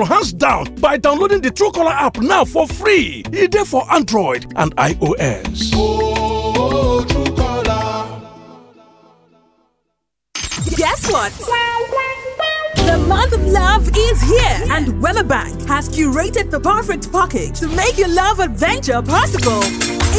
hands down by downloading the Truecaller app now for free. It's there for Android and iOS. Oh, oh, Guess what? The month of love is here, and Bank has curated the perfect package to make your love adventure possible.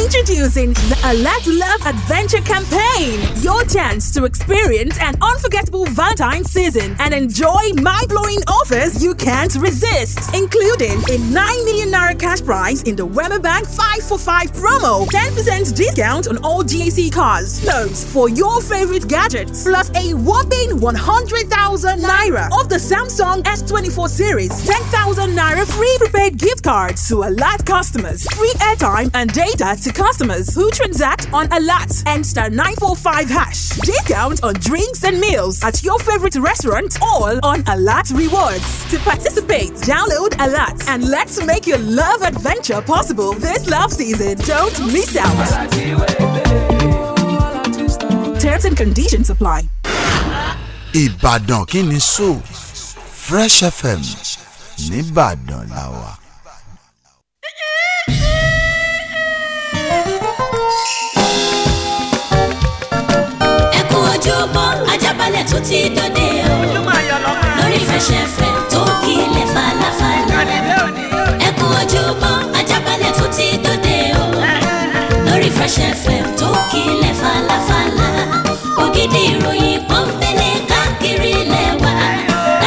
Introducing the Alert Love Adventure Campaign, your chance to experience an unforgettable Valentine's season and enjoy mind-blowing offers you can't resist, including a 9 million naira cash prize in the Bank 5 for 5 promo, 10% discount on all GAC cars, loans for your favorite gadgets, plus a whopping 100,000 naira of the Samsung S24 series 10,000 Naira free prepaid gift cards to Alat customers, free airtime and data to customers who transact on Alat and star 945 hash. Discount on drinks and meals at your favorite restaurant, all on Alat Rewards. To participate, download Alat and let's make your love adventure possible this love season. Don't miss out. Terms and conditions apply. Ìbàdàn kí ni so Fresh FM nìbàdàn la wà. ẹ kú ojúbọ Ajábalẹ̀ tó ti dòde o lórí Fresh FM tó kílẹ̀ falafala ẹ kú ojúbọ Ajábalẹ̀ tó ti dòde o lórí Fresh FM tó kílẹ̀ falafala ògidì ìròyìn pọ̀.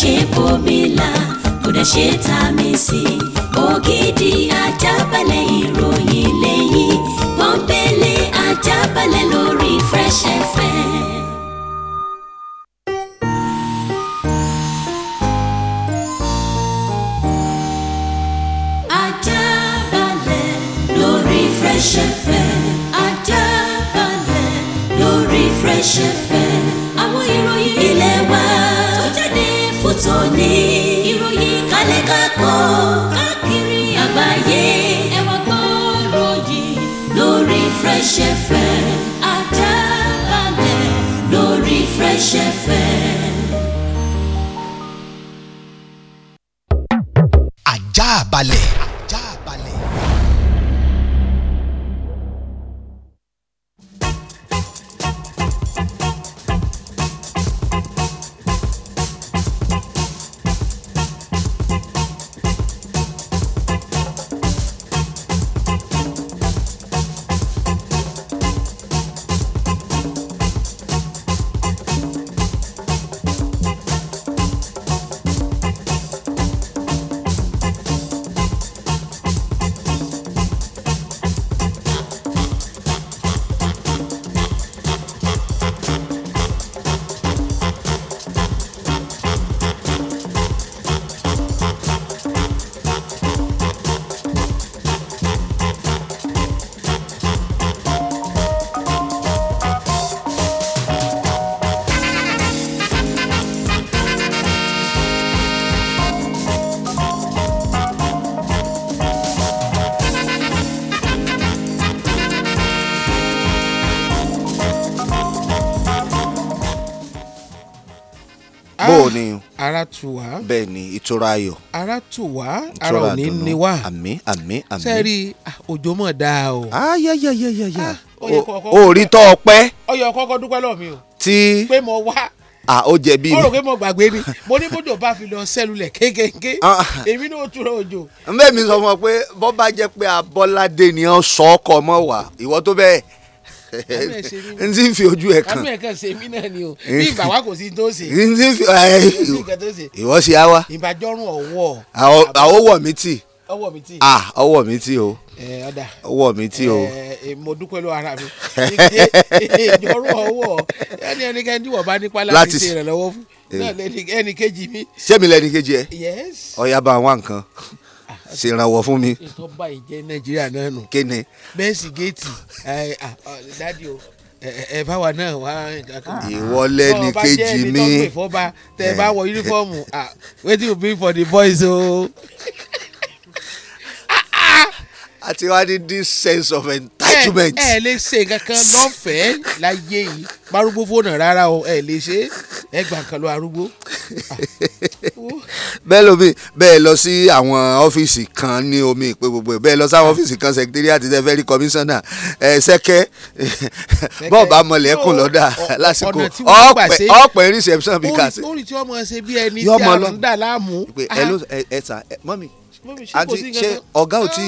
ṣe bòmílà kò dẹ̀ ṣe ta mi sí i ògidì ajábalẹ̀ ìròyìn lẹ́yìn pọ́npẹ́lẹ́ ajábalẹ̀ lórí Fresh FM. Fresh FM Ajaabale lórí tòní. ìròyìn kálẹ̀ kakọ́ káàkiri àgbáyé. ẹ wá gbọ́rọ̀ yìí lórí Fresh FM Àjààbálẹ̀ lórí Fresh FM. Àjààbálẹ̀. ìtura ayọ̀. ara tù wá ara ò ní ní wá. àmín àmín àmín. sẹ́ẹ̀rì òjò mọ̀ dáa o. ayayayaya o rí tọ́ ọpẹ́. ọyọ kọ́kọ́ dúpẹ́ lọ́ọ̀ mi o. ti pé mo wá ah ó jẹ̀bi mi. ó rò pé mo gbàgbé ni mo ní bójú bá fi lọ sẹ́lulẹ̀ kékeré ah. èmi náà túra òjò. n bẹ́ẹ̀ mi sọ fún ọ pé bọ́ bá jẹ́ pé abọ́ládé ni ọ sọ ọkọ̀ mọ́ wà ìwọ tó bẹ́ẹ̀ n ti fi ojú ẹ kan. àánú ẹ kan ṣe mí náà ni o bí ìgbà wa kò sí tó ṣe. n ti fi ìwọ ṣe á wa. ìbàjọ́rùn ọ̀wọ́. àwọn ọwọ́ mi tì. ọwọ́ mi tì. ah ọwọ́ mi tì o. ọwọ́ mi tì o. mo dúpẹ́ lọ́wọ́ ara mi. ìjọrùn ọwọ́ ẹni ẹnikẹ́ni tí wọ́n bá nípa láti ṣe ìrànlọ́wọ́ fún. Eh. náà ẹnì kejì mi. sẹ́mi lẹ́ni kejì ẹ. yes. ọ̀yà bá wa nǹkan ṣèrànwọ́ fún mi. ètò ọba ìjẹ nàìjíríà náà nù. kéne. bẹ́ẹ̀sì géètì dádì o ẹ bá náà wá nǹkan kan. ìwọlé ni kejì mi. tọ́ ọ bá wọ yunifọ́ọ̀mù wetin for the boys o. Oh. àti wá ní this sense of entitlement. ẹ ẹ lè ṣe nǹkan kan lọ́fẹ̀ẹ́ láyé yìí márúgbó fóònù rárá o ẹ lè ṣe ẹ gbà kan lọ arúgbó. bẹ́ẹ̀ lómi bẹ́ẹ̀ lọ sí àwọn ọ́fíìsì kan ní omi ìpè gbogbo ẹ̀ bẹ́ẹ̀ lọ sáwọn ọ́fíìsì kan secretariat àti tẹ́fẹ́rí commissioner ẹ̀ sẹ́kẹ́ bọ́ọ̀bà mọ̀lẹ́kùn lọ́dà lásìkò ọ̀pẹ̀ ọ̀pẹ̀ reception bí kà sí. orí tí wọ́n mọ̀ ṣe bí ẹni tí àrùn dà láàmú. ẹ ló ẹ ẹ ta mọ́mì àti ṣe ọ̀gá ò ah, tí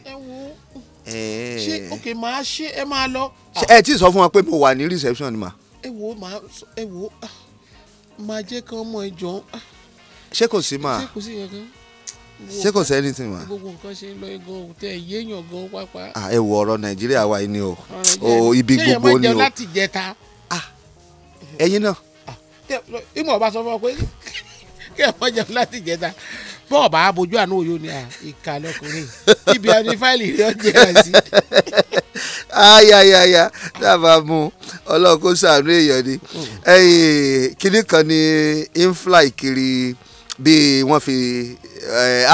ì. ṣé ok màá ṣe ẹ máa lọ. ẹ tí ì sọ fún wa pé mo wà ní reception ni mà. ẹ wo màá ẹ wo ah, màá jẹ́ kán mọ̀ ẹ jọ. Ah, ṣé kò sí mà. ṣé kò sí kankan sẹ́ni tí ma. gbogbo nǹkan ṣe ń lọ igun òun tẹ yéèyàn gan pápá. ẹ wo ọ̀rọ̀ nàìjíríà wa yìí ni o o ibi gbogbo ni o. ṣé èèyàn máa jẹun láti jẹta. ẹyin náà. ìmọ̀ ọba sọ fún ọ pé kí ẹ máa jẹun láti jẹta bọ́ọ̀ bá bójú àánú òyò ni ìkàlẹ̀ ọkùnrin ibi ẹni fáìlì rẹ̀ ń gbéra sí. ayayaya dábàá mu ọlọ́run kó sàánú èèyàn ni hmm. kinní kan ni infly kiri bí wọ́n fi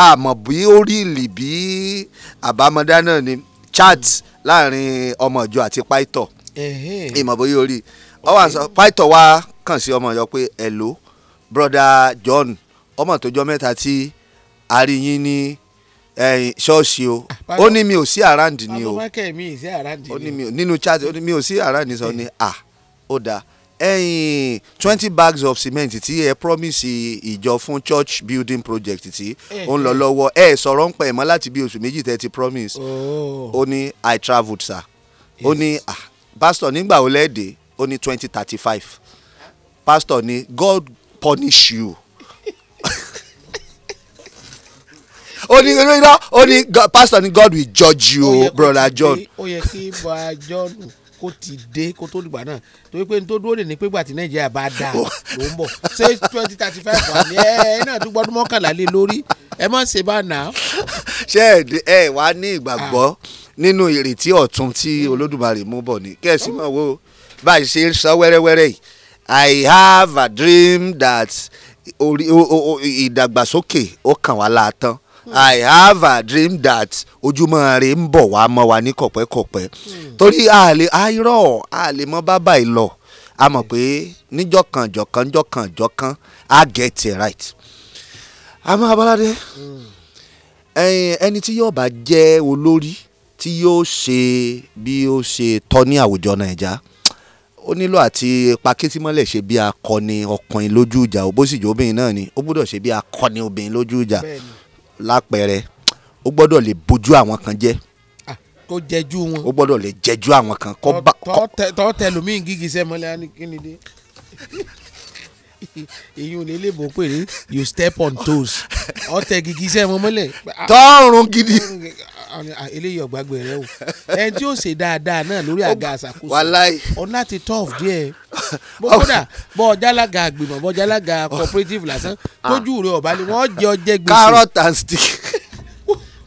àmọ̀ eh, bí ó rí ìlì bí àbámọ́dá náà ni chat láàrin ọmọ ìjọ àti pító ìmọ̀ bóyá orí ọwọ́ àṣọ pító wa kàn sí ọmọ ìjọ pé hello brother John ọmọ tó jọ mẹ́ta tí àríyìn ní ṣọ́ọ̀ṣì o ah, ó ní mi ò sí àràǹdì ni o ó ní mi ò nínú chat ó ní mi ò sí àràǹdì sọ ni à ah, ó dáa ẹyin twenty bags of cement tí ẹ promise ìjọ fún church building project tí eh, ó ń lọ eh. lọ́wọ́ ẹ sọ̀rọ̀ ń pẹ̀ mọ́ láti bí oṣù méjì tẹ́ ti promise oh. ó ní i travelled sir ó ní ah, pastor nígbà wo lẹ́ẹ̀dẹ̀ ó ní twenty thirty five pastor ní god punish you ó ní rírọ́ ó ní pastor ní God will judge you o brother John. ó yẹ kí bá John kó ti dé kó tó dìgbà náà torí pé n dúró lè ní pé gbà tí Nàìjíríà bá dà ló ń bọ̀ ṣé twenty thirty five wà ní ẹ náà tún gbọ́dún mọ́kànlá lé lórí ẹ má ṣe bá nà. ṣé ẹ wá ní ìgbàgbọ́ ah. nínú ìrètí ọ̀tun tí mm. Olódùmarè mú bọ̀ ni kẹ́sì oh. máa wo bá a ṣe sọ wẹ́rẹ́wẹ́rẹ́ I have a dream that ìdàgbàsókè ó kàn wá láàtán. I have a dream that ojúmọ́ rẹ̀ ń bọ̀ wá mọ́ wa ní kọ̀pẹ́kọ̀pẹ́ hmm. torí àlè àìrọ̀ àlè mọ́ bàbá yìí lọ a mọ̀ pé níjọ́ kan jọ̀ kan jọ̀ kan jọ̀ kan I get it right. àmọ́ Abọ́ládé hmm. ẹni tí yóò bá jẹ́ olórí tí yóò ṣe bí ó ṣe tọ́ ní àwùjọ Nàìjíríà ó nílò àti pakétímọ́lẹ̀ ṣe bí akọni ọkùnrin lójú ìjà ó obìnrin náà ni ó gbọ́dọ̀ ṣe bí akọni obìnrin lójú ìjà lápẹẹrẹ ó gbọ́dọ̀ lè bójú àwọn kan jẹ́ ah, kó jẹjú wọn ó gbọ́dọ̀ lè jẹjú àwọn kan kó bá kó tọ́ tẹ lómìn gígí sẹ́mọ́lẹ́ á ní kí dé èyí ò ní lè bò pé you step on toes ọtẹ gígí sẹ́mọ́lẹ́. tọ́ọ̀rùn gidi ah, eléyìí ọ̀gbàgbé rẹ o ẹni tí ó ṣe dáadáa náà lórí àga àṣàkóso ọ̀nà ti tough díẹ̀ kódà bọ jalaga agbèmọ bọ jalaga cooperative lásán ah. tójú rẹ ọba ni wọn jẹ ọjẹ gbèsè. carrot and stick.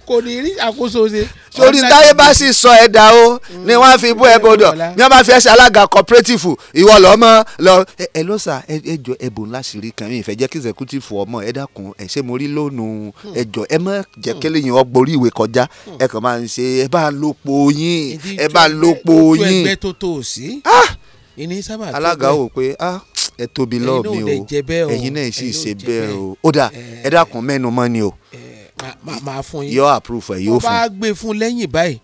kò ní rí àkóso ṣe. sórí táyé bá sì sọ ẹ̀dá o ni wọ́n fi bú ẹbọ dọ̀ mm, wọ́n bá fi ẹsẹ̀ alága cooperative ìwọ lọ́mọ lọ. ẹ ló sà ẹ jọ ẹbùn láṣìírí kan mi ìfẹ́ jẹ́ kí executive ọmọ ẹ dákun ẹ ṣe mo rí lónù hmm. ẹ jọ ẹ má jẹ́ kí lèyìn ọgbọ́n orí ìwé kọjá hmm. ẹ kàn máa ń ṣe ẹ bá lópo yín ẹ bá lópo yín. ètò ẹgbẹ́ tó tó sí. ah ìní sábà tó bẹ́ẹ̀ alága wò pé ah ẹ tóbi lọ́ọ̀ mi o ẹ̀yin náà sì ṣe bẹ́ẹ̀ o ó dà ẹ dákun mẹ́nu mọ́ ni o máa fún yín yọ àpúrúfù ẹ yóò fún un. wọ́n bá gbé fún lẹ́yìn báyìí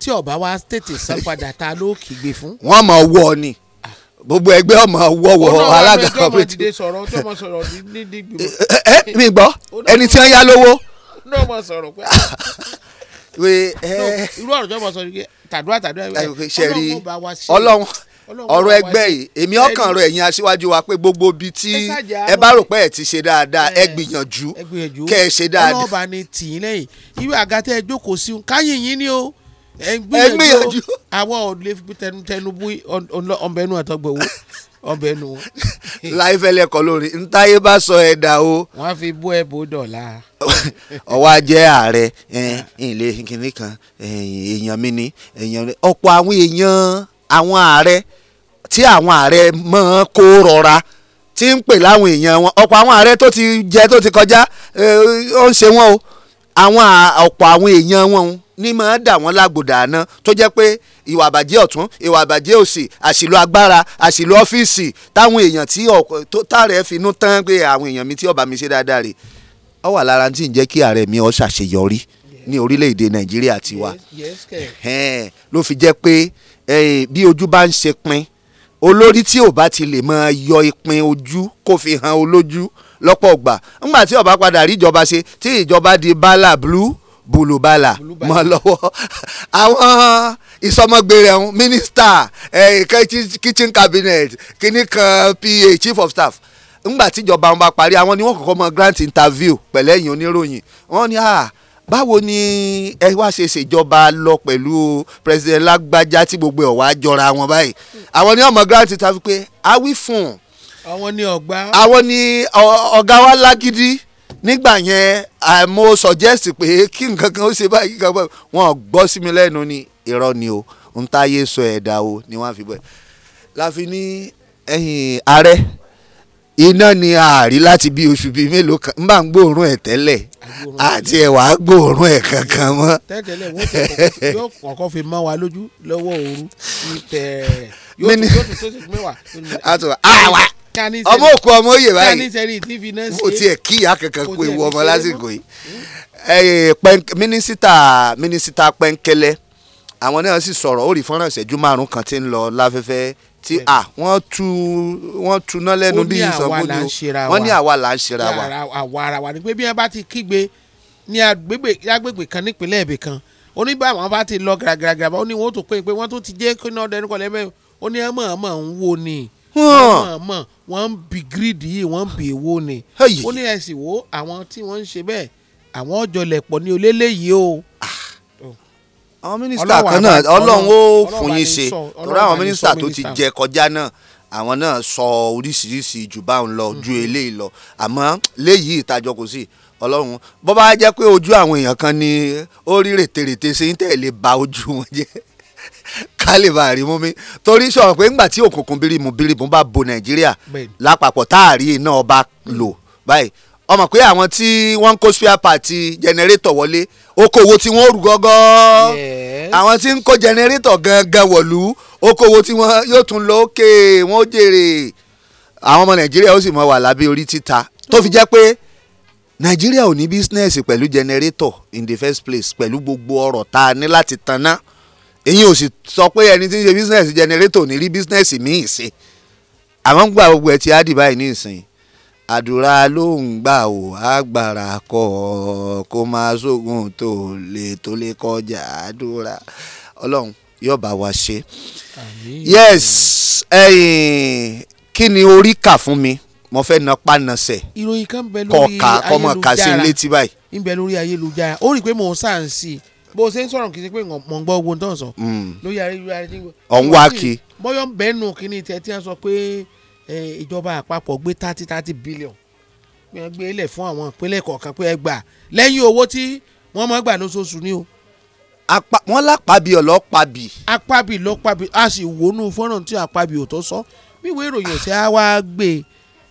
tí ọba wa tètè san padà ta ló kígbe fún. wọ́n máa wọ ọ ni ah. gbogbo ẹgbẹ́ ọmọ wọ́wọ́ alága cooperative. ọ̀nà ọmọ ẹ mi gbọ́ ẹni tí wọ́n yá lówó. ọ̀nà ọmọ sọ̀rọ̀ pé ah. irú ọ̀rọ̀ tí wọ́n sọ tàdúrà tàdúrà ọlọ́run ọ̀rọ̀ ẹgbẹ́ yìí èmi ọkàn rẹ̀ ẹ̀yin aṣíwájú wa pé gbogbo ibi tí ẹ bá rò pé ẹ ti ṣe dáadáa ẹ gbìyànjú kẹ́ ẹ ṣe dáadáa. ọlọ́ọ̀bà ni tì í lẹ́yìn irú àgàtà ẹ jókòó sí un káyìn yín ni o ẹ gbìyànjú àwọ̀ ọ̀lẹ́ fi tẹnubú ọ̀nbẹ́nu àtọ́gbọ̀wọ́ ọbẹ̀ nu. láìfẹ́ lẹ́kọ̀ọ́ lórí ntáyé bá sọ ẹ̀ dà o. wọ́n fi bú ẹ bó dọ̀la. ọwọ́ ajẹ́ ààrẹ ilé kìnnìkan èèyàn mi ni ọ̀pọ̀ àwọn èèyàn àwọn ààrẹ tí àwọn ààrẹ máa kó rọra tí ń pè láwọn èèyàn wọn ọ̀pọ̀ àwọn ààrẹ tó ti jẹ tó ti kọjá eh, ó ń ṣe wọn o àwọn ọ̀pọ̀ àwọn èèyàn wọn ní máa dà wọ́n lágbòdà àná tó jẹ́ pé ìwà àbàjẹ́ ọ̀tún ìwà àbàjẹ́ òsì àṣìlò agbára àṣìlò ọ́fíìsì táwọn èèyàn tí tààrẹ finú tán pé àwọn èèyàn mi tí ọba mi ṣe dáadáa rè ọ wà lára tí ń jẹ́ kí ààrẹ mi ọ ṣàṣeyọrí ní orílẹ̀-èdè nàìjíríà tiwa ló fi jẹ́ pé Eh, bí ojú bá ń ṣe pin olórí tí ò bá ti lè máa yọ ìpín ojú kó fi hàn olójú lọ́pọ̀ gbà ńgbà tí ọba padà rí ìjọba ṣe tí ìjọba di bala blue bulubala mọ́ lọ́wọ́ àwọn ìsọmọgbèrè ọ̀hún mínísítà kitchen cabinet kìíní kan pa chief of staff ńgbà tíjọba wọn bá parí àwọn ni wọn kọ́kọ́ mọ grant interview pẹ̀lẹ́yìn oníròyìn wọn ni ah báwo ni ẹ wá ṣe ṣèjọba lọ pẹ̀lú president lágbájá tí gbogbo ẹ̀ wá jọra wọn báyìí àwọn ni ọmọ grant ta fi pé a wí fún. àwọn ni ọ̀gá. àwọn ni ọ̀gá wa lágídí nígbà yẹn mo suggest pé kí nǹkan kan ó ṣe báyìí kan báyìí wọn gbọ́ sí mi lẹ́nu ni irọ́ ni o ń táyé sọ ẹ̀dá o ni wọ́n fi bọ̀ láfi ní ẹ̀yìn ààrẹ iná ni ààrí láti bí oṣù bíi mélòó kan nbà ń gbóòórùn ẹ̀ tẹ́lẹ̀ àti ẹ̀ wàá gbóòórùn ẹ̀ kankan mọ́. tẹ́tẹ̀lẹ̀ wọ́n ti kọ́kọ́ fi mọ́ wa lójú lọ́wọ́ ooru tẹ̀ yóò tún yóò tún sọ́sọ́ mẹ́wàá. àwa ọmọ òkú ọmọ òye báyìí mo tiẹ̀ kíyà kankan pé ewu ọmọ lásìkò yìí mínísítà mínísítà pẹ́ńkẹ́lẹ́ àwọn náà sì sọ̀rọ̀ ó rí fọ́nrán ìṣẹ́jú márùn-ún kan tí ń lọ láfẹ́fẹ́ tí à wọ́n tu wọ́n tuná lẹ́nu bí ìsọ̀gbọ́n wọ́n ní àwa là ń ṣera wa. àwa ara wa ni pé bí wọ́n bá ti kígbe ní agbègbè kan nípínlẹ̀ èbè kan oníbàámu bá ti lọ gàràgàràgàrà ó ní wọ́n tó pé pé wọ́n tó ti jẹ́ kí náà dẹnu kọ́lẹ́ mẹ́rin ó ní ẹ̀ mọ̀ ẹ̀ mọ̀ ń wo ni mọ̀ wọ́n ń bi gírídì yìí wọ́n ń bi èwo ni ó ní ẹ̀sìn wo àwọn tí wọ́n ń ṣe bẹ́ẹ̀ àwọn ọ̀jọ̀lẹ̀pọ̀ ní oléléyìí o àwọn mínísítà kan náà ọlọ́run ó fún yín ṣe torí àwọn mínísítà tó ti jẹ kọjá náà àwọn náà sọ oríṣiríṣi jù báwọn lọ ju mm-hmm. eléyìí lọ àmọ́ léyìí ìtajọ kò sí ọlọ́run bó bá jẹ́ pé ojú àwọn èèyàn kan ni ó rí rètèrètè ṣe ń tẹ̀lé ba ojú wọn jẹ́ ká lè bá rí mú mi torí sọ̀rọ̀ pé ńgbà tí òkùnkùn bírímù bírímù bá bo nàìjíríà lápapọ̀ táàrí iná ọba lò báyìí ọmọ pé àwọn tí wọ́n ń kó spare part generator wọlé okòwò tí wọ́n rù gọ́gọ́ àwọn tí ń kó generator gangan wọ̀lú okòwò tí wọ́n yóò tún lọ òkè wọ́n ó jèrè àwọn ọmọ nàìjíríà ó sì mọ wà lábẹ́ orí títa tó fi jẹ́ pé nàìjíríà ò ní bísínẹ́sì pẹ̀lú generator in the first place pẹ̀lú gbogbo ọ̀rọ̀ tá a ní láti tanná èyí ò sì sọ pé ẹni tí ń ṣe bísínẹ́sì generator ò ní rí bísínẹ́sì míì ṣe àmọ́ ń gbà gbogbo ẹ̀ ti á dì báyìí ní ìsìn àdúrà ló ń gbà ó agbára kọ kó máa sógun tó lè tó lè kọjá àdúrà ọlọ́run yóò bá wa ṣe. yes ẹ̀yin kí ni orí kà fún mi mo fẹ́ na pánasẹ̀. ìròyìn kan bẹ lórí ayélujára kọ̀ọ̀ka kọ́mọ kà sí létí báyìí. ń bẹ lórí ayélujára ó rí i pé mò ń sàn sí i bó o ṣe ń sọ̀rọ̀ kì í ṣe pé mò ń gbọ́ ogun tó ń sọ. Hmm. lórí ayélujára ọ̀hún wá kí. bọ́yọ̀ bẹ́ẹ̀ nù kí ni tẹ̀ tí wọ́n sọ pé ìjọba àpapọ̀ gbé thirty thirty billion pé wọ́n gbé lẹ̀ fún àwọn ìpínlẹ̀ kọ̀ọ̀kan pé ẹ gbà lẹ́yìn owó tí wọ́n mọ̀ gbà lóṣooṣù ni o. wọ́n lápàbí ọlọ́pàbí. apábí lọ́pàbí a sì wọnú fọ́nrán tí apábí ò tó sọ bí ìwé ìròyìn ọ̀sẹ̀ á wá gbé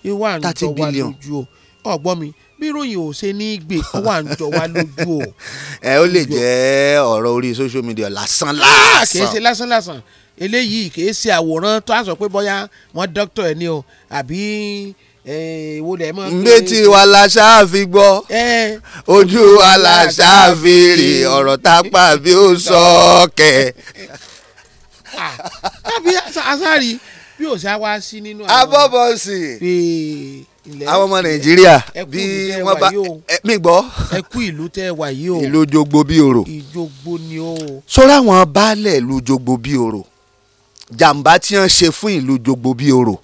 e wà ń jọ wá lójú o ọ̀gbọ́n mi bí ìròyìn ò ṣe ní gbé ọ wà ń jọ wá lójú o. ẹ ó lè jẹ́ ọ̀rọ̀ orí social media lásán lásán. Ah, kì í ṣe lásán lásán eléyìí kìí ṣe àwòrán tó a sọ pé bóyá wọ́n dọ́kítọ̀ ẹ̀ ni o àbí wo lẹ̀ mọ́. létí wa la ṣáà fi gbọ́ ojú wa la ṣáà fi rí ọ̀rọ̀ tá a pa bí ó sọ ọ̀kẹ́. tàbí asárì bí ò ṣá wá sí nínú àwọn. abọ́bọ̀sì àwọn ọmọ nàìjíríà bí wọ́n bá mi gbọ́. ẹ kú ìlú tẹ wà o. ìlú jogbo bí oro. ìjogbo ni o. sọ́ra àwọn baálẹ̀ ìlú jogbo bí oro jàǹbá tí wọ́n ṣe fún ìlú jogbo bíi orò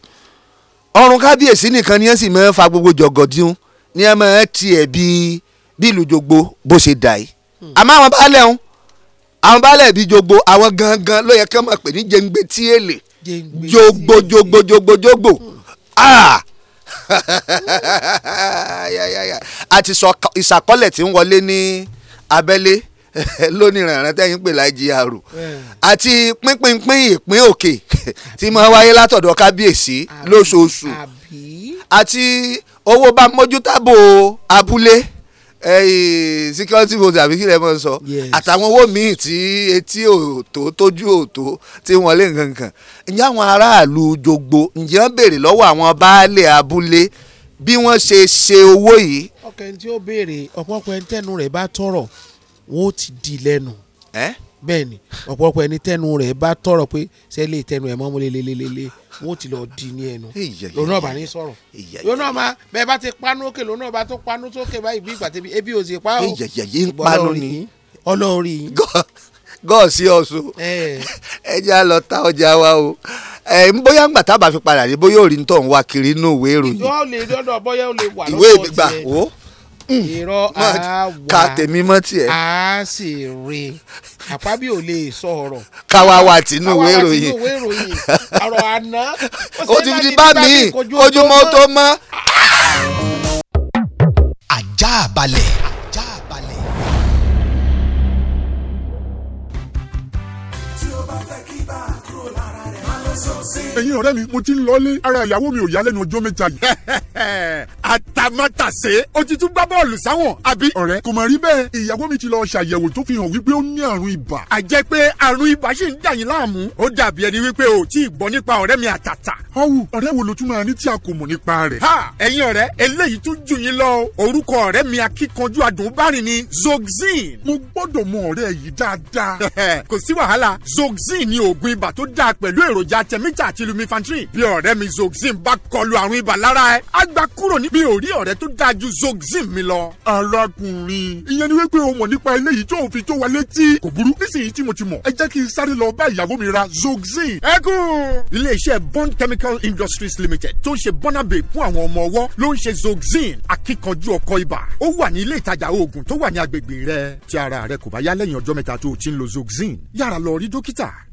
ọrùn kábíyèsí nìkan ni wọ́n sì máa ń fa gbogbo jọ̀gọ̀dín ni wọ́n máa ń tiẹ̀ bíi bí ìlú jogbo bó ṣe dà yìí hmm. àmọ́ àwọn baálẹ̀ ń àwọn baálẹ̀ bíi jogbo àwọn gangan ló yẹ kí wọ́n máa pè ní jẹ́ngbé tí èlé jogbo jogbo jogbo jogbo hmm. ah! àti ìsàkọ́lẹ̀ tí ń wọlé ní abẹ́lé. lónìrànràn tẹ́yìn pè láì jr àti pínpínpín ìpín òkè tí máa wáyé látọ̀dọ̀ kábíyèsí lóṣooṣù àti owó bá mójútàbò abúlé security vote àbí kí lè mọ̀ sọ àtàwọn owó míì tí etí òtó tójú òtó tí wọ́n lé nǹkankan ǹjẹ́ àwọn aráàlú jogbo ǹjẹ́ wọ́n béèrè lọ́wọ́ àwọn baálé abúlé bí wọ́n ṣe ṣe owó yìí. ọkẹ́ ní tí ó béèrè ọ̀pọ̀pọ̀ ẹni tẹ́nu rẹ̀ bá tọrọ wọn ó ti di lẹ́nu. bẹ́ẹ̀ ni ọ̀pọ̀lọpọ̀ ẹni tẹnu rẹ̀ bá tọrọ pé sẹ́lẹ̀ tẹnu ẹ̀ ti lọ di ní ẹnu lòun náà bá ní sọ̀rọ̀ lòun náà máa bẹ́ẹ̀ bá ti panu òkè lòun náà bá tó panu sókè báyìí bí ebi ò sì pa ọlọ́ọ̀rì gọ́ọ̀ sí ọ̀ṣun á lọ ta ọjà wa o ẹ bóyá tá a bá fi padà bóyá wa kiri inú ìwé ìròyìn. ìwé ìgbà Hmm. irọ́ a wà ká tèmi mọ́ tiẹ̀. a sì rè àpábí ò lè sọ ọ̀rọ̀. káwa wà tínú ìwé ìròyìn ọ̀rọ̀ àná. ó ti di bá mi ojúmọ́ tó mọ́. Ah. ajá balẹ̀. ẹ̀yin ọ̀rẹ́ mi mo ti ń lọlé ara ìyàwó mi ò yá lẹ́nu ọjọ́ mẹ́ta yìí. àtàmátàsé ó ti tún gbá bọ́ọ̀lù sáwọn àbí. ọ̀rẹ́ kò mà rí bẹ́ẹ̀ ìyàwó mi ti lọ ṣàyẹ̀wò tó fi hàn wípé ó ní àrùn ibà. a jẹ́ pé àrùn ibà ṣì ń dà láàmú. ó dàbí ẹni wípé o tí ì gbọ́ nípa ọ̀rẹ́ mi àtàtà. ọ̀wù ọ̀rẹ́ wo ló tún máa ní tí a kò mọ̀ nípa rẹ̀. ha ẹ̀yin ọ̀rẹ́ eléyìí tún jù yín lọ orúkọ ọ̀rẹ́ mi akíkanjú adùnbárin ni zoxyn. mo gbọ́dọ̀ mọ ọ̀rẹ́ yìí dáadáa. kò sí wàhálà zoxyn ni oògùn ibà tó dáa pẹ̀lú èròjà àtẹ̀míjà àti lumifantrin bí ọ̀rẹ́ mi zoxyn bá kọlu àrùn ibà lára ẹ á gba kúrò ní. mi ò rí ọ̀rẹ́ tó dáa ju zoxyn mi lọ. arákùnrin ìyẹn ni wípé o mọ̀ nípa eléyìí tó o fi tó wa létí. kò burú nísìnyí tí mo ti mọ̀ ẹ jẹ́ kí n sáré lọ bá ìyàwó mi ra zoxyn. ẹ kún. iléeṣẹ́ bond chemical industries limited tó ń ṣe bọ́nàbè fún àwọn ọmọ ọwọ́ ló ń ṣe zoxyn akíkanjú ọkọ ibà ó wà ní ilé ìtajà oògùn tó wà ní agbègbè rẹ tí ara rẹ kò bá yá lẹ́yìn mẹ́ta tó o ti ń lo zoxyn yára lọ rí dókítà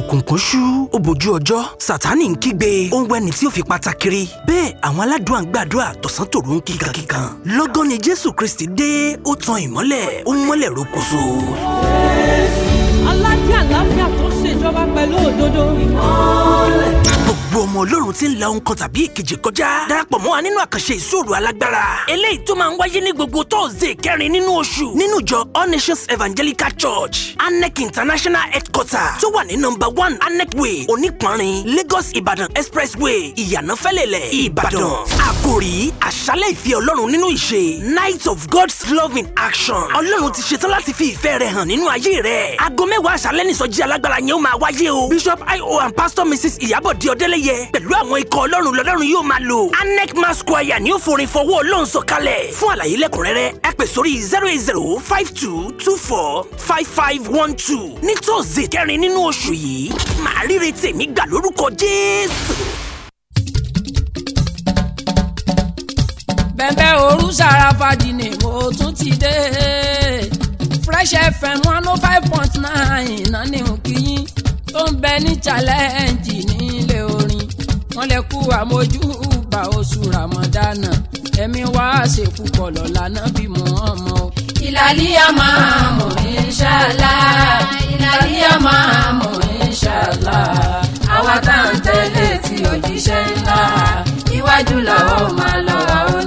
òkùnkùn ṣú ó bojú ọjọ́ sátánì ń kígbe ó ń wẹni tí ó fi pata kiri bẹ́ẹ̀ àwọn aládùn àgbàdua tọ̀sán tòru ń kíkan lọ́gán ni jésù kristi dé ó tan ìmọ́lẹ̀ ó mọ́lẹ̀ rokoṣo. aládé àlàáfíà tó ṣèjọba pẹ̀lú òdodo. ìmọ́lẹ̀. gbogbo ọmọ ọlọ́run ti ń la ohun kan tàbí ìkejì kọjá darapọ̀ mọ́ wa nínú àkànṣe ìṣòro alágbára eléyìí tó máa ń wáyé ní gbogbo thursday kẹrin nínú oṣù nínú ìjọ all nations evangelical church anec international headquarter tó wà ní nọmba one anec way onípanrin lagos ìbàdàn expressway ìyànàfẹ́lẹ̀lẹ̀ ìbàdàn àkòrí àṣálẹ̀ ìfẹ́ ọlọ́run nínú ìṣe night of god's love in action ọlọ́run ti ṣetán láti fi ìfẹ́ rẹ̀ hàn nínú ayé rẹ̀ aago mẹ́wàá àṣálẹ́ nìsọjí alágbára yẹn ó máa wáyé o bishop io and pastor mrs ìyábọ̀ diọdẹ́lẹ́yẹ rẹ pẹ̀lú àwọn ikọ̀ ọlọ́run lọ́lọ́run yóò máa lò anec mass choir ni ó forin fọwọ́ ọlọ́run sọ̀kalẹ̀ fún àlàyé lẹ́kùnrẹ́rẹ́ ẹ pè sórí zero eight zero five two two four five five one two ní tóòzì kẹrin nínú oṣù yìí màá ríre tèmi gbà lórúkọ jésù. bẹ́ẹ̀ òru sára fàájì ni mo tún ti dé fresh fm one oh five point nine náà ni n kì tó ń bẹ ní challenge nílé o wọ́n lè kú àmójú bá oṣù ramadana ẹ̀mí wá ṣèkú kọlọ̀ lánàá bí mo hàn mọ́. ìlàlí a máa mọ̀ ìlàlí a máa mọ̀ àwa tá à ń tẹ́lẹ̀ tí òjíṣẹ́ ńlá iwájú làwọn máa lọ àwọn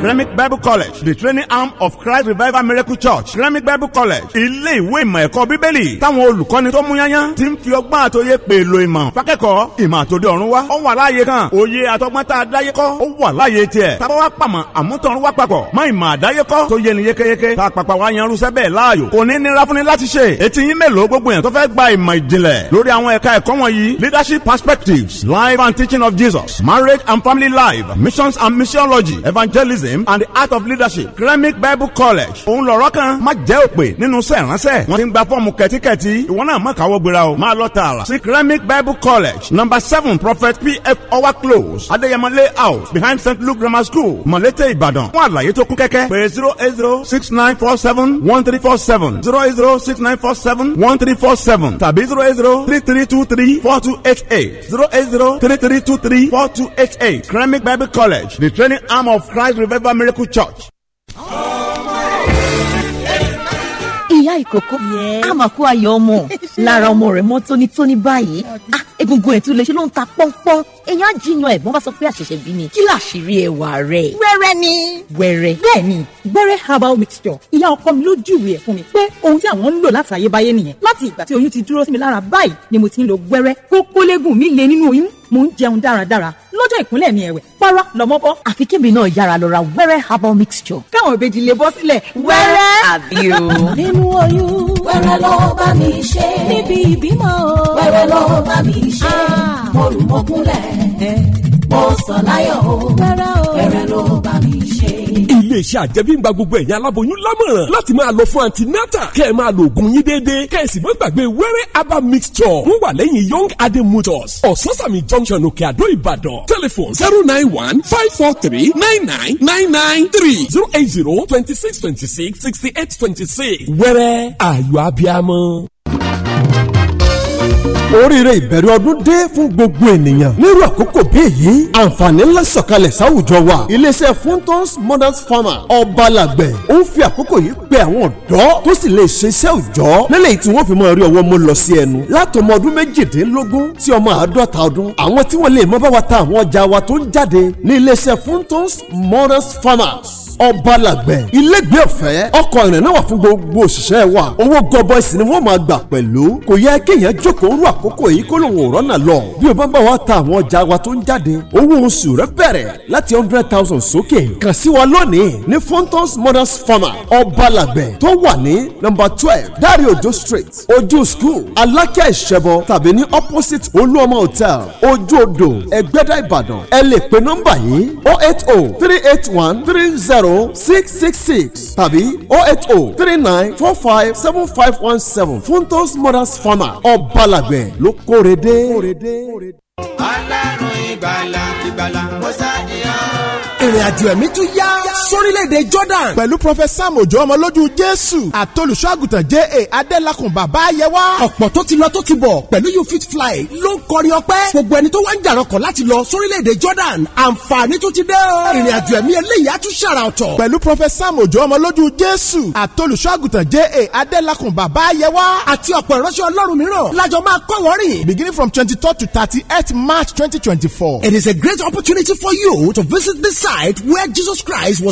Kremik Bible College, the training arm of Christ Revival Miracle Church, Kremik Bible College, ilé ìwé ìmọ̀ ẹ̀kọ́ bíbélì, táwọn olùkọ́ni tó mú yányán ti ń fi ọgbọ́n àtòyé pè lo ìmọ̀. Fákẹ́kọ̀ọ́ ìmọ̀ àtòdì ọ̀run wá, ó wà láàyè kan, òye àtọgbọ́n tá a dáyé kọ́, ó wà láàyè tiẹ̀. Tábà wá pàmò àmútọ̀run wá papọ̀, mọ ìmọ̀ àdáyé kọ́ tó yẹni yékéyéké, tá a pàpà wá yanrú sẹ́bẹ̀ láàyò. Kò ní nira fúnni láti ṣe, etí yín mélòó gbogbo yẹn tó fẹ́ leadership perspectives, life and teaching of Jesus, marriage and family life, missions and missiology, evangelism evangelism and the art of leadership Ceramic Bible College òun lọ̀rọ̀ kan má jẹ́ òpè nínú sẹ̀ránṣẹ́ wọ́n ti ń gba fọ́ọ̀mù kẹ̀tíkẹ̀tí ìwọ náà má káwọ́ gbéra o máa lọ tààrà sí Ceramic Bible College number seven Prophet P.F. Owa close Adéyẹmọ layout behind St. Luke Grammar School Mọ̀lété Ìbàdàn fún àlàyé tó kún kẹ́kẹ́ pé zero eight zero six nine four seven one three four seven zero eight zero six nine four seven one three four seven tàbí zero eight zero three three two three four two eight eight zero eight zero three three two three four two eight eight Ceramic Bible College the training arm of Christ Revival. Revival Miracle Church. ìyá ìkókó àmàkù ayọ̀ ọmọ lára ọmọ rẹ̀ mọ́ tónítóní báyìí ah, egungun ẹ̀ tún lè ṣe ló ń ta pọ́npọ́n èèyàn jiyàn ẹ̀gbọ́n bá sọ pé àṣẹ̀ṣẹ̀ bí ni kí làṣírí ẹwà rẹ̀. wẹ́rẹ́ ni. wẹ́rẹ́ bẹ́ẹ̀ ni wẹ́rẹ́ herbal mixture ìyá ọkọ mi ló júwe ẹ̀ fún mi pé ohun tí àwọn ń lò láti àyébáyé nìyẹn láti ìgbà tí oyún ti dúró sí mi lára báyìí ni mo ti ń lo wẹ́rẹ́ kókólégùn mi lè nínú oyún mo ń jẹun dáradára lọ́jọ́ ìkúnlẹ̀ mi ẹ̀wẹ̀ para lọ́mọ bọ́. àfi kébì náà yára lọ ra wẹ́rẹ́ herbal mixture. káwọn ìbejì lè bọ́ sílẹ̀ wẹ́rẹ́. àbí o. nínú oyún wẹ́rẹ́ lọ bá mi ṣe níbi ìbímọ wẹ́rẹ́ lọ bá mi ṣe ah. mo rù mọ́kúnlẹ̀ mo sọ láyọ̀ o rẹ̀rẹ̀ ló bá mi ṣe iléeṣẹ́ àjẹmíngba gbogbo ẹ̀yin aláboyún lámọ̀ràn láti máa lọ fún antinatal kẹ́ ẹ̀ máa lo oògùn yín déédéé kẹ́ ẹ̀ sì mọ́ gbàgbé wẹ́rẹ́ aba mixture wọ́n wà lẹ́yìn young adé motors ososami junction òkè àdó ìbàdàn telephone zero nine one five four three nine nine nine nine three zero eight zero twenty six twenty six sixty eight twenty six wẹ́rẹ́ ayọ̀ abiamọ oríire ìbẹ̀rù ọdún dé fún gbogbo ènìyàn nírú àkókò bí èyí àǹfààní ńlá sọ̀kalẹ̀ sáwùjọ wa iléeṣẹ́ funtons modern farmer ọba làgbẹ̀ ó ń fi àkókò yìí pe àwọn ọ̀dọ́ tó sì lè ṣe iṣẹ́ òòjọ́ lélẹ́yìí tí wọ́n fi mọ rí ọwọ́ mú lọ sí ẹnu látọmọ ọdún méjìdínlógún sí ọmọ àádọ́ta ọdún àwọn tí wọ́n lè mọ bá ta àwọn ọjà wa tó ń jáde ní iléeṣẹ́ funtons modern farmers ọba làgbẹ̀ ilégbé ọ̀fẹ́ ọkọ̀ ìrìn náà wà fún gbogbo òṣìṣẹ́ wa owó gọbọ ìsìn ni wọ́n máa gbà pẹ̀lú kò yẹ kéèyàn jókòó rú àk àkókò yìí kó lòun ò rọ́nà lọ bí o bá ń bá wa ta àwọn ọjà wa tó ń jáde owó oṣù rẹ bẹ̀rẹ̀ láti hundred thousand sókè kàn sí wa lónìí ní fountains mothers farmer ọbalàgbẹ̀ tó wà ní number twelve dárí òjò street ojú school alákẹ́ ìṣẹ́bọ tàbí ní opposite olúọmọ hotel ojú odò ẹgbẹ́dá ìbàdàn ẹ lè pe nọ́mbà yìí o oh eight oh three eight one three zero six six six tàbí o oh eight o oh three nine four five seven five one seven fountains mothers farmer ọbalàgbẹ̀ ló kóre dé. ọlọ́run ìgbàlà ìgbàlà mọ́sáàdì ọ́. ìrìn àjò ẹ̀mí tún yá sórílẹ̀-èdè Jordan pẹ̀lú prọfẹsọ Sam Òjó ọmọlójú Jésù àtolùṣọ́ àgùntàn J.A. Adélakùn bàbá Ayẹwà. ọ̀pọ̀ tó ti lọ tó ti bọ̀ pẹ̀lú you fit fly ló ń kọrin ọpẹ́ gbogbo ẹni tó wá ń jàrọ̀kọ̀ láti lọ sórílẹ̀-èdè Jordan àǹfààní tó ti dé o ìrìn àjò ẹ̀mí eléyìí á tún ṣàrà ọ̀tọ̀. pẹ̀lú prọfẹsọ Sam Òjó ọmọlójú Jésù àtolùṣọ́ àgùntàn J.A. Adélakùn bàbá Ayẹwà àti ọ̀pọ̀ ìránṣẹ́ Ọlọ́run mìíràn lájọ máa beginning from twenty to thirty eight March twenty it is a great opportunity for you to visit the site where Jesus Christ was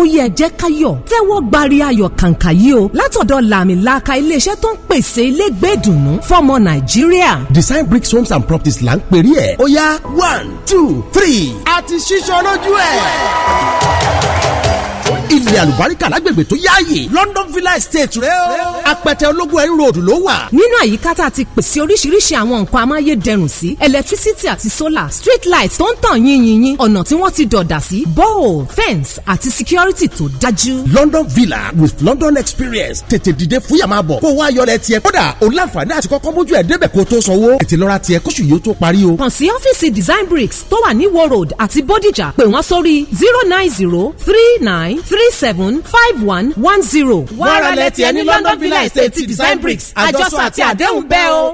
ó yẹ jẹ́ ká yọ̀ tẹ́wọ́ gbari ayọ̀ kàǹkà yìí o látọ̀dọ̀ làmìlaka iléeṣẹ́ tó ń pèsè ilé gbé dùnú nàìjíríà. design bricks homes and properties là ń pèrè ẹ̀ ó yá one two three àti ṣíṣọ́ lójú ẹ̀ ilẹ̀ àlùbáríkà lágbègbè tó yáàyè London Villa Estate rẹ o. apẹtẹ ológun ẹ̀rín road ló wà. nínú àyíká tá a ti pèsè oríṣiríṣi àwọn nǹkan amáyédẹrùn sí electricity àti solar street light tó ń tàn yín yín yín ọ̀nà tí wọ́n ti dọ̀dà sí borehole fence àti security tó dájú. London Villa with London experience tètè dìde fúyà máa bọ̀ kó wá yọlẹ̀ tiẹ̀ kódà òun láǹfààní àti kọ́kọ́ mójú ẹ̀ débẹ̀ kó tó sanwó ètè lọ́ra tiẹ̀ kóṣù yìí tó parí o. kàn sí ọ́fíìsì design bricks tó wà ní Wo Road àti Bódìjà pè wọ́n sórí zero nine zero three nine three seven five one one zero. wọ́n ra lẹ́tì London villa estate ti design bricks àjọsọ àti àdéhùn bẹ́ẹ̀ o.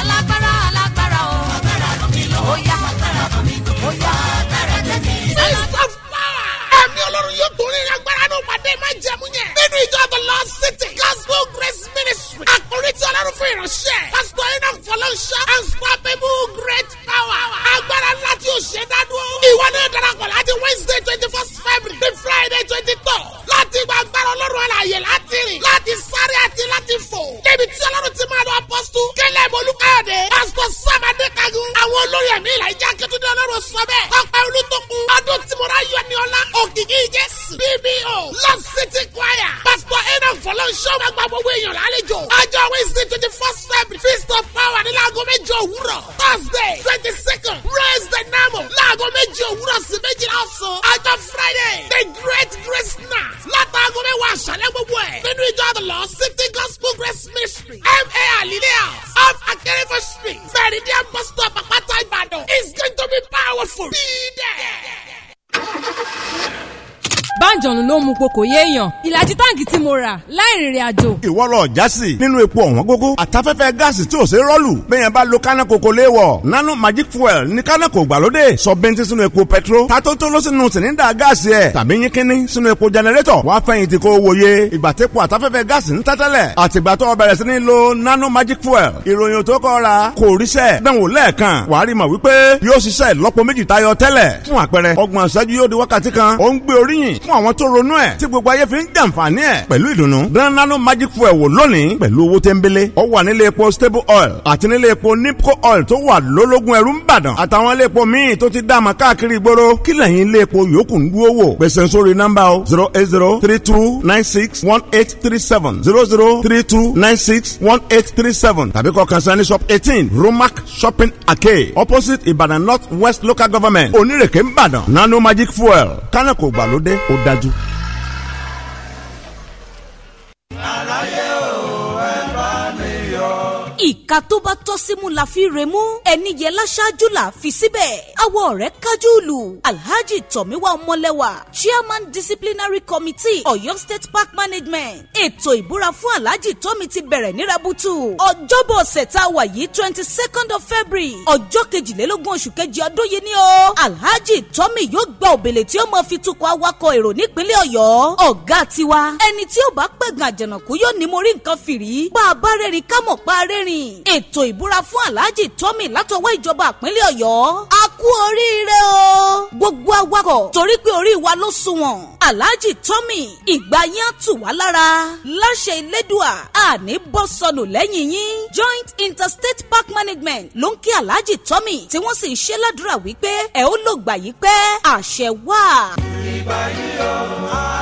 alágbára alágbára o agbára lókè lọ ó agbára fún mi ó yá agbára tẹ̀lé. fist of power. ẹ̀mí olórun yóò torí agbára náà pàdé máa jẹ̀mú yẹn. nínú ìjọ the city. oríṣi ọlọ́run fún ìránṣẹ́. pásítọ̀ iná fọlọ́nṣẹ́. and smart great power. agbára ńlá tí o ṣe dádúró. ìwọ ni ó darapọ̀ láti wednesday twenty first february to friday twenty third. láti gbogbo agbára ọlọ́run àlàyé láti rìn láti sáré àti láti fò. débi tí ọlọ́run ti máa lọ apọ́sítù kẹlẹ́ mọ́lúkáyọ̀dé pásítọ̀ sábà dẹ́kagun. àwọn olórí ẹ̀mí ìlà ìjà kẹtùdé ọlọ́run sọ bẹ́ẹ̀. ọ̀pẹ olùtọ́kùn ọdún tìmọ̀rá yọ ní ọlá òkìkí jésù bbo love city choir pásítọ̀ enoch fọlọ́nṣọ́ máa gba gbogbo èèyàn lálejò. ọjọ́ wednesday twenty first february feast of power ní láago mẹ́jọ òwúrọ̀ thursday twenty second praise the name of láago mẹ́jọ òwúrọ̀ sí méjìlá ọ̀sán ọjọ́ friday the great grace night látàgọ́ mẹ́wàá àṣálẹ́ gbogbo ẹ̀. nínú ìjọ àdàlọ́ sixty gospel grace ministry A alilia off akérèfé street meridian bus stop àpáta ìbàdàn is going to be powerful. be there báńjọ̀nù ló mu po kò yéèyàn ìlàjì táǹkì tí mo rà láì rìnrìn àjò. ìwọ lọ jásì nínú epo ọ̀wọ́n gógó àtafẹ́fẹ́ gáàsì tí ò ṣe rọ́ọ̀lù bẹ́ẹ̀ bá lo kánà kòkó léwọ̀ nano magic fuel ní kánà kò gbàlódé sọ bẹ́ntì sínú epo petro tatótó ló sínú sìnínda gáàsì ẹ̀ tàbí yín kínní sínú epo jẹnẹrétọ̀ wàá fẹ̀yìntì kó wòye ìgbà tẹ́po àtafẹ́fẹ́ gáàsì ń tẹ́tẹ́lẹ̀ lo nano magic fuel ìròyìn tó kọ́ ra kò ríṣẹ́ dánwò lẹ́ẹ̀kan wàá rí mọ̀ wípé yóò ṣiṣẹ́ lọ́pọ̀ méjì tayọ tẹ́lẹ̀ fún àpẹẹrẹ ọgbọ̀n ìṣẹ́jú lónìí fún àwọn tó ronú ẹ̀ tí gbogbo ayé fi ń jàǹfààní ẹ̀ pẹ̀lú ìdùnnú. dán magic fuel wò lónìí pẹ̀lú owó tẹ́ńbélé. ó wà nílé epo stable oil àti nílé epo nipco oil tó wà lólógún ẹrú ń bàdàn àtàwọn ilé epo míì tó ti dáàmà káàkiri ìgboro kí lẹ́yìn ilé epo yòókù ń dúró wò. gbèsè sórí nọ́mbà o zero eight zero three two nine six one eight three seven zero zero three two nine six one eight three seven tàbí kọ kànsáni shop eighteen romac shopping arcade opposite Ibadan north west local government onírèké ń bàdàn nano magic fuel kánà kò gbàlódé ó dájú. àlàyé ìka tó bá tọ́ sí mu la fi remú ẹni yẹ láṣáájú la fi síbẹ̀ àwọ̀ rẹ̀ kájú lù alhaji tọ̀míwá ọmọlẹ́wà chairman disciplinary committee ọ̀yọ́ state park management ètò ìbúra fún alhaji tọ́mi ti bẹ̀rẹ̀ ní rabutu ọjọ́bọ̀ ọ̀sẹ̀ tá a wà yìí twenty second of february ọjọ́ kejìlélógún oṣù kejì ọdún yìí ni o alhaji tọ́mi yóò gba òbèlè tí ó mọ fi tukọ̀ awakọ̀ èrò nípínlẹ̀ ọ̀yọ́ ọ̀gá tiwa ẹni tí ó bá pẹ̀gàn àjànàkú yóò ní mo nǹkan fìrí bá a bá rẹ́rìn ká pa rẹ́rìn ni. ètò ìbúra fún aláàjì tómi látọwọ́ ìjọba àpínlẹ̀ ọ̀yọ́. a kú oríire o. gbogbo awakọ̀ torí pé orí wa ló sunwọ̀n. aláàjì tómi ìgbà yẹn tù wá lára. láṣẹ ìlédùà àní bọ́ sọnù lẹ́yìn yín. joint interstate park management ló ń kí aláàjì tómi tí wọ́n sì ń ṣe ládùúrà wípé ẹ̀ ó lògbà yìí pẹ́ àṣẹ wà. ìgbà yìí ó máa.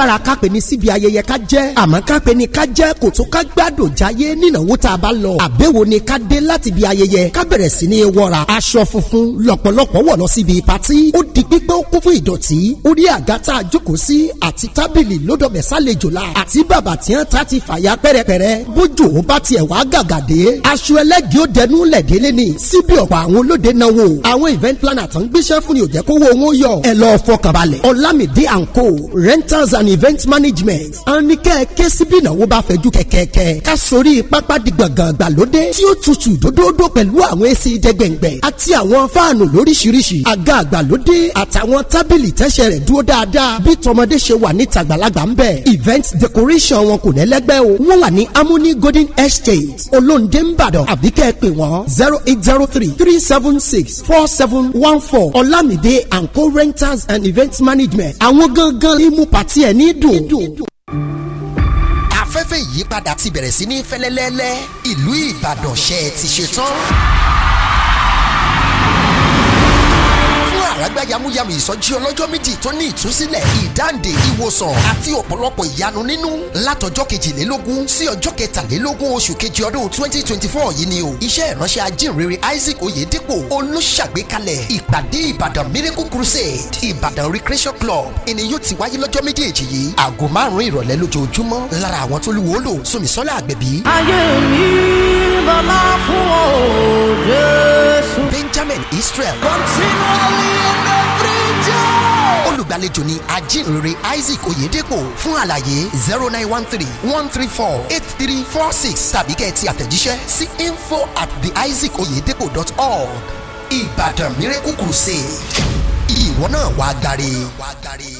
dára ká pè ní síbi ayẹyẹ ká jẹ́ àmọ́ ká pè ní ká jẹ́ kò tó ká gbádùn jáyé nínáwó tá a bá lọ àbẹ̀wò ni ká dé láti ibi ayẹyẹ ká bẹ̀rẹ̀ sí ní wọra aṣọ funfun lọ́pọ̀lọpọ̀ wọ̀ lọ síbi patí ó di pípẹ́ ó kún fún ìdọ̀tí orí àga tá a jókòó sí àti tábìlì lódọ̀bẹ̀ sálejò la àti bàbà tí wọ́n ta ti fàya pẹ́rẹpẹ̀rẹ bójú ó bá tiẹ̀ wá gàgàdé aṣọ ẹlẹ́gì ó dẹnu lẹ̀dẹ́lẹ́ ni síbi ọ̀pọ̀ àwọn olóde náwó àwọn event and and event management a ní kẹ́ ẹ ké síbi ìnáwó bá fẹ̀jú kẹ̀kẹ́kẹ́ ká sórí pápá di gbọ̀ngàn gbàlódé tí ó tutù dódódó pẹ̀lú àwọn èsì jẹgbẹ̀ngbẹ̀ àti àwọn fáànù lóríṣiríṣi àga àgbàlódé àtàwọn tábìlì tẹ́sẹ̀ rẹ̀ dúró dáadáa bí tọmọdé ṣe wà ní tàgbàlagbà ń bẹ̀ event decoration wọn kò lẹ́lẹ́gbẹ́ o wọ́n wà ní amúní golden estate olóńdé ńbàdàn àbí kẹ́ ẹ pè wọ́n zero eight zero three three seven six four seven one four olamide and co renters and event management àwọn gangan ní mú pàtí ẹ̀ ní ní dùn afẹ́fẹ́ ìyípadà ti bẹ̀rẹ̀ sí ní fẹ́lẹ́lẹ́lẹ́ ìlú Ìbàdàn ṣe ti ṣe tán àràgbá yamuyamu ìsọjí ọlọ́jọ́ méjì tó ní ìtúsílẹ̀ ìdáǹdè ìwòsàn àti ọ̀pọ̀lọpọ̀ ìyanu nínú látọjọ́ kejìlélógún sí ọjọ́ kẹtàlélógún oṣù kejì ọdún twenty twenty four yìí ni o iṣẹ́ ìránṣẹ́ ajínrere Isaac Oyedepo olùṣàgbékalẹ̀ ìpàdé Ìbàdàn Miracle Crusade Ìbàdàn Recreation Club ènìyàn ti wáyé lọ́jọ́ méjèèjì yìí aago márùn-ún ìrọ̀lẹ́ lójoojúmọ́ lára àwọn tó lùwọ́ lò Sọmisọ́lá Àgbẹ̀bí. ayé mi bàbá fún ọ Jésù. Benjamin Israel. continually olùgbàlejò ni ajínrere Isaac Oyedepo fún àlàyé zero nine one three one three four eight three four six tàbí kẹ́ ẹ ti àtẹ̀jíṣẹ́ sí info at theisaacoyedepo.org Ìbàdàn Miracle Crusade ìwọ náà wàá gàre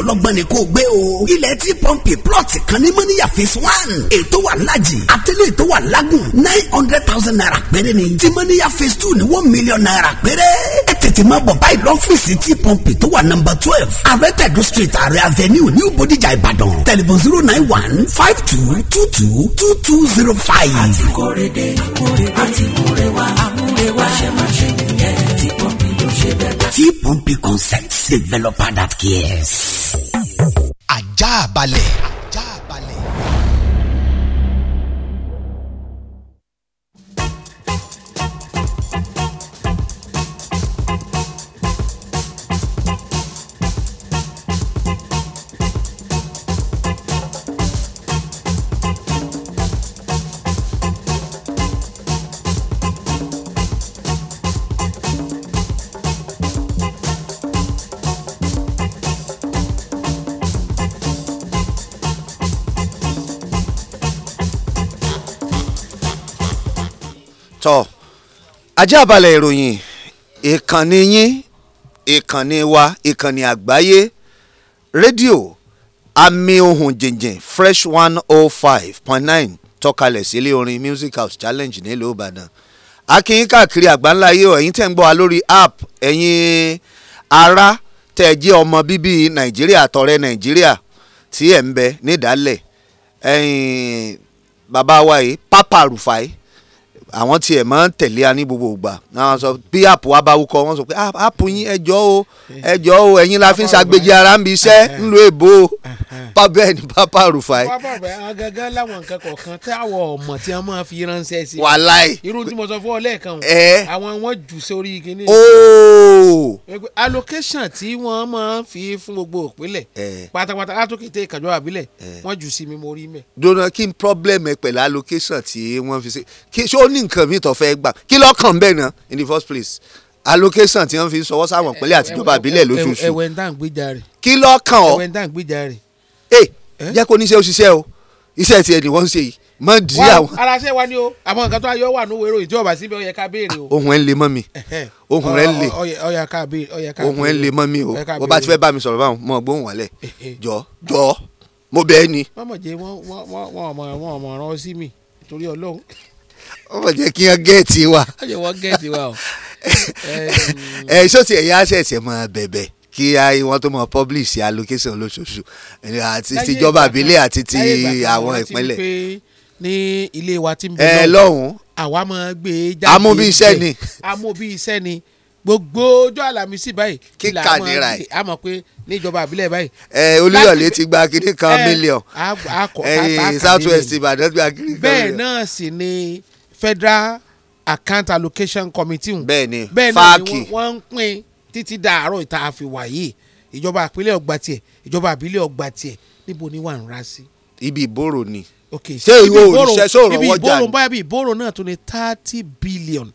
ọlọ́gbọ́n ni kò gbé o. ilẹ̀ tí pọ́ǹpì plọ̀tì kan ní mọ́níyà phase one ètò wà lájì àtẹ́lẹ̀ ètò wà lágùn nine hundred thousand naira péré ni tí mọ́níyà phase two ní one million naira péré. ẹ tètè máa bọ̀ báyìí lọ́fíìsì tí pọ́ǹpì tó wà nọ́mbà twelve arẹ́tẹ̀dù street ààrẹ avenue new bodijà ìbàdàn tẹlifon zero nine one five two two two two two zero five. àti kórede àti kórewa àmúrewa ṣe máa ṣe tí pọ́ǹpì concept developer that cares. ajá balẹ̀. ajá balẹ̀. ajábalẹ̀ ìròyìn ìkànnì yín ìkànnì wa ìkànnì àgbáyé rédíò àmì ohun jìnjìn fresh one oh five point nine orin music challenge nílùú ìbàdàn akínyín káàkiri àgbáńlá ayé ẹ̀yin tẹ̀ ń gbọ́ wa lórí app ẹ̀yìn ará tẹ̀ jẹ́ ọmọ bíbí nàìjíríà nàìjíríà tí ẹ̀ ń bẹ nídàálẹ̀ bàbá wa yìí àwọn tiẹ̀ máa ń tẹ̀lé a ní gbogbo ìgbà àwọn sọ bí app wa bá wúkọ wọ́n sọ pé ah, app yín ẹjọ́ o ẹjọ́ o ẹ̀yin la fi ń ṣàgbéjì ara ń bi iṣẹ́ ńlò èbó bẹ́ẹ̀ ni pápá rufai. pápá rufai agangan láwọn nǹkan kọ̀ọ̀kan tí àwọn ọmọ tí wọ́n máa fi ránṣẹ́ sí. wàláì irú tí mo sọ fún ọ lẹ́ẹ̀kan o àwọn wọn jù sórí kinní. ooo. allocation tí wọ́n máa fi fún gbogbo òpínlẹ̀ pátápátá látòkété ìkàjọ àbílẹ̀ wọ́n jù sí mi mo rí mẹ́. dona kí n problem ẹ pẹ̀lú allocation tí wọ́n fi ṣe kí ṣó ní ní nǹkan mi tó fẹ́ gbà kí lọ́kàn bẹ́ẹ̀ náà in the first place allocation tí wọ́n fi sọwọ́ sáwọn pẹ̀lẹ́ àtijọba àbílẹ̀ lóṣooṣù ẹ̀wẹ̀ ń tàn gbéjà rẹ̀ kí lọ́kàn ọ́ ẹ̀wẹ̀ ń tàn gbéjà rẹ̀ ẹ̀ jẹ́ kó níṣẹ́ òṣìṣẹ́ o iṣẹ́ tiẹ̀ ni wọ́n ń ṣe yìí mọ di àwọn. ara ṣe wa ni o àwọn nǹkan tó ayọ̀ wà ní wẹ́rọ ìjọba síbi ó yẹ ká béèrè o. ohun ẹ̀ ń le mọ́ mi ohun rẹ̀ ń le ó yẹ ká béèrè ohun ẹ̀ ń le mọ́ mi o bó bá ti fẹ́ bá mi sọ̀rọ̀ báwọn mọ̀ gbóhùn wálẹ̀ jọ jọ mo bẹ́ẹ̀ ni. mọ̀mọ̀jẹ́ wọ́n ọmọ ọ̀ràn sí mi torí ọlọ́run ó bọ̀ jẹ́ kí wọ́n gẹ̀ẹ́tì wa. ó jẹ́ wọ́n gẹ̀ẹ́tì wa o. ẹ ṣó ti ẹ̀yà ṣẹ̀ṣẹ̀ mọ bẹ̀bẹ̀ kí wọ́n tó mọ publish allocation lóṣooṣù àti tìjọba àbílẹ̀ àti ti àwọn ìpínlẹ̀. ní ilé wa ti ń bẹ lọ́hùn àwa máa gbé e jáde amóbi iṣẹ́ ni amóbi iṣẹ́ ni gbogbo ọjọ́ àlàmísì báyìí kí kàdé ra a mọ̀ pé níjọba àbílẹ̀ báyìí. ẹ olúyọ̀lé ti gba kiri kan mílíọ̀n ẹ̀yìn south west ìbàdàn gba kiri kan mílíọ̀n. bẹ́ẹ̀ náà sì ni federal account allocation committee hùn bẹ́ẹ̀ ni fáàkì wọ́n ń pín títí dàárọ̀ ìta àfiwà yìí ìjọba àpilẹ̀ ọgbà tiẹ̀ ìjọba àbílẹ̀ ọgbà tiẹ̀ níbo ni wà ń ra sí. ibi ìbòrò ni ṣé ìwé òrìṣẹ́ sọ̀rọ̀ wọ́jà ni ibi ìbòrò báyà bí ìbòrò náà tó ní thirty billion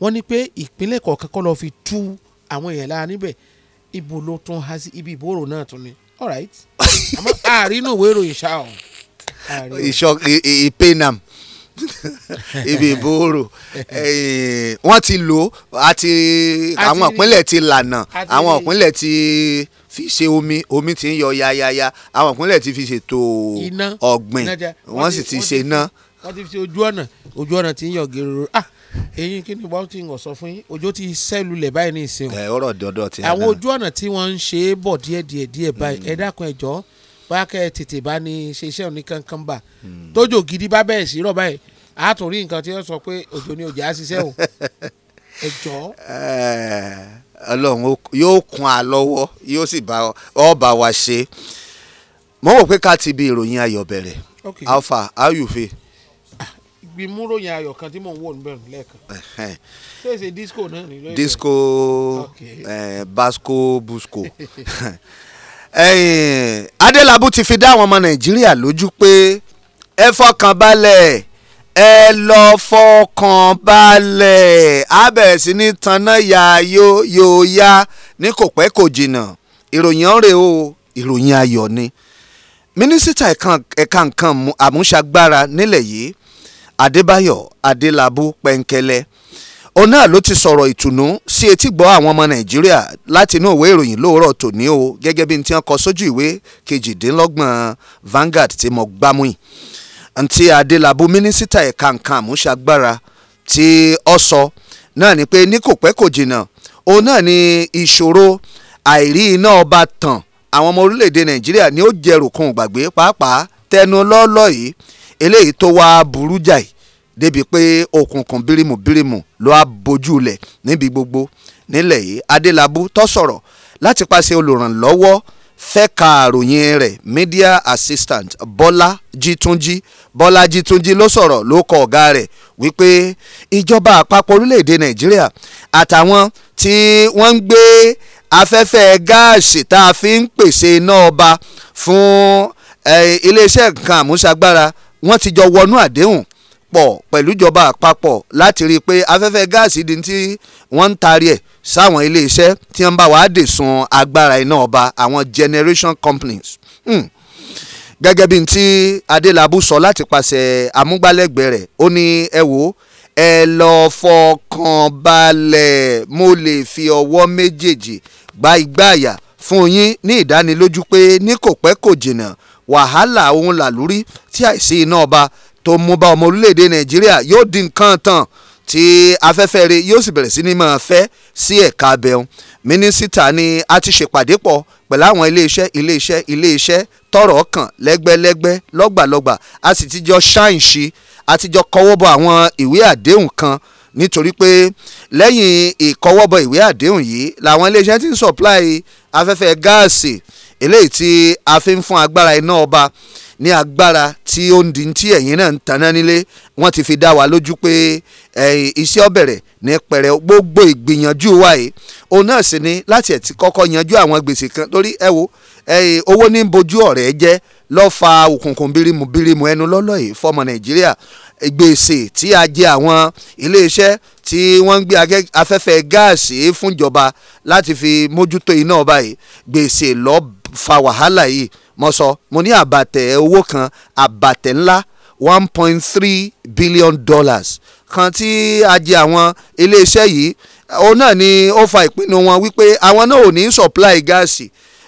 wọ́n ní pé ìpínlẹ̀ kọ̀ọ̀kan kọ́ lọ́ọ́ fi tú àwọn èèyàn lára níbẹ̀ ibo ló tún há sí ibi ìbòrò náà tó ní all right àmọ́ àárínú ìwé ìròyìn ṣáà ọ̀. ìṣọ́ ìpénam. ibi ìbòòrò eh, wọ́n ti lò àti àwọn ìpínlẹ̀ ti lànà àwọn ìpínlẹ̀ ti fi ṣe omi omi ti ń yọ yayaya àwọn ìpínlẹ̀ ti fi ṣètò ọ̀gbìn wọ́n sì ti ṣe iná. wọ́n ti fi ṣe ojú ọ̀nà ojú ọ̀nà ti ń yọ gèrò ah eyín kí ni wọ́n ti ń sọ fún yín ojú ti sẹ́ẹ̀lù lẹ̀ báyìí ní ìsìn. ẹ eh, ọ̀rọ̀ dọdọ ti hàn náà àwọn ojú ọ̀nà tí wọ́n ń ṣe é bọ̀ díẹ̀díẹ̀ díẹ̀ báyìí hmm. ẹ dákun ẹ jọ̀ọ́ bóyá kẹ́ ẹ tètè bá ní ṣe iṣẹ́ òní kankan bà hmm. tójò gidi bá bẹ̀rẹ̀ sí rọ̀ báyìí àtúrí nǹkan tí wọ́n sọ pé òjò ni òjò á ṣiṣẹ́ o ẹ jọ. Eh, ọlọ́run yóò kún a lọ́wọ́ yóò sì bá ọ bá wa ṣe mo wò pé ká ti bi ìròyìn ayọ̀ bẹ̀rẹ̀ alpha how you feel. Ah, ìgbìmú ròyìn ayọ̀ kan tí mò ń wò níbẹ̀ lẹ́ẹ̀kan ṣé ṣe disco náà nílò ìròyìn. disco eh, basco busco adélábù ti fi dá àwọn ọmọ nàìjíríà lójú pé ẹ fọkàn balẹ̀ ẹ lọ fọkàn balẹ̀ á sí ní tanná ya yóò yóò ya ní kò pẹ́ kò jìnnà ìròyìn ọ̀rẹ́ o ìròyìn ayọ̀ ni mínísítà ẹ̀ka nǹkan àmúṣagbára nílẹ̀ yìí adébáyọ̀ adélábù pẹ̀ǹkẹ́lẹ́ òun náà ló ti sọ̀rọ̀ ìtùnú sí etígbọ́ àwọn ọmọ nàìjíríà láti inú ìwé ìròyìn lóòrọ̀ tòní o gẹ́gẹ́ bí n ti kọ sójú ìwé kejìdínlọ́gbọ̀n Vanguard tí mo gbámú yìí ntí adélábù mínísítà ẹ̀ka nǹkan àmúṣagbára tí ọ sọ náà ni pé ní kò pẹ́ kò jìnnà òun náà ni ìṣòro àìrí iná ọba tàn àwọn ọmọ orílẹ̀-èdè nàìjíríà ni ó jẹrù kan ògbàgbé pàápàá tẹnu lọ́ọ́lọ́ yìí eléyìí tó wá burú jáì débi pé òkùnkùn bírímù bírímù ló á bojú lẹ̀ níbi gbogbo nílẹ̀ yìí adélábù tó sọ̀rọ̀ láti paṣẹ olùrànlọ́wọ́ fẹ́ka àròyìn rẹ̀ media assistant bọ́lá jitunji bọ́lá jitunji ló sọ̀rọ̀ ló kọ ọ̀gá rẹ̀ wípé ìjọba àpapọ̀ orílẹ̀-èdè nàìjíríà àtàwọn tí wọ́n ń gbé afẹ́fẹ́ gáàsì tá a fi ń pèsè iná ọba fún iléeṣẹ́ nǹkan àmúṣagbára wọ́n ti jọ wọnú àdéhùn pọ̀ pẹ̀lú ìjọba àpapọ̀ láti rí i pé afẹ́fẹ́ gáàsì di tí wọ́n ń taari ẹ̀ sáwọn iléeṣẹ́ tí wọ́n bá wàá dè sun agbára iná ọba àwọn generation companies. Hmm. gẹ́gẹ́ bí ti Adélabú sọ láti pàṣẹ amúgbálẹ́gbẹ̀ẹ́ rẹ̀ ó ní ẹ wò ó ẹ lọ fọkàn balẹ̀ mo lè fi ọwọ́ méjèèjì gba igbá àyà fún yín ní ìdánilójú pé ní kò pẹ́ kò jìnnà wàhálà òun làlúrí tí àìsí iná ọba tó mú bá ọmọ orílẹ̀-èdè nàìjíríà yóò di nǹkan tán tí afẹ́fẹ́ rẹ̀ yóò sì bẹ̀rẹ̀ sí ní máa fẹ́ sí ẹ̀ka abẹ́hùn mínísítà ni a ti ṣèpàdé pọ̀ pẹ̀lú àwọn iléeṣẹ́ iléeṣẹ́ iléeṣẹ́ tọ̀rọ̀ kàn lẹ́gbẹ́lẹ́gbẹ́ lọ́gbàlọ́gbà a sì ti jọ ṣáìnṣì a ti jọ kọ́wọ́bọ àwọn ìwé àdéhùn kan nítorí pé lẹ́yìn ìkọ́wọ́bọ ìwé àdéhùn yìí làwọn iléeṣẹ́ ti ń supply afẹ́fẹ́ gáàsì eléyìí tí a fi ń fún agbára iná ọba ní agbára tí ó ń di tí ẹ̀yin náà ń taná nílé wọ́n ti fi dá wa lójú pé iṣẹ́ ọ̀bẹ̀rẹ̀ ní pẹ̀rẹ̀ gbogbo ìgbìyànjú wa òun náà sì ni láti ẹ̀tí kọ́kọ́ yanjú àwọn gbèsè kan torí ẹ wo owó ní bojú ọ̀rẹ́ jẹ́ lọ́ọ́ fa òkùnkùn bírímù bírímù ẹnu lọ́lọ́ yìí fọmọ Nàìjíríà gbèsè tí a jẹ àwọn iléeṣẹ́ tí wọ́n ń gbé afẹ́fẹ́ gáàsì fúnjọba láti fi mójútó iná ọba yìí gbèsè ló fa wàhálà yìí mo sọ mo ní àbàtẹ̀ owó kan àbàtẹ̀ ńlá one point three billion dollars kan tí a jẹ àwọn iléeṣẹ́ yìí òun náà ni ó fa ìpinnu wọn wípé àwọn náà ò ní supply gáàsì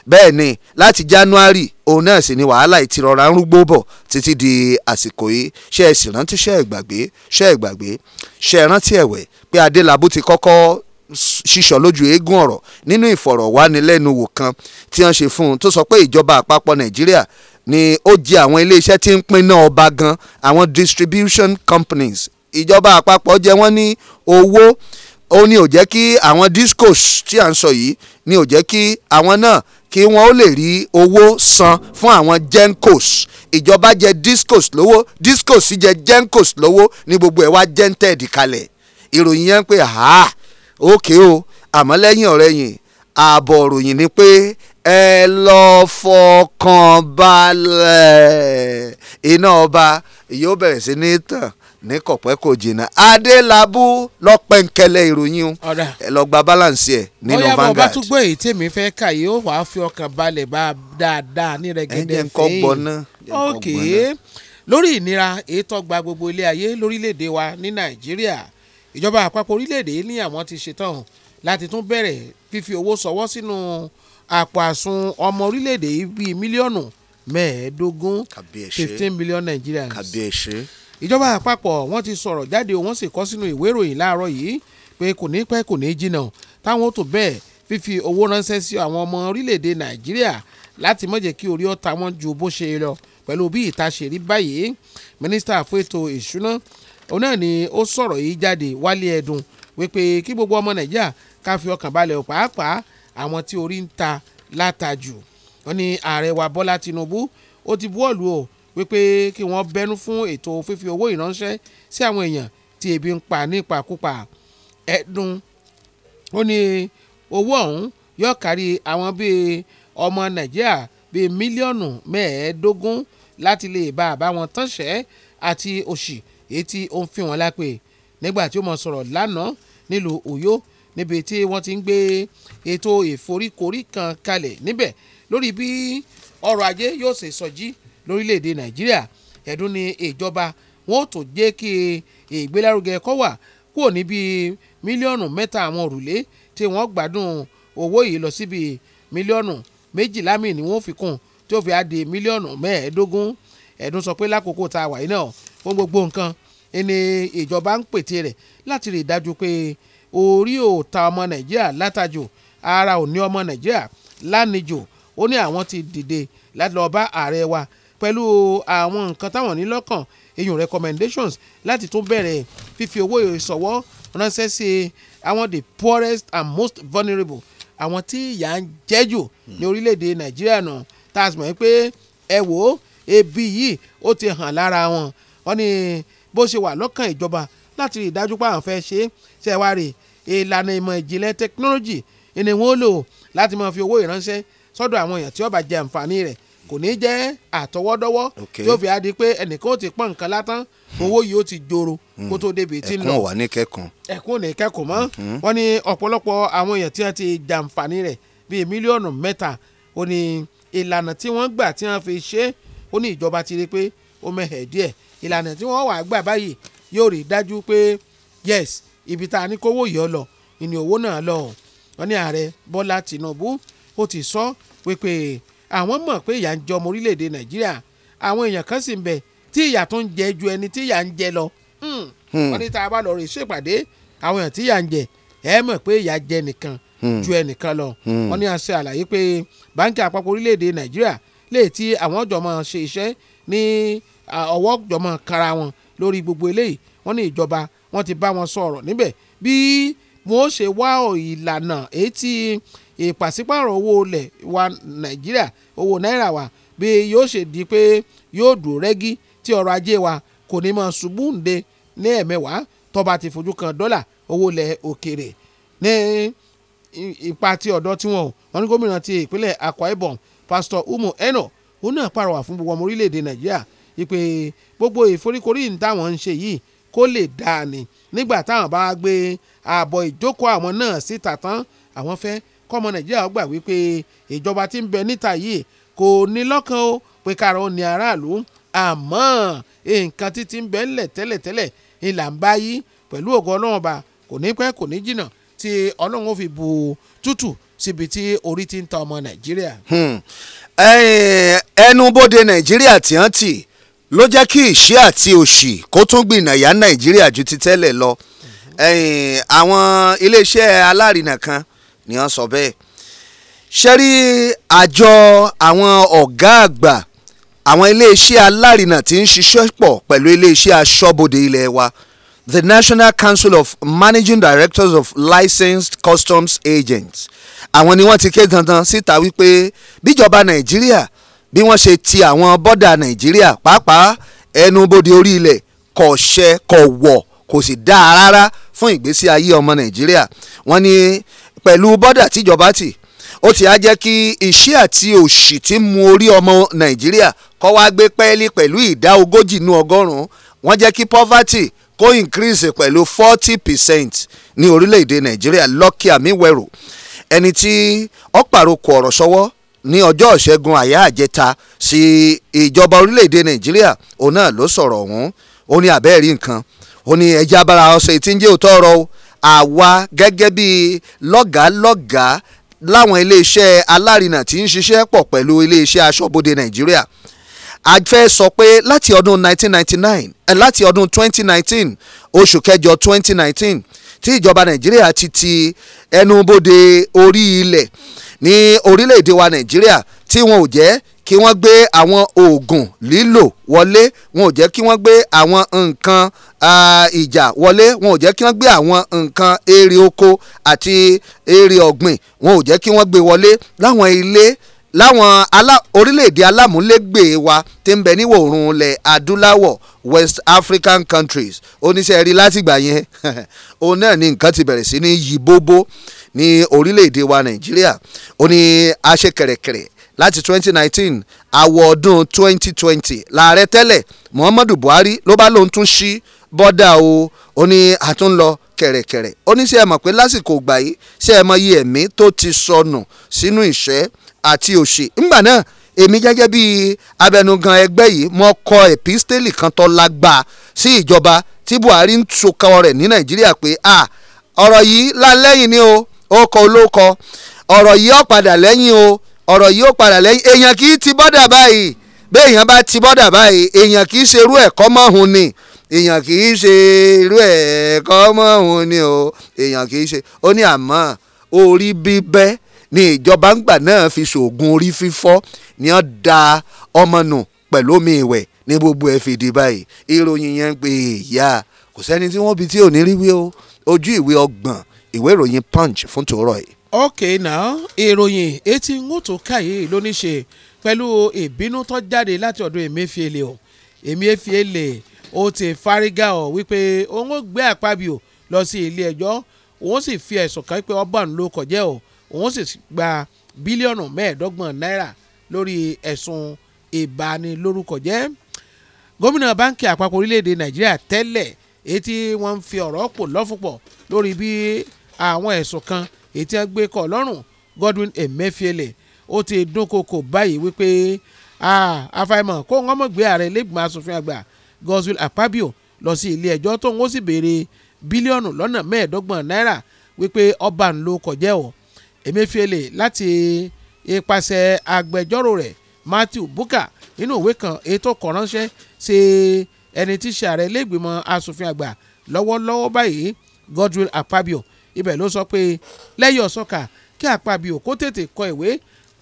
bẹ́ẹ̀ ni láti January òun náà sì ni wàhálà ìtirọ̀ra ń rúgbó bọ̀ títí di àsìkò yìí ṣe é sì rántí ṣe é gbàgbé ṣe é gbàgbé ṣe é rántí ẹ̀wẹ̀ pé Adélabú ti kọ́kọ́ ṣíṣọ lójú eégún ọ̀rọ̀ nínú ìfọ̀rọ̀wánilẹ́nuwò kan tí wọ́n ṣe fún un tó sọ pé ìjọba àpapọ̀ Nàìjíríà ni ó jẹ àwọn iléeṣẹ́ tí ń pinná ọba gan àwọn distribution companies ìjọba àpapọ̀ jẹ wọ́n ní owó ó ní ò jẹ́ kí àwọn discos tí à ń sọ yìí ní ò jẹ́ kí àwọn náà kí wọ́n ó lè rí owó san fún àwọn gencos ìjọba jẹ discos lówó discos jẹ gencos lówó ní gbogbo ẹ̀ wá gented kalẹ̀ ìròyìn yẹn ń pè ha òkè o àmọ́ lẹ́yìn ọ̀rẹ́yìn ààbọ̀ ìròyìn ni pé ẹ lọ fọkàn balẹ̀ iná ọba yóò bẹ̀rẹ̀ sí ní tàn ní kọ̀pẹ́ kò jìnnà adélábù lọ́pẹ̀nkẹlẹ̀ ìròyìn o ẹ lọ gba balance ẹ̀ nínú Vanguard. bóyá bó bá tún gbọ́ èyí tèmi fẹ́ kà yìí ó wàá fi ọkàn balẹ̀ bá a dáadáa ní rẹ̀gẹ̀dẹ̀ fèé. ẹ jẹ́ kọ́ gbọ́ náà. ok lórí ìnira èyí tó gba gbogbo ilé ayé lórílẹ̀‐èdè wa ní nàìjíríà ìjọba àpapọ̀ orílẹ̀‐èdè ní àwọn ti ṣetán láti tún bẹ̀rẹ̀ fífi owó sọwọ́ sínú àpò àsun ọmọ orílẹ̀‐èdè yìí bíi mílíọ̀nù mẹ́ẹ̀ẹ́dógún fifteen million Nigerians. kàbíyèsí ìjọba àpapọ̀ wọ́n ti sọ̀rọ̀ jáde wọ́n sì kọ́ sínú ìwé ìròyìn láàárọ̀ yìí pé kò ní pẹ́ kò ní jìnnà táwọn tó bẹ́ẹ̀ fífi owó ránṣẹ́ sí àwọn ọmọ orílẹ̀-èdè nàìjíríà láti má jẹ́ kí orí ọ̀tá wọn ju bó ṣe lọ pẹ̀lú bí ìta ṣe rí báyìí mínísítà fún ètò ìṣúná òun náà ni ó sọ̀rọ̀ yìí jáde wálé ẹ̀dùn wípé kí gbogbo ọmọ nàìjíríà ká fi ọkàn balẹ̀ pàápàá àwọn tí orí ń ta látàjù wọn ni ààrẹ wa bọ́lá tinubu ó ti buwọ́lù o wípé kí wọ́n bẹ́nu fún ètò fífi owó ìránṣẹ́ sí àwọn èèyàn tí ebi ń pa ní ìpakúpa ẹ̀dùn ó ní owó ọ̀hún yóò kárí àwọn bíi ọmọ nàìjíríà bíi mílíọ̀nù mẹ́ẹ̀ẹ́dógún láti lè bá a bá wọn tánṣẹ́ àti òṣì èyí tí ó ń fi wọn lápè nígbà tí ó mọ sọ̀rọ̀ lánàá nílùú Ọ̀yọ́ níbi tí wọ́n ti ń gbé ètò ìforíkorí kan kalẹ̀ níbẹ̀ lórí bí ọrọ̀ ajé yóò ṣe sọjí lórílẹ̀‐èdè nàìjíríà ẹ̀dùn ni ìjọba wọn ò tún jẹ́ kí ìgbélárugẹ kọ́ wà kúrò níbi mílíọ̀nù mẹ́ta àwọn òrùlé tí wọ́n gbádùn owó yìí lọ síbi mílíọ̀nù méjìlá míì ni wọ́n fi kún tí ó fi á di mílíọ̀nù mẹ́ẹ̀ẹ́dógún ẹ̀dùn sọ pé lákòókò tá a wà yìí náà fún gbogbo nǹkan ni ìjọba ń pète rẹ̀ láti rí dájú pé orí ò ta ọmọ nàìjíríà látàjò ara ò ní ọmọ nàìjíríà lánìjò ó ní àwọn ti dìde láti lọ bá ààrẹ wa pẹ̀lú àwọn nǹkan táwọn ní lọ́kàn èyun recommendations láti tún bẹ̀rẹ̀ fífi owó ìsọ̀wọ́ ránṣẹ́ sí àwọn the poorest and most vulnerable àwọn tí ìyà ń jẹ jù ní orílẹ̀-èdè nàìjíríà náà tá a sì mọ̀ pé ẹ wò ó ebi yìí ó ti hàn lára wọn wọ́n ní bó ṣe wà lọ́kàn ìjọba láti rí ìdájú pé àwọn fẹ́ ṣe é ṣe wá rè ìlànà ìmọ̀ ìjìnlẹ̀ technology ni wọ́n lò láti máa fi owó ìránṣẹ́ sọ́dọ̀ àwọn èèyàn tí ó bá jẹ àǹfààní rẹ̀ kò ní jẹ́ àtọwọ́dọ́wọ́ tí ó fi á di pé ẹnìkan ó ti pọ́n nǹkan látán hmm. owó yìí ó ti joro hmm. kó tó débi tí ń lọ ẹ̀kún wà ní kẹ́kọ̀ọ́ ẹ̀kún ní kẹ́kọ̀ọ́ mọ́ hmm. wọ́n ní ọ̀pọ̀lọpọ̀ àwọn èèyàn tí wọ́n ti jàǹfààní rẹ̀ bíi mílíọ̀nù mẹ́ta ó ní ìlànà tí wọ́n gbà tí wọ́n fi ṣe é ó ní ìjọba ti rí pé ó mẹ́hẹ̀ díẹ̀ ìlànà tí wọ́n wà gbà báyìí yóò rí dájú pé yes ibi tá a ní kówó yìí ọ lọ ìní owó náà lọ wọ́n ní ààrẹ Bọ́lá Tinubu ó ti sọ wípé àwọn mọ̀ pé ìyà ń jẹ ọmọ orílẹ̀-èdè nàìjíríà àwọn èèyàn kan sì ń bẹ tí ìyà tó ń jẹ ju ẹni tí ìyà ń jẹ lọ hmm. Hmm. wọ́n ní tá a bá lọ rè ṣèpàdé àwọn èèyàn tí ìyà ń jẹ ẹ mọ̀ pé ìyà jẹ nìkan hmm. ju ẹnìkan lọ wọ́n ní a ṣe àlàyé pé báńkì àpapọ̀ orílẹ̀-èdè nàìjíríà lè ti àwọn jọmọ́ ṣe iṣẹ́ ní ọwọ́ jọmọ́ kara wọn lórí gbogbo eléyìí wọ́n ní ìjọba wọ́n ti bá wọn sọ̀rọ̀ níbẹ̀ bí wọ́n ṣe wá ìlànà èyí tí ìpàsípàrọ̀ owó ilẹ̀ wa nàìjíríà owó náírà wa bí yóò ṣe di pé yóò dúró rẹ́gí tí ọrọ̀ ajé wa kò ní mọ ṣubú ǹde ní ẹ̀mẹ́wàá tó bá ti fojú kan dọ́là owó ilẹ̀ òkèrè ní ipa ti ọ̀dọ́ tí wọn wọn ní gómìnà ti ìpínlẹ̀ Akwa Ibom pásítọ̀ Umu Eno òun náà pàrọwà fún gbogbo ọmọ orílẹ̀-èdè nàìjíríà ìpè gbogbo ìforíkorí táwọn ń ṣe yìí kó lè dáa ni nígbà táwọn bá gbé ààbọ̀ ìjókòó àwọn náà síta tán àwọn fẹ́ kọ́mọ nàìjíríà gbà wípé ìjọba tí ń bẹ níta yìí kò ní lọ́kàn ó pé kára ó ní aráàlú àmọ́ nǹkan títí ń bẹ ńlẹ̀ tẹ́lẹ̀tẹ́lẹ̀ ìlà ń bá yí pẹ̀lú ògo ọlọ́run ọba kò ní pẹ́ kò ní jìnnà tí ọlọ́run ó fi bu tútù síbi tí orí ti ń ta ọmọ nàìjíríà. Hmm. Eh, ẹnu bóde nàìjíríà tí wọ́n tì ló jẹ́ kí ìṣẹ́ àti òṣì kó tún gbìnàyà nàìjíríà ju ti tẹ́lẹ̀ lọ mhm. eh, àwọn iléeṣẹ́ alárinà kan ni wọ́n sọ bẹ́ẹ̀ ṣẹ́rí àjọ àwọn ọ̀gá àgbà àwọn iléeṣẹ́ alárinà tí ń ṣiṣẹ́ pọ̀ pẹ̀lú iléeṣẹ́ aṣọ́bodè ilé wa the National Council of Managing Directors of Licensed Customs Agents àwọn ni wọ́n ti ké dandan síta wípé bíjọba Nàìjíríà bí wọ́n ṣe ti àwọn bọ́dà Nàìjíríà pàápàá ẹnubodè orí ilẹ̀ kò ṣe kò wọ̀ kò sì dáa rárá fún ìgbésí ayé ọmọ Nàìjíríà wọ́n ní pẹ̀lú bọ́dà tíjọba tì ó ti á jẹ́ kí iṣẹ́ àti òṣì tí mu orí ọmọ nàìjíríà kọ́ wá gbé pẹ́ẹ́lí pẹ̀lú ìdá ogójì nínú ọgọ́rùn-ún wọ́n jẹ́ kí poverty kó increase pẹ̀lú forty percent ní orílẹ̀-èdè nàìjíríà lọ́kì àmìwẹ̀rò ẹni tí ó pàrokò ọ̀rọ̀ sọ́wọ́ ní ọjọ́ ìṣẹ́gun àyà àjẹta sí ìjọba orílẹ̀-èdè nàìjíríà òun náà ló sọ̀rọ̀ ọ̀hún ó ní àbẹ́ẹ̀rí nǹkan ó ní ẹja bára ọ̀sẹ̀ tí òótọ́ ọ̀rọ̀ o àwa gẹ́gẹ́ bí lọ́gàálọ́gàá láwọn iléeṣẹ́ alárinà tí ń ṣiṣẹ́ pọ̀ pẹ̀lú iléeṣẹ́ aṣọ́bodè nàìjíríà a fẹ́ sọ pé láti ọdún 1999 eh, láti ọdún 2019 oṣù kẹjọ 2019 tí ìjọba nàìjíríà ti ti ẹnubodè orí ilẹ̀ ní orílẹ̀-èdè wa nàìjíríà tí wọn ò jẹ́ kí wọ́n gbé àwọn oògùn lílò wọlé wọn ò jẹ́ kí wọ́n gbé àwọn nǹkan ìjà wọlé wọn ò jẹ́ kí wọ́n gbé àwọn nǹkan èrè oko àti èrè ọ̀gbìn wọn ò jẹ́ kí wọ́n gbé wọlé láwọn ilé láwọn orílẹ̀-èdè alámúlégbè wa ti ń bẹ ní wòrùn ilẹ̀ adúláwọ̀ West African countries oníṣẹ́ rí látìgbà yẹn òun náà ni nǹkan ti bẹ̀rẹ̀ sí ní yí bóbó ní orílẹ̀-èdè wa Nàìjíríà ó ní aṣekẹ̀rẹ̀kẹ̀rẹ̀ láti 2019 àwọ̀ ọdún 2020 lààrẹ tẹ́lẹ̀ Muhammadu Buhari ló bá lóun tún ṣí bọ́dà o ó ní àtúnlọ kẹ̀rẹ̀kẹ̀rẹ̀ ó ní ṣé ẹ mọ̀ pé lásìkò ìgbà yìí ṣé ẹ mọ̀ iye ẹ̀mí tó ti sọnù sínú ìṣẹ́ àti òṣì ńgbà náà èmi gẹ́gẹ́ bí abẹnugan ẹgbẹ́ yìí mo kọ epistelli kan tó lágbá sí ìjọba tí Buhari ń tukọ̀ rẹ̀ ní Nàìjíríà pé a ọ̀rọ̀ yìí lálẹ́yìn ni o ó kọ olóko ọ̀rọ̀ yìí ọ̀padà lẹ́yìn o ọ̀rọ̀ yìí ó padà lẹ́yìn èèyàn kì í ti bọ́dà báyìí béèyàn bá ti bọ́dà báyìí èèyàn kì í ṣe irú ẹ̀kọ́ mọ́hun ni èèyàn kì í ṣe irú ẹ̀kọ́ mọ́hun ni o èèyàn kì í ṣe ó ní àmọ́ orí bíbẹ́ ni ìjọba ńgbà náà fi ṣoògùn orí fífọ́ ni wọ́n da ọmọ nù pẹ̀lú omi ìwẹ̀ ní gbogbo ẹ̀ fìdí báyìí ìròyìn yẹn ń pe ìyá kò sẹ́ni tí wọ́n bi tí ò ní rí wí o ojú ìwé ọgbọ̀n ìwé ìròyìn punch fún tòórọ̀ yìí okay now ìròyìn etí ń tó káyé ló ní ṣe pẹ̀lú ìbínú tó jáde láti ọ̀dọ̀ Emefiele o Emefiele ó ti fárígà ọ̀ wípé òun ó gbé o. lọ sí ilé ẹjọ́ òun sì fi ẹ̀sùn kan pé ọba òun ló kọjẹ́ o òun sì gba bílíọ̀nù mẹ́ẹ̀ẹ́dọ́gbọ̀n náírà lórí ẹ̀sùn ìbanilórúkọjẹ́ gómìnà báńkì àpapọ̀ orílẹ̀-èdè nàìjíríà tẹ́lẹ̀ etí wọ́n ń fi ọ̀rọ̀ pò lọ́fùpọ̀ lórí bí àwọn ẹ̀sùn kan ètí wọn gbé kọ́ lọ́rùn Godwin Emefiele ó ti dúnkokò báyìí wípé àfàìmọ̀ kó wọn mọ̀ gbé ààrẹ lẹ́gbìmọ̀ asòfin àgbà Godwin Akpabio lọ sí ilé ẹjọ́ tó ń ó sì béèrè bílíọ̀nù lọ́nà mẹ́ẹ̀ẹ́dọ́gbọ̀n náírà wípé ọba ń lo kọ̀jẹ́ o Emefiele láti ipasẹ̀ agbẹjọ́rò rẹ̀ Matthew Buka nínú ìwé kan ètò kọ̀ránṣẹ́ ṣe ẹni tí ṣe ààrẹ lẹ́gbìmọ̀ asòfin àgbà lọ́wọ́lọ́wọ́ báyìí Godwin Akpabio ibẹ̀ ló sọ pé lẹ́yìn ọ̀sọ́kà kí àpàbí òkó tètè kọ ìwé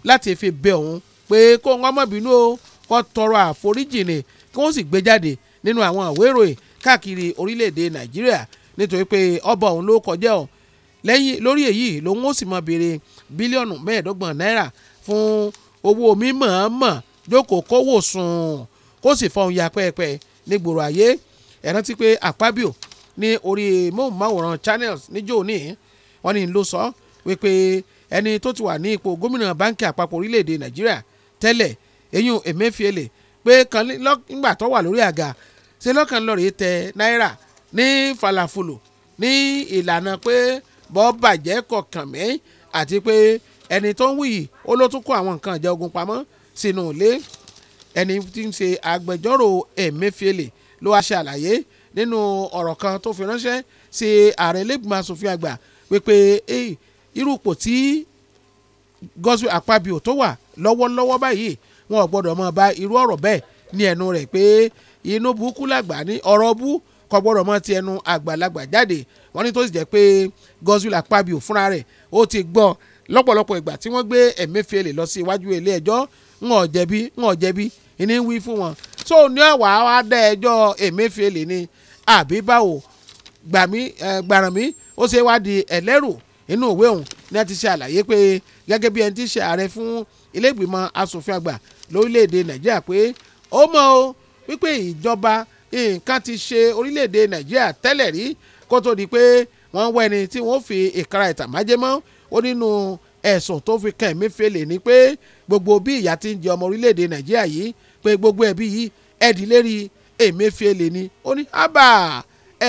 láti fi bẹ òun pé kó wọn má bínú o kó tọrọ àforíjì ni kí wọ́n sì gbé jáde nínú àwọn ìwé ìròyìn káàkiri orílẹ̀-èdè nàìjíríà nítorí pé ọba òun ló kọjá òun lẹ́yìn lórí èyí lòun ó sì mọ béèrè bílíọ̀nù mẹ́ẹ̀ẹ́dọ́gbọ̀n náírà fún owó mímọ̀ọ́mọ̀ jókòó kówó sùn kó sì fọhùn ya pẹ́ẹ́pẹ́ nígboro ayé ẹ̀rántí pé àpábíò ní orí móhùnmáwòrán channels níjó ní wọ́n ní ló sọ wípé ẹni tó ti wà ní ipò gómìnà báńkì àpapọ̀ orílẹ̀-èdè nàìjíríà tẹ́lẹ̀ eyín emefiele pé kan nígbà tó wà lórí àga ṣe lọ́kàn lọ́ọ̀rẹ́ tẹ náírà ní falafolo ní ìlànà pé bọ́ bàjẹ́ kọ̀ọ̀kan mi àti pé ẹni tó ń wí yìí ó ló tún kó àwọn nǹkan ìjà ogun pamọ́ sínú ilé ẹni tí ń ṣe agbẹjọ́rò emefiele ló wá ṣe àlàyé nínú ọ̀rọ̀ kan tó fi ránṣẹ́ sí ààrẹ lẹ́gbìmọ̀ asòfin àgbà wípé irú ipò tí Godswill Akpabio tó wà lọ́wọ́lọ́wọ́ báyìí wọn ò gbọ́dọ̀ mọ̀ bá irú ọ̀rọ̀ bẹ́ẹ̀ ní ẹnu rẹ̀ pé inú burúkú làgbà ní ọ̀rọ̀ bú kò gbọ́dọ̀ mọ́ ti ẹnu àgbàlagbà jáde wọ́n ní tó sì jẹ́ pé Godswill Akpabio fúnra rẹ̀ ó ti gbọ́ lọ́pọ̀lọpọ̀ ìgbà tí wọ́n gbé Emefiele lọ sí iwájú ilé ẹjọ́ ń ò jẹ̀bi ń ò jẹ̀bi ìní wí fún wọn. so ní ọ̀wà wa dá ẹjọ́ Emefiele ni àbí báwo gbàmí gbàrànmí ó ṣe wá di ẹlẹ́rù inú ìwé òun ní a ti ṣe àlàyé pé gẹ́gẹ́ bí ẹni tí ṣe ààrẹ fún ilé ìgbìmọ̀ asòfin àgbà lórílẹ̀‐èdè nàìjíríà pé ó mọ̀ o wípé ìjọba nǹkan ti ṣe orílẹ̀‐èdè nàìjíríà tẹ́lẹ̀ rí kó tó di pé wọ́n wọ ẹni tí wọ́n fi ìkara ìtàmájẹ́mọ́ ó nínú ẹ̀sùn tó fi kàn Emefiele ni pé gbogbo bí ìyà ti ń jẹ ọmọ orílẹ̀‐èdè nàìjíríà yìí pé gbogbo ẹ̀bí yìí ẹ̀dínlérí Emefiele ni ó ní ábà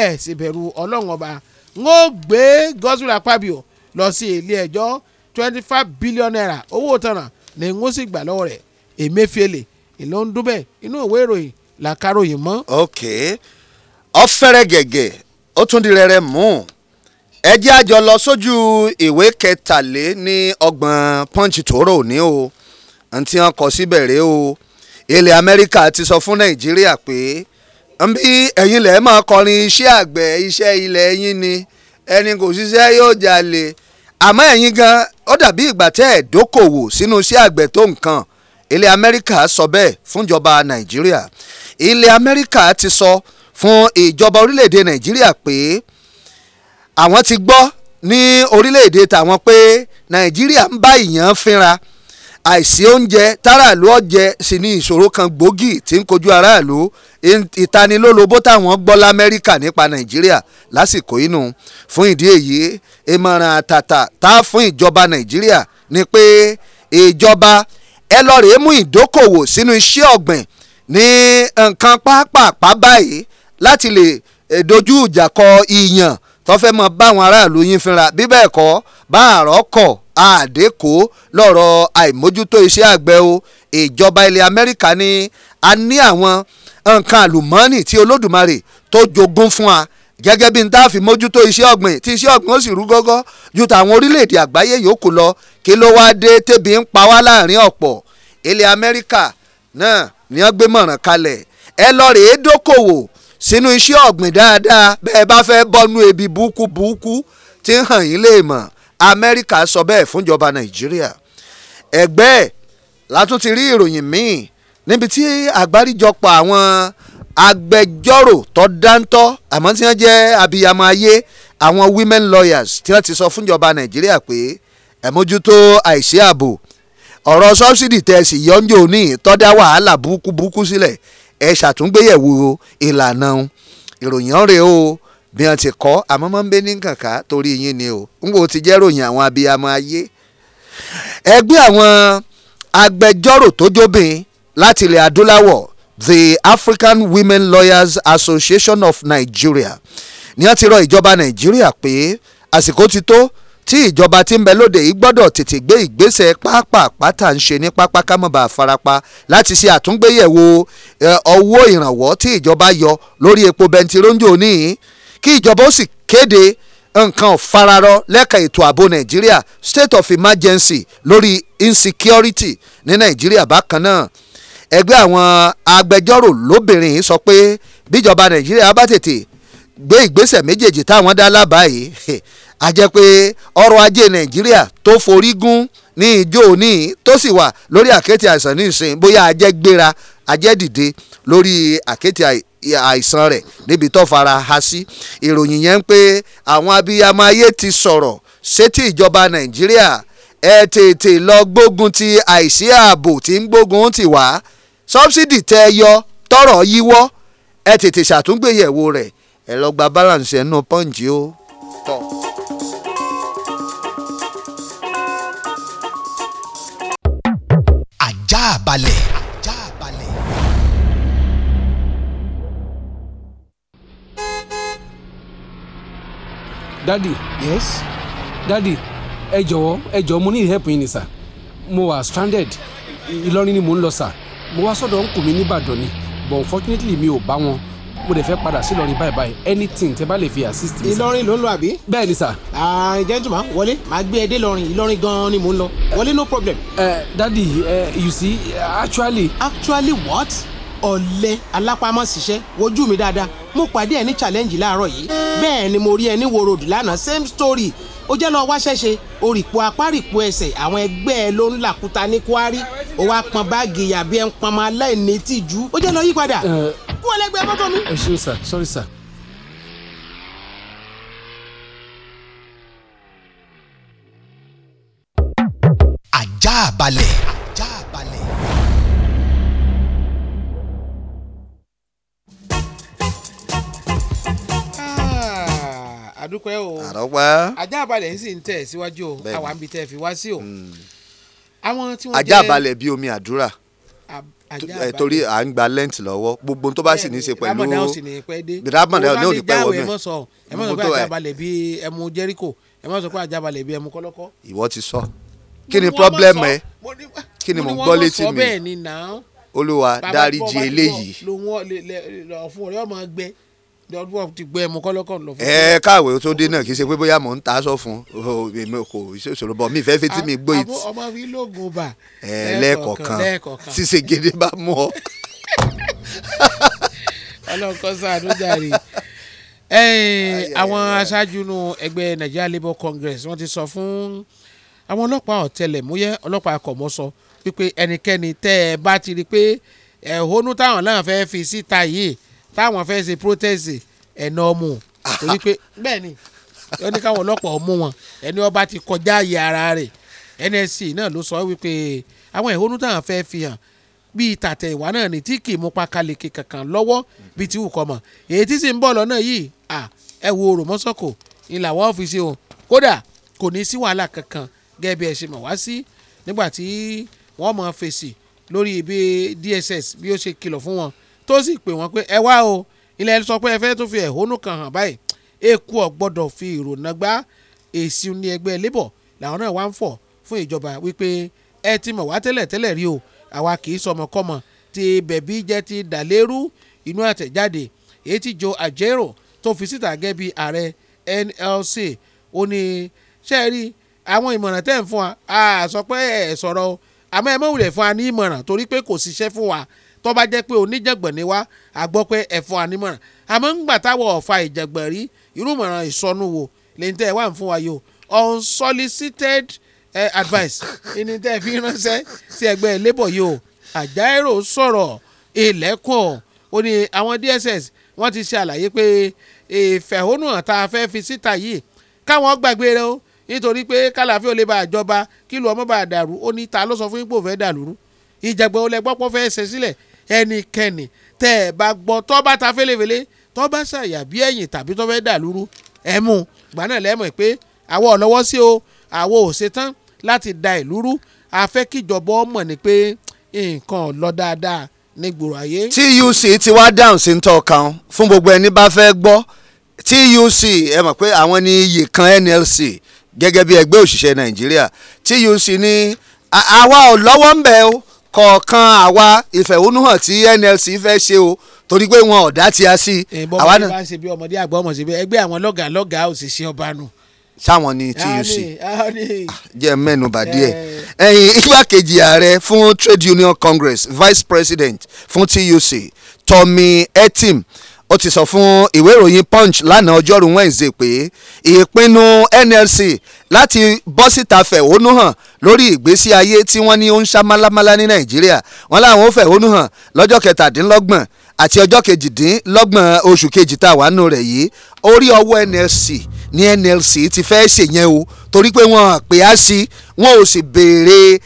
ẹ̀ sì bẹ̀rù ọlọ́run ọba ń ó gbé Godswill Akpabio lọ sí ilé ẹjọ́ twenty five billion naira owó tanràn ni ń ó sì gbà lọ́wọ́ rẹ̀ Emefiele ìlú ń dún bẹ́ẹ̀ inú ìwé ìròyìn làkàròyìn mọ́. ok ọ̀fẹ́rẹ́ gẹ̀gẹ̀ ó tún di rẹrẹ mú ẹ àjọ lọ sójú ìwé kẹtàlé ní ọgbọ̀n punch tòró ní o ntí wọn kọ síbẹ̀ rèé o. So ilẹ̀ amẹ́ríkà ti sọ fún nàìjíríà pé bí ẹ̀yin lẹ̀ máa kọrin iṣẹ́ àgbẹ̀ iṣẹ́ ilẹ̀ yín ni ẹni kò ṣiṣẹ́ yóò jalè àmọ́ ẹ̀yin gan ó dàbí ìgbà tẹ́ ẹ̀ dókòwò sínú iṣẹ́ àgbẹ̀ tó nǹkan ilẹ̀ amẹ́ríkà sọ bẹ́ẹ̀ fúnjọba nàìjíríà ilẹ̀ amẹ́ríkà ti sọ fún ìjọba orílẹ̀-èdè nàìjíríà pé àwọn ti gbọ́ ní orílẹ̀-èdè tàwọn pé nàìjíríà ń bá ìyàn fínra àìsí oúnjẹ táràlú ọ̀jẹ̀ sì ni ìṣòro kan gbòógì tí ń kojú aráàlú ìtanilólobó táwọn gbọ́ lamẹ́ríkà nípa nàìjíríà lásìkò inú fún ìdí èyí ìmọ̀ràn àtàtà tá fún ìjọba nàìjíríà ni pé ìjọba ẹ lọ rèé mú ìdókòwò sínú iṣẹ́ ọ̀gbìn ní nǹkan pápápá báyìí láti lè eh, dojú ìjà kọ ìyàn tó fẹ́ mọ báwọn aráàlú yín fínra bí bẹ́ẹ̀ bá àárọ̀ kọ̀ àdékò lọ́rọ̀ àìmójútó iṣẹ́ àgbẹ̀ o ìjọba ilẹ̀ Amẹ́ríkà ni a ní àwọn nǹkan àlùmọ́ọ́nì tí Olódùmarè tó jogún fún wa gẹ́gẹ́ bí n tá a fi mójútó iṣẹ́ ọ̀gbìn tí iṣẹ́ ọ̀gbìn ó sì rú gọ́gọ́ ju tàwọn orílẹ̀-èdè àgbáyé yòókù lọ kí ló wá dé tẹ́bi ń pa wá láàrin ọ̀pọ̀ ilẹ̀ Amẹ́ríkà náà ni wọ́n gbé mọ̀ràn kalẹ̀ ẹ lọ rèé dókòwò sínú iṣẹ́ ọ̀gbìn dáadáa bẹ́ẹ̀ bá fẹ́ bọ́nú ebi burúkú burúkú tí ń hàn yín lè mọ̀ amẹ́ríkà sọ bẹ́ẹ̀ fúnjọba nàìjíríà ẹgbẹ́ ẹ̀ látún ti rí ìròyìn míì níbi tí àgbáríjọpọ̀ àwọn agbẹjọ́rò tó dáńtọ́ àmọ́ tí wọ́n jẹ́ abiyamọ ayé àwọn women lawyers tí wọ́n ti sọ fúnjọba nàìjíríà pé ẹ̀ mójútó àìsí ààbò ọ̀rọ̀ sọ́bsidì tẹ̀sí yọ́njọ́ òní tó dá wàhálà burúkú burúkú sílẹ̀ ẹ̀ ṣàtúngbéyẹ̀wò ìlànà ìròyìn ọ̀rẹ́ o. E bí wọ́n ti kọ́ àmọ́ mọ́ ń bẹ ní kànká torí yín ni o n kò ti jẹ́ ròyìn àwọn abiyamọ ayé ẹgbẹ́ àwọn agbẹjọ́rò tó jóbìn láti ilẹ̀ adúláwọ̀ the African Women Lawyers Association of Nigeria ni wọ́n ti rọ ìjọba Nàìjíríà pé àsìkò ti tó tí ìjọba ti ń bẹ lóde yìí gbọ́dọ̀ tètè gbé ìgbésẹ̀ pápápá tà ń ṣe ní pápá kámọ́bà farapa láti ṣe àtúngbéyẹ̀wò owó ìrànwọ́ tí ìjọba yọ lórí epo bẹntiróńjò níyìn kí ìjọba ó sì kéde nǹkan fararọ lẹ́ka ètò ààbò nàìjíríà state of emergency lórí insecurity ní nàìjíríà bákan náà ẹgbẹ́ àwọn agbẹjọ́rò lóbìnrin sọ pé bíjọba nàìjíríà bá tètè gbé ìgbésẹ̀ méjèèjì táwọn dá lábàá yìí a jẹ́ pé ọrọ̀ ajé nàìjíríà tó forí gún ní ìjó òní tó sì wà lórí àkẹ́tì àìsàn ní ìsìn bóyá a jẹ́ gbéra ajẹ́dìde lórí àkéte àìsàn rẹ̀ níbi tó fara ha sí ìròyìn yẹn ń pé àwọn abiyamọ ayé ti sọ̀rọ̀ sétí ìjọba nàìjíríà ẹ tètè lọ gbógun ti àìsí ààbò tí ń gbógun ti wá sọ́bsidì tẹ́ yọ tọrọ yíwọ́ ẹ tètè ṣàtúngbéyẹ̀wò rẹ̀ ẹ lọ gba balance ẹnu pọ́ǹjì o. Tọ́. balẹ̀. dadi yes dadi ẹ jọ̀wọ́ ẹ jọ̀wọ́ mo ní help yín ni sà mo wà stranded Ìlọrin ni mo ń lọ sà mo wá sọ́dọ̀ ń kù mí nìbàdàn ni but unfortunately mi ò bá wọn mo lè fẹ́ padà sí Ìlọrin báyìí báyìí anything tẹ bá lè fi assist mi. Ìlọrin ló ń lọ àbí. bẹ́ẹ̀ ni sà. gentleman wọlé màá gbé ẹ dé Ìlọrin Ìlọrin ni mò ń lọ wọlé no problem. ẹ uh, eh, dadi uh, eh, you see actually. actually what? ọ̀lẹ alápámọ́síṣẹ́ wojú mi dáadáa mo pàdé ẹ challenge láàárọ̀ yìí bẹ́ẹ̀ ni mo rí ẹ wo road lánàá same story ó jẹ́ lọ́ọ́ wáṣẹ́ṣe orìpò apárìpò ẹsẹ̀ àwọn ẹgbẹ́ ẹ ló ń làkúta ní kwari ó wá pọn báàgì yàbí ẹ ń pọn ọmọ aláìní tìjú ó jẹ́ lọ́ọ́ yípadà kú ọlẹ́gbẹ́ mọ́tò mi. ẹ ṣeun sir sorry sir. àjà balẹ̀. àdúpẹ́ o àdúpẹ́ ajá balẹ̀ sì ń tẹ̀ síwájú o àwa ń bi tẹ́ fi wá sí o. Hmm. àwọn tí wọ́n jẹ́ ajá balẹ̀ bíi omi àdúrà eh, torí à ń gba lent lọ́wọ́ gbogbo tó bá sì ní í ṣe pẹ̀lú ramadan sì ní pẹ́ dé ramadan ní òní pẹ́ wọ́n mi. ẹ mọ̀ sọ pé ajá balẹ̀ bíi ẹmu jẹ́ríkò ẹ mọ̀ sọ pé ajá balẹ̀ bíi ẹmu kọ́lọ́kọ́. ìwọ ti sọ kí ni problem ẹ kí ni mo gbọ́ létí mi olúwa dáríjì eléyìí. bàbá bọ́ bá ti bọ̀ lọ́wọ́ fún ọ̀rẹ́ ọmọ gbẹ ọdún ti gbẹ mu kọlọkọ lọ fún. ẹ káàwé tó dé náà kì í ṣe pé bóyá mò ń ta aṣọ fún èmi kò ìṣòro bọ mi ìfẹ́ fi tí mi gbó ìtì. ọmọ fi lóògùn bà. ẹ lẹ́ẹ̀kọ̀kan ṣíṣe gèdè bá mú ọ. ọlọ́nkọ́ sàánú jàre àwọn aṣáájú nu ẹgbẹ́ Nigeria Labour Congress wọ́n ti sọ fún àwọn ọlọ́pàá ọ̀tẹlẹ̀múyẹ́ ọlọ́pàá akọ̀mọ́sọ wípé ẹnikẹ́ni tẹ́ ẹ bá ti rí pé ẹ̀hónú táwọn náà fẹ́ fi síta yìí táwọn fẹ́ ṣe protest ẹ̀nà ọmọ torí pé bẹ́ẹ̀ ni ó ní káwọn ọlọ́pàá mú wọn ẹni ọba ti kọjá ààyè ara rẹ̀ NSC náà ló sọ wípé àwọn ìhónú táwọn fẹ́ fi hàn bíi tàtẹ̀ ìwà náà ni tí kì í mú pa kalẹ̀kẹ̀ kankan lọ́wọ́ bíi ti wùkọ́ mọ̀ èyí tí sì ń bọ̀ lọ́nà yìí ẹ wo òròmọ́sọ̀kò ìlàwọ́ ọ́fíìsì o kódà kò ní sí wàhálà kankan gẹ́gẹ́ bí ṣe mọ̀ wá sí nígbà tí wọ́n mọ̀ fèsì lórí ibi DSS bí ó ṣe kìlọ̀ fún wọn tó sì pè wọ́n pé ẹ wá o ilẹ̀ sọ pé ẹ fẹ́ tó fi ẹ̀hónú kan hàn báyìí èkó ọ̀gbọ́dọ̀ fi ìrònà gbá èsì ní ẹgbẹ́ labour làwọn náà wá ń fọ̀ fún ìjọba wípé ẹ ti mọ̀ wá tẹ́lẹ̀ tẹ́lẹ̀ rí o àwa kì í sọmọkọ́mọ ti bẹ̀bí jẹ́ ti dàlérú inú àtẹ̀jáde èyí tí Joe Ajaero tó fi síta gẹ́gẹ́ bí ààrẹ NLC ó ní ṣe é rí àwọn ìmọ̀ràn tẹ́ ń fún wa a sọ pé ẹ sọ̀rọ̀ o àmọ́ ẹ mọ̀ wulẹ̀ fún wa ní ìmọ̀ràn torí pé kò ṣiṣẹ́ fún wa tó bá jẹ́ pé oníjàngbọ̀n ni wá a pé ẹ̀fọ́ ànímọ̀ràn àmọ́ ńgbà táwọ̀ ọ̀fà ìjàngbọ̀n rí irúmọ̀ràn ìsọnù wo lẹ́yìn tẹ́ ẹ wà fún wa yìí unsolicited eh, advice ìní tẹ́ ẹ fi ránṣẹ́ sí ẹgbẹ́ labour yìí o àjáírò sọ̀rọ̀ ilẹ̀kùn ó ní àwọn DSS wọ́n ti ṣe àlàyé pé ìfẹ̀hónúhàn tá a fẹ́ fi síta yìí káwọn gbàgbé rẹ o nítorí pé kálàfíà ò lè bá àjọba kílù ọmọ bá dàrú ó ní ta ló sọ fún yín pò fẹ́ dàlúrú ìjàgbọ́n olẹ́gbọ́pọ̀ fẹ́ ṣe sílẹ̀ ẹnikẹ́ni tẹ́ ẹ bá gbọ́ tọ́ bá ta fẹ́lẹ́fẹ́lẹ́ tọ́ bá ṣàyà bí ẹ̀yìn tàbí tọ́ fẹ́ dà lúrú ẹ mú gbà náà lẹ́mọ̀ pé àwọ̀ ọ̀lọ́wọ́ sí o àwọ̀ ò ṣetán láti da ìlú rú afẹ́ kíjọba ọmọ ni pé nǹkan lọ dáadáa ní gbòòrò ayé. TUC ti wá dáhùn sí ntọ́ kan fún gbogbo ẹni bá fẹ́ gbọ́ TUC ẹ mọ̀ pé àwọn ni iyì kan NLC gẹ́gẹ́ bí ẹgbẹ́ òṣìṣẹ́ Nàìjíríà TUC ní àwa ò lọ́wọ́ ń bẹ̀ o kọ̀ọ̀kan àwa ìfẹ̀hónúhàn tí NLC fẹ́ ṣe o torí pé wọn ò dá tí a sí. àwa náà ìbọn ṣe bí ọmọdé àgbà ọmọ ṣe bí ẹgbẹ́ àwọn lọ́gàá lọ́gàá òṣìṣẹ́ ọba nù. sáwọn ni TUC jẹ́ mẹ́nuba díẹ̀ ẹ̀yìn igbákejì ààrẹ fún Trade Union Congress Vice President fún TUC Tommy Etim ó ti sọ fún ìwé ìròyìn punch lánàá ọjọ́rú wednesday pé ìpinnu nlc láti bọ́ síta fẹ̀hónú hàn lórí ìgbésí ayé tí wọ́n ní ó ń ṣá málámálá ní nàìjíríà wọ́n láwọn ó fẹ̀hónú hàn lọ́jọ́ kẹtàdínlọ́gbọ̀n àti ọjọ́ kejìdínlọ́gbọ̀n oṣù kejì tá a wà nù rẹ̀ yìí orí ọwọ́ nlc ní NLC ti fẹ́ ṣèyẹn o torí pé wọ́n pè á sí wọ́n ò sì béèrè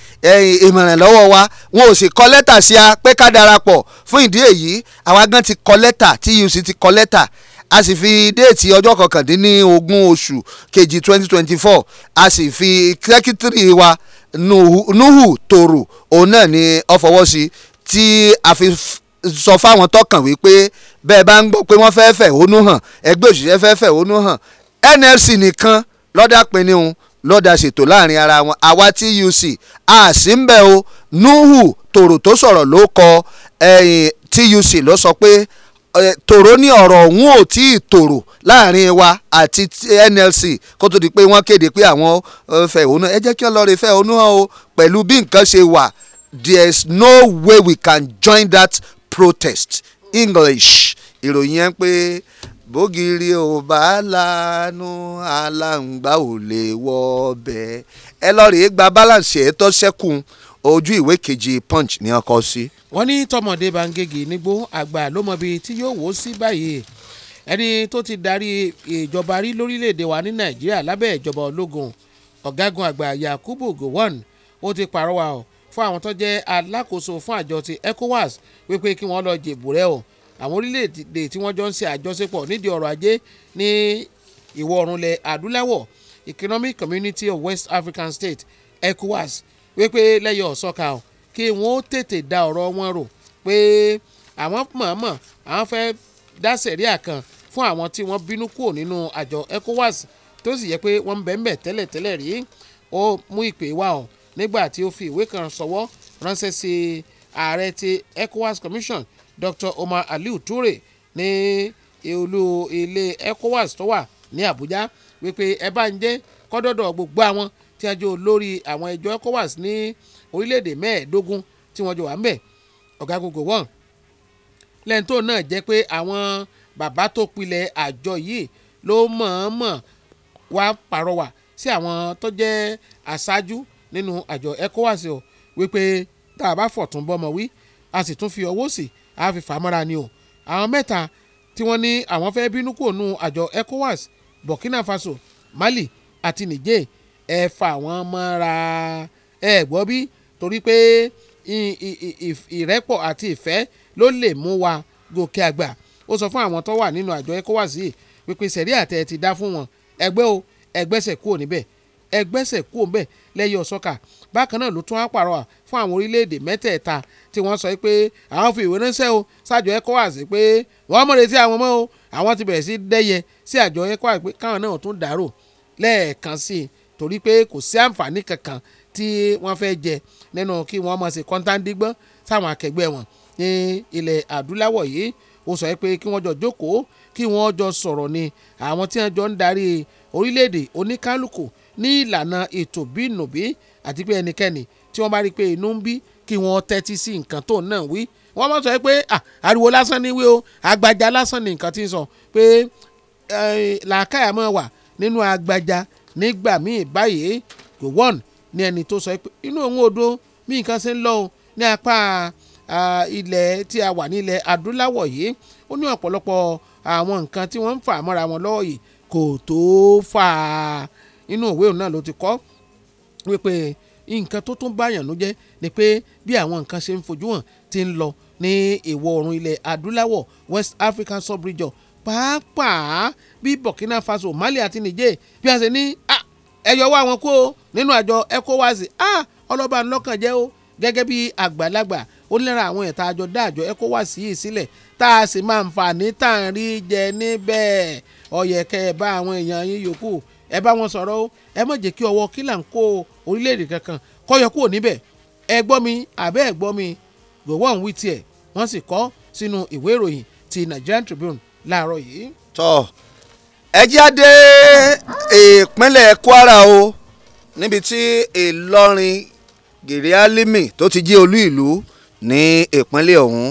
ìmọ̀ràn lọ́wọ́ wa wọ́n ò sì kọ lẹ́tà sí a pé ká darapọ̀ fún ìdí èyí àwa gan ti kọ lẹ́tà TUC ti kọ lẹ́tà a sì fi déètì ọjọ́ kọkàndínlógún oṣù kejì twenty a sì fi sẹ́kítírì wa nuhu, nuhu tòrò òun náà ni ó fọwọ́ sí tí a fi sọ fáwọn tọkàn wípé bẹ́ẹ̀ bá ń gbọ́ pé wọ́n fẹ́ fẹ̀hónú hàn ẹgbẹ́ òṣìṣẹ́ fẹ́ fẹ̀hónú hàn nfc nìkan lọ́dà pinni òun lọ́dà ṣètò láàrin ara wọn àwa tuc a sì o nuhu tòrò tó sọ̀rọ̀ ló kọ tuc ló sọ pé tòrò ní ọ̀rọ̀ ọ̀hún ò tí ì tòrò láàrin wa àti nlc kó tó di pé wọ́n kéde pé àwọn fẹ̀hónú ẹ jẹ́ kí ọlọ́rin fẹ̀hónú hàn o pẹ̀lú bí nǹkan ṣe wà there is no way we can join that protest english ìròyìn yẹn pé bógiri ò bá lanu aláǹgbá ò lè wọ ọbẹ̀ ẹ lọ rèé gba balance ẹ tọ́ sẹ́kùn ojú ìwé kejì punch ni wọ́n kọ sí. wọ́n ní tọmọdé bangegi nígbó àgbà ló mọ ibi tí yóò wó sí báyìí ẹni tó ti darí ìjọba rí lórílẹ̀‐èdè wa ní nàìjíríà lábẹ́ ìjọba ológun ọ̀gágun àgbà yakubu gowon ó ti pàrọwà fún àwọn tó jẹ́ alákòóso fún àjọ ti ecowas wípé kí wọ́n lọ jèbùrẹ́ o àwọn orílẹ̀-èdè tí wọ́n jọ ń ṣe àjọṣepọ̀ nídìí ọrọ̀ ajé ní ìwọ̀ oòrùn ilẹ̀ adúláwọ̀ Economic Community of West African States ECOWAS wípé lẹ́yọ̀ ọ̀sọ́ka ọ̀ kí wọ́n tètè da ọ̀rọ̀ wọn rò pé àwọn mọ̀ọ́mọ̀ àwọn fẹ́ dá sẹ̀ríà kan fún àwọn tí wọ́n bínú kúrò nínú àjọ ECOWAS tó sì yẹ pé wọ́n ń bẹ̀ ń bẹ̀ tẹ́lẹ̀tẹ́lẹ̀ rí ó mú ìpè wá ọ̀ nígbà tí ó fi ìwé kan sọwọ́ ránṣẹ́ sí ààrẹ ti ECOWAS Commission Dr. Omar Aliu Ture ní olú ilé ECOWAS tó wà ní Àbújá wípé ẹ bá ń jẹ́ kọ́dọ̀dọ̀ gbogbo àwọn tí a jọ lórí àwọn ẹjọ́ ECOWAS ní orílẹ̀-èdè mẹ́ẹ̀ẹ́dógún tí wọ́n jọ wà ń bẹ̀ ọ̀gágun gowon lẹ́yìn tó náà jẹ́ pé àwọn bàbá tó pilẹ̀ àjọ yìí ló mọ̀ọ́mọ̀ wá pàrọwà sí àwọn tó jẹ́ aṣáájú nínú àjọ ECOWAS wípé tá a bá fọ̀tún bọ́mọ wí a sì tún fi ọwọ́ sí i á fi fàmọ́ra ni o àwọn mẹ́ta tí wọ́n ní àwọn fẹ́ bínú kò nu àjọ ECOWAS Burkina Faso Mali àti Niger ẹ fà wọ́n mọ́ra ẹ gbọ́ bí torí pé ìrẹ́pọ̀ àti ìfẹ́ ló lè mú wa gòkè àgbà ó sọ fún àwọn tó wà nínú àjọ ECOWAS yìí pípín sẹ̀rí àtẹ̀ ti dá fún wọn ẹgbẹ́ o ẹgbẹ́sẹ̀ kúò níbẹ̀ ẹgbẹ́sẹ̀ kúò níbẹ̀ lẹ́yìn ọ̀sọ́kà bákan náà ló tún á pàrọwà fún àwọn orílẹ̀-èdè mẹ́tẹ̀ẹ̀ta tí wọ́n sọ pé àwọn fi ìwé ránṣẹ́ o sájọ ECOWAS pé wọ́n mọ̀ retí àwọn mọ́ o àwọn ti bẹ̀rẹ̀ sí dẹ́yẹ sí àjọ ECOWAS pé káwọn náà tún dàrò lẹ́ẹ̀kan sí i torí pé kò sí àǹfààní kankan tí wọ́n fẹ́ jẹ nínú kí wọ́n mọ̀ sí kọ́ńtàndínlọ́gbọ́n sáwọn akẹgbẹ́ wọn ní ilẹ̀ adúláwọ̀ yìí ó sọ pé kí wọ́n jọ jókòó kí wọ́n jọ sọ̀rọ̀ ni àwọn tí wọ́n jọ ń darí orílẹ̀-èdè oníkálukú ní ìlànà ètò bínúbí àti pé ẹnikẹ́ni tí wọ́n bá rí i pé inú ń bí kí wọ́n tẹ́tí sí nǹkan tó náà wí wọ́n mọ̀ sọ pé ariwo lásán ni wí o agbájá lásán ni nǹkan tí ń sọ pé làákàyà máa wà nínú agbájá nígbà míì báyìí kò wọ́n ní ẹni tó sọ pé inú òun odò mí nǹkan ṣe ń lọ o ní apá ilẹ̀ tí a wà nílẹ̀ adúláwọ̀ yìí ó ní ọ̀pọ̀lọpọ̀ àwọn nǹkan tí wọ́n ń fà mọ́ra wọn lọ́wọ́ yìí kò tó fà á inú òwe òun náà ló ti kọ́ wípé nǹkan tó tún báyàn ló jẹ́ ni pé bí àwọn nǹkan ṣe ń fojú hàn ti ń lọ ní ìwọ̀ oòrùn ilẹ̀ adúláwọ̀ West African sub-region pàápàá bí Burkina Faso Mali àti Niger bí a ṣe ní ah, ẹyọ wá wọn kó o nínú àjọ ECOWAS ah, ọlọ́ba ńlọ́kàn jẹ́ o gẹ́gẹ́ bí àgbàlagbà ó lẹ́ra àwọn ẹ̀ta àjọ dá àjọ ECOWAS yìí sílẹ̀ tá a sì máa ń fà ní tàn rí jẹ níbẹ̀ ó bá àwọn èèyàn yín yòókù ẹ bá wọn sọ̀rọ̀ o ẹ má jẹ́ kí ọwọ́ kí là ń kó orílẹ̀-èdè kankan kọ́ yọ kúrò níbẹ̀ ẹ gbọ́ mi àbẹ́ ẹ gbọ́ mi gbòwó ọ̀hún wí tiẹ̀ wọ́n sì kọ sínú ìwé ìròyìn ti Nigerian Tribune láàárọ̀ yìí. tọ́ ẹ jáde ìpínlẹ̀ Kwara o níbi tí Ìlọrin Gèrè Alimi tó ti jẹ́ olú ìlú ní ìpínlẹ̀ ọ̀hún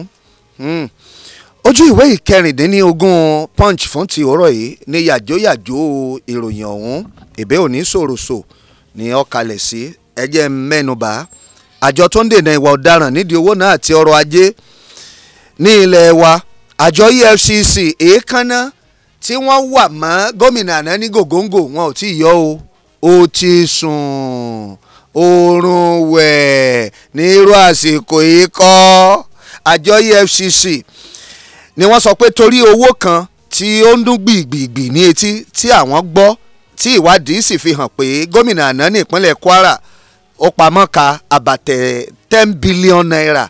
hmm ojú ìwé ìkẹrìndínlógún punch fún ti òórọ̀ yìí ni yàjóyàjó ìròyìn ọ̀hún ìbẹ́ òní sòròsò ni ó kalẹ̀ sí ẹjẹ́ mẹ́nubà àjọ tó ń dènà ìwà ọ̀daràn nídìí owó náà àti ọrọ̀ ajé ní ilẹ̀ wa àjọ EFCC èékánná tí wọ́n wà mọ́ gómìnà àná ní gògóńgò wọn ò tí ì yọ o ó ti sùn oorun wẹ̀ ní irú àsìkò yìí kọ́ àjọ EFCC ni wọ́n sọ pé torí owó kan tí ó ń dún gbìgbìgbì ní etí tí àwọn gbọ́ tí ìwádìí sì fi hàn pé gómìnà àná ní ìpínlẹ̀ Kwara ó pamọ́ ka àbàtẹ̀ ten billion naira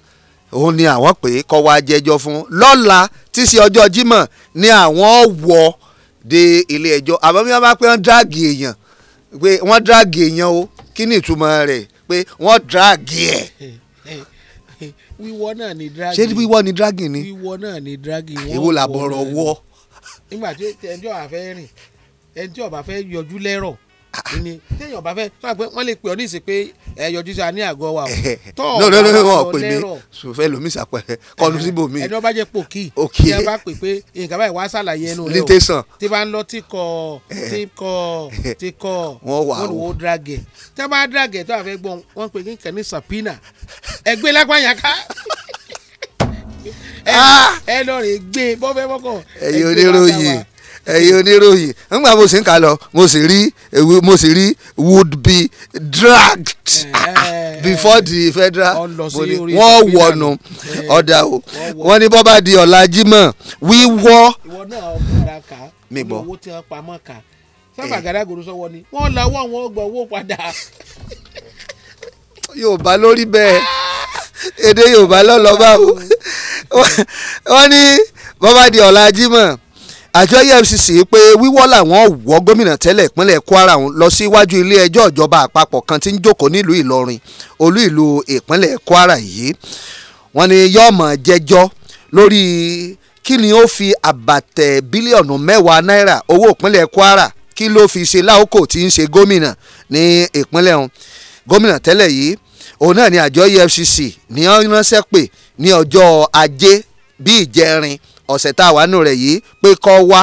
òun ni àwọn pé kọ́ wá jẹ́jọ́ fún lọ́la tí í ọjọ́ Jímọ̀ ni àwọn wọ̀ de ilé ẹjọ́ àmọ́ bí wọ́n bá pé wọ́n dráàgì èèyàn pé wọ́n dráàgì èèyàn o kí ni ìtumọ̀ rẹ̀ pé wọ́n dráàgì ẹ̀ wíwọ́ náà ni dragging. ṣé wíwọ́ ni dragging ni. wíwọ́ náà ni dragging. èwo làbọ̀rọ̀ wọ́. nígbà tí ẹjọ́ àfẹ́ rìn ẹjọ́ àbá yọjú lẹ́rọ̀ ni téèyàn bá fẹ́ sọ pé wọ́n lè pè ọ́ ní ìsìn ẹ yọjú sí a ní wa o tọ́ ọ̀ bá wọn pè lomi sàpẹ́ kọlu síbò mi. ẹni wọ́n bá jẹ́ pòkì tí ẹ bá pè pé nǹkan báyìí wàá ṣàlàyé ẹnu rẹ o tí bá ń lọ tí kọ tí kọ tí kọ wọ́n wò ó dragẹ̀ tí wọ́n bá dragẹ̀ tó àfẹ́ gbọ́n wọ́n pè nǹkan ní sapina ẹgbẹ́ lápá ká ah! ẹ lọ rè gbé bọ́fẹ́ bọ́kọ̀ ẹ̀yin oníròyìn ẹ̀yin oníròyìn ńgbà mo sì ń kà lọ mo sì rí mo sì rí would be dragged before the federal wọ́n wọ̀nù ọ̀dà o wọ́n ní bọ́bá di ọ̀la jímọ̀ wíwọ́. ìwọ náà ọkùnrin kà á mi gbọ́ owó tí wọ́n pamọ́ kà eh. sábà gàdàgòrò sọ́wọ́ ni wọ́n lọ́wọ́ wọn gbọ́ owó padà. Yorùbá lórí bẹ́ẹ̀ èdè Yorùbá lọ́lọ́ báwo wọ́n ní bọ́bá di ọ̀la jímọ̀ àjọ efcc pé wíwọ́ làwọn wọ́ gómìnà tẹ́lẹ̀ ìpínlẹ̀ kwara lọ síwájú ilé ẹjọ́ ìjọba àpapọ̀ kan tí ń jókòó nílùú ìlọrin olú ìlú ìpínlẹ̀ kwara yìí wọ́n ní yọ́ọ̀mọ̀ jẹ́jọ́ lórí kí ni ó fi àbàtẹ̀ bílíọ̀nù mẹ́wàá náírà owó ìpínlẹ̀ kwara kí ló fi ṣe láòkò tí ń ṣe gómìnà ní ìpínlẹ̀ ọ̀hún gómìnà tẹ́lẹ̀ yìí òun náà ni àjọ efcc ní ọ́n ránṣẹ́ pè ní ọjọ́ ajé bíi ìjẹrin ọ̀sẹ̀ tá a wà nù rẹ̀ yìí pé kọ́ wá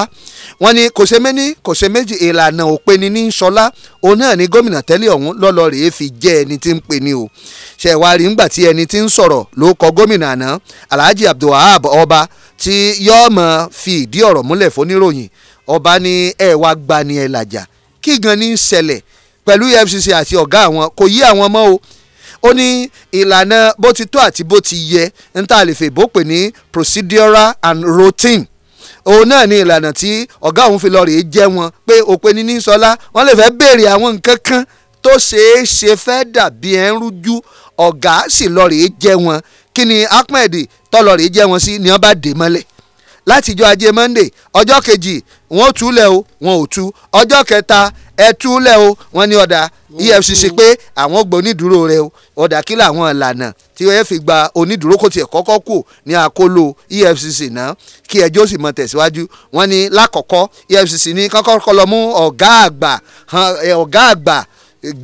wọ́n ní kò ṣe méní kò ṣe méjì ìlànà òpeni ní sọlá òun náà ni gómìnà tẹ́lẹ̀ ọ̀hún lọ́lọ́ rèé fi jẹ́ ẹni tí ń pè ní o ṣẹ̀wárí ńgbà tí ẹni tí ń sọ̀rọ̀ ló kọ gómìnà àná Alhaji Abdulwahab ọba tí yọ́ọ́ mọ̀ fi ìdí ọ̀rọ̀ múlẹ̀ fóníròyìn ọba ní ẹ̀ wá gbani ẹ̀ làjà kí gan ni ń ṣẹlẹ̀ pẹ̀lú EFCC àti ọ̀gá àwọn kò yí àwọn mọ́ o ó ní ìlànà bó ti tó àti bó ti yẹ ń tà lè fèbó pè ní procedural and routine òun náà ni ìlànà tí ọ̀gá òun fi lọ rèé jẹ́ wọn pé òpè ní níṣọlá wọ́n lè fẹ́ béèrè àwọn nǹkan kan tó ṣeé ṣe fẹ́ dàbí ẹ̀ ń rújú ọ̀gá sì lọ rèé jẹ́ wọn kí ni Ahmed tọ́lọ rèé jẹ́ wọn sí ni wọ́n bá dè mọ́lẹ̀ látijọ́ ajé Monday ọjọ́ kejì wọn ò túlẹ̀ o wọn ò tú ọjọ́ kẹta ẹ túlẹ̀ o wọ́n ní ọ̀dà EFCC pé àwọn gba onídùúró rẹ o ọ̀dà kí làwọn ìlànà tí ẹ fi gba onídùúró kò tiẹ̀ kọ́kọ́ kù ní àkólò EFCC náà kí ẹjọ́ sì mọ tẹ̀síwájú wọ́n ní lákọ̀ọ́kọ́ EFCC ní kọ́kọ́ lọ mú ọ̀gá àgbà ọ̀gá àgbà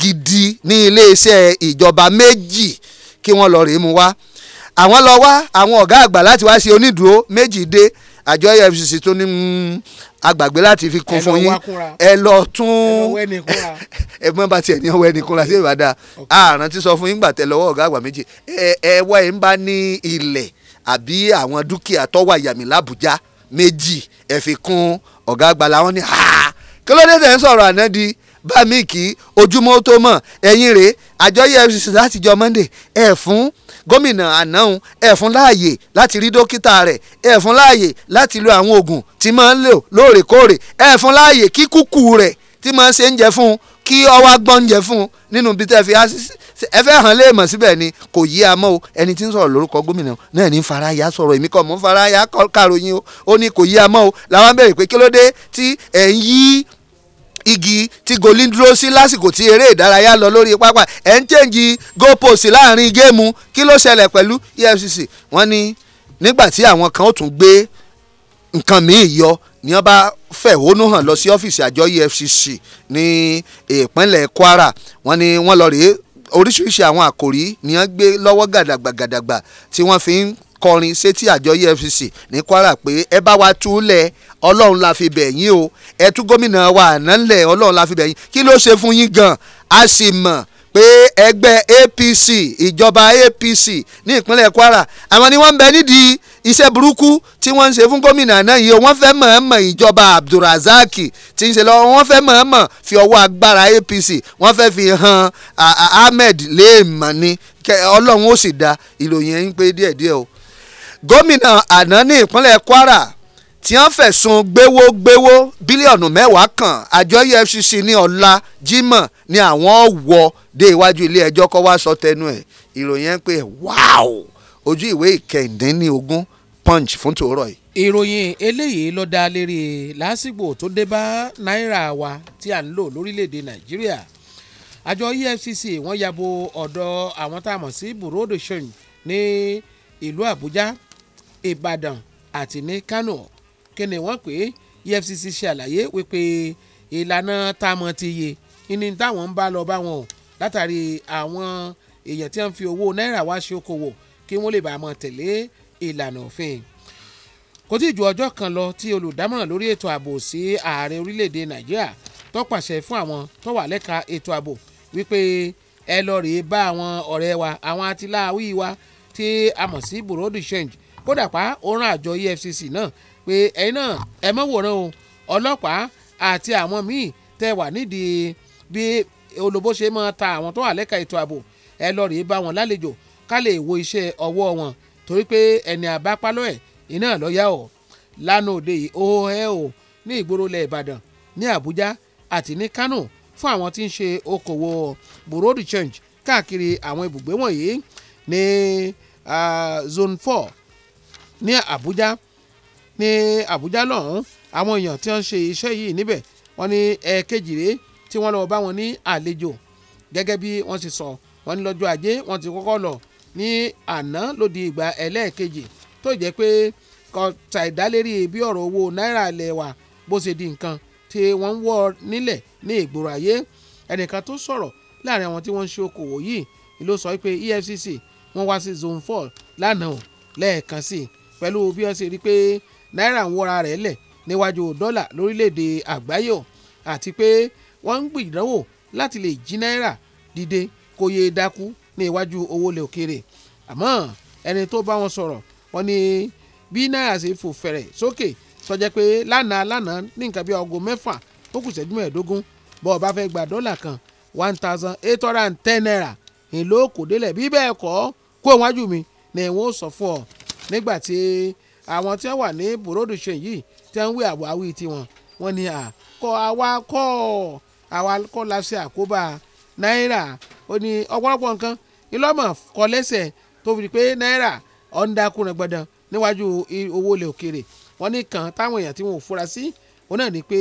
gidi ní iléeṣẹ́ ìjọba méjì kí wọ́n lọ rèé mu wá àwọn lọ wá àwọn ọ̀gá àgbà láti wá ṣe onídùúró méjì dé àjọ efcc tó ní mm, agbàgbé láti fi kún fún yín ẹ lọ tún ẹ mọ bá tiẹ̀ ní ọwọ́ ẹni kúnra sí ìbàdàn ah, àrùn ti sọ fún yín gbàtẹ lọ́wọ́ ọ̀gá àgbà méjì ẹ wá ẹ̀ ń bá ní ilẹ̀ àbí àwọn dúkìá tọ́wọ́ àyàmì làbújá méjì ẹ fi kún ọ̀gá àgbà làwọn ní kí ló dé tẹ̀ ń sọ̀rọ̀ àná di bá mi kí ojúmọ́ tó mọ̀ ẹ̀yin rèé àjọ EFCC láti jọ Monday ẹ̀ fún gómìnà ànáhùn ẹ̀ fún láàyè láti rí dókítà rẹ̀ ẹ̀ fún láàyè láti lo àwọn oògùn tí máa ń lò lóòrèkóòrè ẹ̀ fún láàyè kí kúkú rẹ̀ tí máa ń ṣe ń jẹ fún kí ọwọ́ gbọ́n jẹ fún nínú bí tẹ́ fi ẹ fẹ́ hàn léèmọ̀ síbẹ̀ ni kò yí amọ́ o ẹni tí ń sọ̀rọ̀ lórúkọ gómìnà náà ní faraya sọ̀rọ̀ èmi kọ́ mọ́ faraya kàròyìn o ó ní kò yí amọ́ o làwọn béèrè pé kí ló dé tí ẹ̀ ń yí igi tí golin dúró sí lásìkò tí eré ìdárayá lọ lórí pápá ẹ̀ ń chẹ́ǹjì goalpost láàrin géèmù kí ló ṣẹlẹ̀ pẹ̀lú EFCC wọ́n ní nígbà tí àwọn kan ó tún gbé nǹkan míì yọ ni wọ́n bá fẹ̀hónú hàn lọ sí ọ́fíìsì àjọ EFCC ní ìpínlẹ̀ Kwara wọ́n ní wọ́n lọ rèé oríṣiríṣi àwọn àkòrí ni wọ́n gbé lọ́wọ́ gàdàgbà tí wọ́n fi ń kọrin sétí àjọ EFCC ní Kwara pé ẹ bá wa túlẹ̀ ọlọ́run la fi bẹ̀ yín o ẹ tú gómìnà wa àná lẹ̀ ọlọ́run la fi bẹ̀ yín kí ló ṣe fún yín gan a sì mọ̀ pé ẹgbẹ́ APC ìjọba APC ní ìpínlẹ̀ Kwara àwọn ni wọ́n ń bẹ nídìí iṣẹ́ burúkú tí wọ́n ń ṣe fún gómìnà náà yìí wọ́n fẹ́ mọ̀ọ́mọ̀ ìjọba Abdulrasaq tí ń ṣe lọ wọ́n fẹ́ mọ̀ọ́mọ̀ fi ọwọ́ agbára APC wọ́n fẹ́ fi han Ahmed lèèmọ̀ ni ọlọ́run ó sì da ìròyìn ẹ̀ ń pé díẹ̀díẹ̀ o gómìnà àná ní ìpínlẹ̀ Kwara tí wọ́n fẹ̀sùn gbéwógbéwó bílíọ̀nù mẹ́wàá kan àjọ EFCC ní ọ̀la Jímọ̀ ni àwọn wọ dé iwájú ilé ẹjọ́ kó wá sọ tẹnu ẹ̀ ìròyìn ẹ̀ ń pè wáò ojú ìwé ìkẹ̀ndínlógún punch fún tòórọ̀ yìí. ìròyìn eléyìí ló dá lérí lásìkò tó dé bá náírà wa tí à ń lò lórílẹ̀‐èdè Nàìjíríà àjọ EFCC wọ́n yabo ọ̀dọ̀ àwọn tá a mọ̀ sí bureau de change ní ìlú Àbújá Ìbàdàn àti ní Kánò kí ni wọ́n pè é EFCC ṣe àlàyé wípé ìlànà tamọ̀ ti yè ní táwọn ń bá lọ bá wọn o látàrí àwọn èèyàn tí wọ́n fi owó náírà wá ṣe okòwò kí wọ́n lè bá a mọ̀ tẹ̀lé ìlànà òfin kò tí ì ju ọjọ́ kan lọ tí olùdámọ̀ràn lórí ètò ààbò sí ààrẹ orílẹ̀-èdè Nàìjíríà tó fún àwọn tó wà lẹ́ka ètò ààbò wípé ẹ lọ rèé bá àwọn ọ̀rẹ́ wa àwọn atiláwí wa tí a mọ̀ sí bureau change kódà pa òran àjọ EFCC náà pé ẹ̀yin náà ẹ mọ́ wòran o ọlọ́pàá àti àwọn míì tẹ́ wà nídìí bí olóbó ṣe máa ta àwọn tó wà lẹ́ka ètò ààbò ẹ lọ rèé bá wọn lálejò ká lè wo iṣẹ́ ọwọ́ wọn torí pé ẹni àbápálọ́ ẹ̀ iná lọ́yà ọ̀ lánàá òde yìí ó ẹ ò ní ìgboro ilẹ̀ Ìbàdàn ní Àbújá àti ní Kánò fún àwọn tí ń ṣe okòwò bureau change káàkiri àwọn ibùgbé wọ̀nyí ní ah, zone four ní Àbújá ní Àbújá lọ́hùn-ún àwọn èèyàn tí wọ́n ń ṣe iṣẹ́ yìí níbẹ̀ wọ́n ní ẹ̀ẹ̀kejì rèé tí wọ́n lọ bá wọn ní àlejò gẹ́gẹ́ bí wọ́n ti sọ wọ́n ní lọ́jọ́ ajé wọ́n ti kọ́kọ́ lọ ní àná lódi ìgbà ẹlẹ́ẹ̀kejì tó jẹ́ pé kọta ìdálérí bí ọ̀rọ̀ owó náírà lẹ̀ wà bó ṣe di nǹkan tí wọ́n ń wọ́ nílẹ̀ ní ìgboro ayé ẹnìkan tó sọ̀rọ̀ láàrin àwọn tí wọ́n ń ṣe okòwò yìí ló sọ pé EFCC wọ́n wá sí zone four lánàá lẹ́ẹ̀kan sí i pẹ̀lú bí wọ́n ṣe rí i pé náírà ń wọra rẹ̀ lẹ̀ níwájú dọ́là lórílẹ̀‐èdè àgbáyé o àti pé wọ́n ń gbìdánwò láti lè jí náírà dìde kó yé dákú ní iwájú owó ilẹ̀ òkèèrè àmọ́ ẹni tó bá wọn sọ̀rọ̀ wọ́n ní bí náírà ṣe fò fẹ̀rẹ̀ sókè tó pé lánàá lánàá ní nǹkan bí ọgọ́ mẹ́fà ó kù ṣẹ́jú mẹ́ẹ̀ẹ́dógún bọ́ ọ bá fẹ́ gba dọ́là kan one thousand eight hundred and ten naira èlò kò délẹ̀ bí bẹ́ẹ̀ kọ́ kó wájú mi ni wọ́n sọ fún ọ nígbà tí àwọn tí wọ́n wà ní bùrọ́dùṣe yìí tẹ́ ń wí àwáwí tiwọn wọ́n ní à kọ́ àwa kọ́ àwa kọ́ la ṣe àkóbá náírà ó ní ọ̀pọ̀lọpọ̀ nǹkan ìlọ́mọ̀ kọ́ lẹ́sẹ̀ tó fi pé náírà ọ̀ ń dákú rẹ̀ gbọ́dọ̀ níwájú owó ilẹ̀ òkèrè wọ́n ní kan táwọn èèyàn tí wọn ò fura sí òun náà ni pé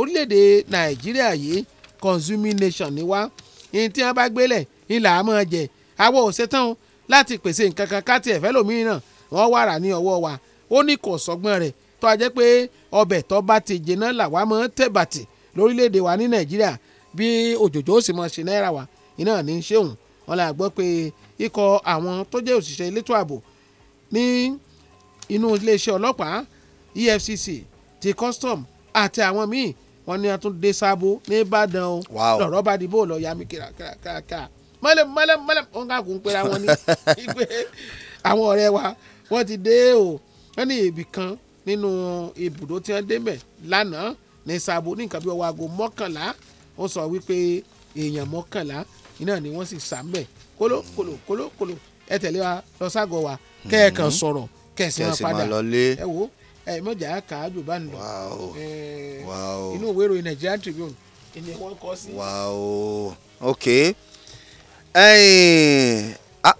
orílẹ̀-èdè nàìjíríà yìí consuming nation ni wá ní tí wọ́n bá gbélẹ̀ ńlá àmọ́ jẹ àwọn ò láti pèsè nǹkan kan káàtì ẹ̀fẹ́ lòmíràn wọ́n wàrà ní ọwọ́ wa ó ní kò sọ́gbọ́n rẹ̀ tó a jẹ́ pé ọbẹ̀ tó bá ti jiná làwa mọ́ tẹ̀bàtì lórílẹ̀‐èdè wa ní nàìjíríà bí òjòjò sì mọ̀ sí náírà wa iná ní í ṣeun wọn là gbọ́ pé ikọ̀ àwọn tó jẹ́ òṣìṣẹ́ elétò ààbò ní inú iléeṣẹ́ ọlọ́pàá EFCC ti custom àti àwọn míì wọn ni a tún dé sáàbò ní ìbàdàn o lọ̀rọ̀ bá dìbò lọ ya mi kírakírakíra mọ́lẹ̀ mọ́lẹ̀ wọn kà kún pera wọn ní àwọn ọ̀rẹ́ wa wọ́n ti dé o wọ́n ní ibì kan nínú ibùdó tí wọ́n débẹ̀ lánàá ní Sabo ní nǹkan bí ọwọ́ aago mọ́kànlá ó sọ wípé èèyàn mọ́kànlá iná ni wọ́n sì sá ń bẹ̀ kóló kóló kóló kóló ẹ tẹ̀lé wa lọ ságọ̀ wa kẹ́ẹ̀kan mhm. sọ̀rọ̀ kẹ̀sìn máa padà ẹ wo ẹ mọ̀jà kàájù bá ń lọ inú ìwé ìròyìn Nigerian Tribune ìní wọn kọ sí. ok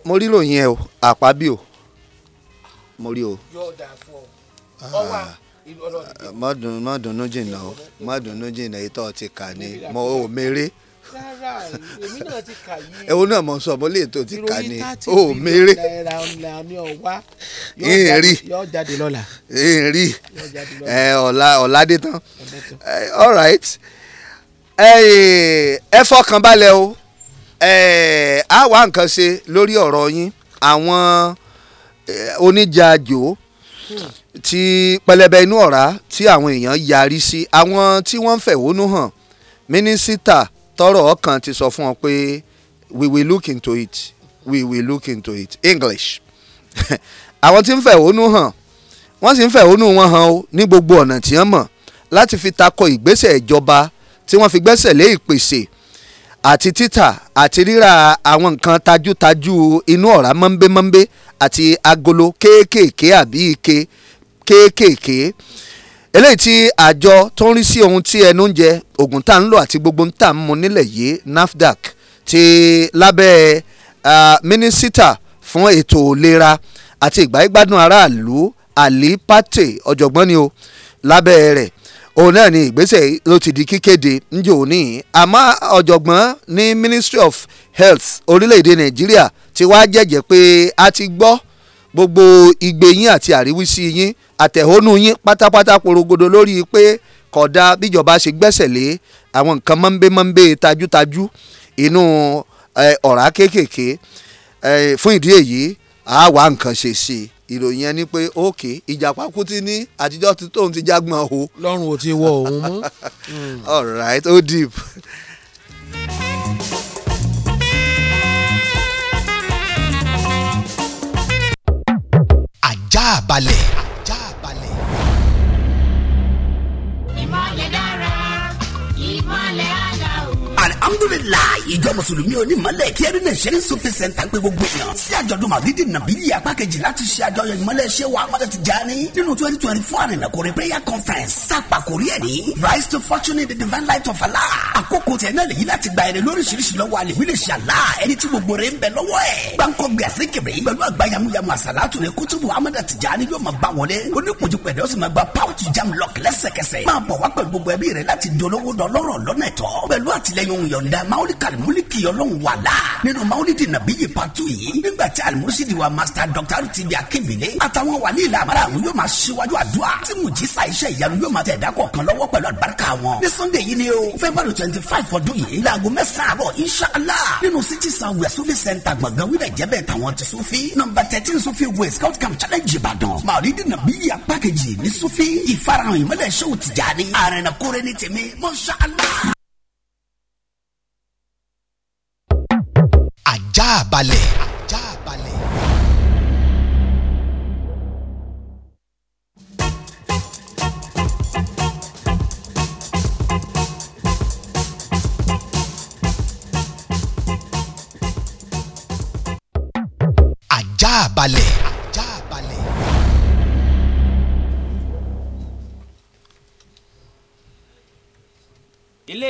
mo rí ròyìn ẹ o àpábí o mo rí o. yóò dáa fún ọ ọwà mọ́dùnú mọ́dùnú jìnnà o mọ́dùnú jìnnà ìtọ́ ti kà ní mo ò mèrè. rárá èmi náà ti kà yìí. ẹ̀wọ̀n náà mo sọ mo lè tó ti kà ní o ò mèrè. ìhìn rí ìhìn rí ọ̀la ọ̀ládé tán all right ẹ fọkàn balẹ̀ o a wá nǹkan ṣe lórí ọ̀rọ̀ yín àwọn Eh, oníjàjò ti pẹlẹbẹ inú ọ̀rá tí àwọn èèyàn yarí sí àwọn tí wọ́n ń fẹ̀hónú hàn mínísítà tọ́rọ̀ ọkàn ti sọ fún ọ pé we will look into it we will look into it English àwọn tí ń fẹ̀hónú hàn wọ́n sì ń fẹ̀hónú wọn hàn ó ní gbogbo ọ̀nà tí wọ́n mọ̀ láti fi takò ìgbésẹ̀ ìjọba tí wọ́n fi gbẹ́sẹ̀ lé ìpèsè àti títà àti rírà àwọn nǹkan tajútajú inú ọ̀rá mọ́ńbémọ́ńbé àti agolo kéékèèké àbí ike kéékèèké eléyìí tí àjọ tó ń rí sí ohun tí ẹnu ń jẹ oògùn tá ń lò àti gbogbo tá ń mu nílẹ̀ yìí NAFDAC ti lábẹ́ mínísítà fún ètò ìlera àti ìgbáyégbádùn aráàlú Ali Pate ọ̀jọ̀gbọ́n ni o lábẹ́ rẹ̀ òun náà ni ìgbésẹ̀ ló ti di kíkéde ńjò ní àmọ́ ọ̀jọ̀gbọ́n ní Ministry of Health orílẹ̀-èdè Nàìjíríà ti wá jẹ́jẹ́ pé a ti gbọ́ gbogbo igbe yín àti àríwísí yín àtẹ̀hónú yín pátápátá porogodo lórí pé kódà bíjọba ṣe gbẹ́sẹ̀ lé àwọn nǹkan mọ́nbémọ́nbé tajútajú inú ọ̀rá kéékèèké fún ìdí èyí a wá nǹkan ṣe sí i ìròyìn ẹni pé òkè ìjàpá kú ti ní àtijọ́ tóun ti jágbọ́n o. lọ́rùn ò ti wọ òun mọ́. all right ó oh deep. ajá balẹ̀. alhamdulilayi ìjọ mùsùlùmí onímọ̀lẹ̀ kí ẹni náà ṣe ní sufi sẹ́ńtà pé gbogbo èèyàn sí àjọ̀dún màlídì nàbíyí apá kejì láti ṣe àjọyọ̀ ìmọ̀lẹ̀ ṣé wà mọ́tò ti já ní nínú twenty twenty four àrìnàkùnrin prayer conference sápà kórí ẹ̀ ní rise to fortune in the divine light of Allah àkókò tẹ̀ náà lèyí láti gba ẹni lóríṣiríṣi lọ́wọ́ alẹ́ wílé ṣàlá ẹni tí gbogbo rẹ̀ ń bẹ lọ́wọ́ ẹ̀ gbáǹkọ́ gbé àṣekèrè pẹ̀lú àgbáyamuyamu àṣàlátù rẹ̀ kútùbù amada tìjàni yóò máa bá wọlé oníkunjú pẹ̀lú ọ̀sìn máa gba pouch jam lock lẹ́sẹ̀kẹsẹ̀ máa bọ̀ wá pẹ̀lú gbogbo ẹbí rẹ̀ láti dolówó dọlọ́rọ̀ lọ́nà ẹ̀tọ́ pẹ̀lú àtìlẹyìn ohun yọ̀ǹda maolika alimuliki ọlọ́run wà la nínú maolidi nàbí yìí pàtó yìí nígbà tí alimusidi wa master doctor ti di akébìlẹ̀ àtàwọn wàlíì làmàrà àwọn yóò máa ṣíwájú àdúrà tí mùjísà iṣẹ́ ìyanu yóò máa tẹ̀dá kọ̀ọ̀kan lọ́wọ́ pẹ̀lú àlùbáríkà wọn ní sunday yìí ni o february twenty five ọdún yìí laago mẹ́sàn-án àbọ̀ inṣàlá nínú city south west sufi center gbọ̀ngàn wílẹ̀ jẹ́bẹ̀ tàwọn ti sufi number thirteen sufi west scout camp challenge ìbàdàn maolidi nàbí yìí apá kejì ní sufi ìfarahàn ìmọ̀lẹ̀ ṣòwò Ah, balẹ̀.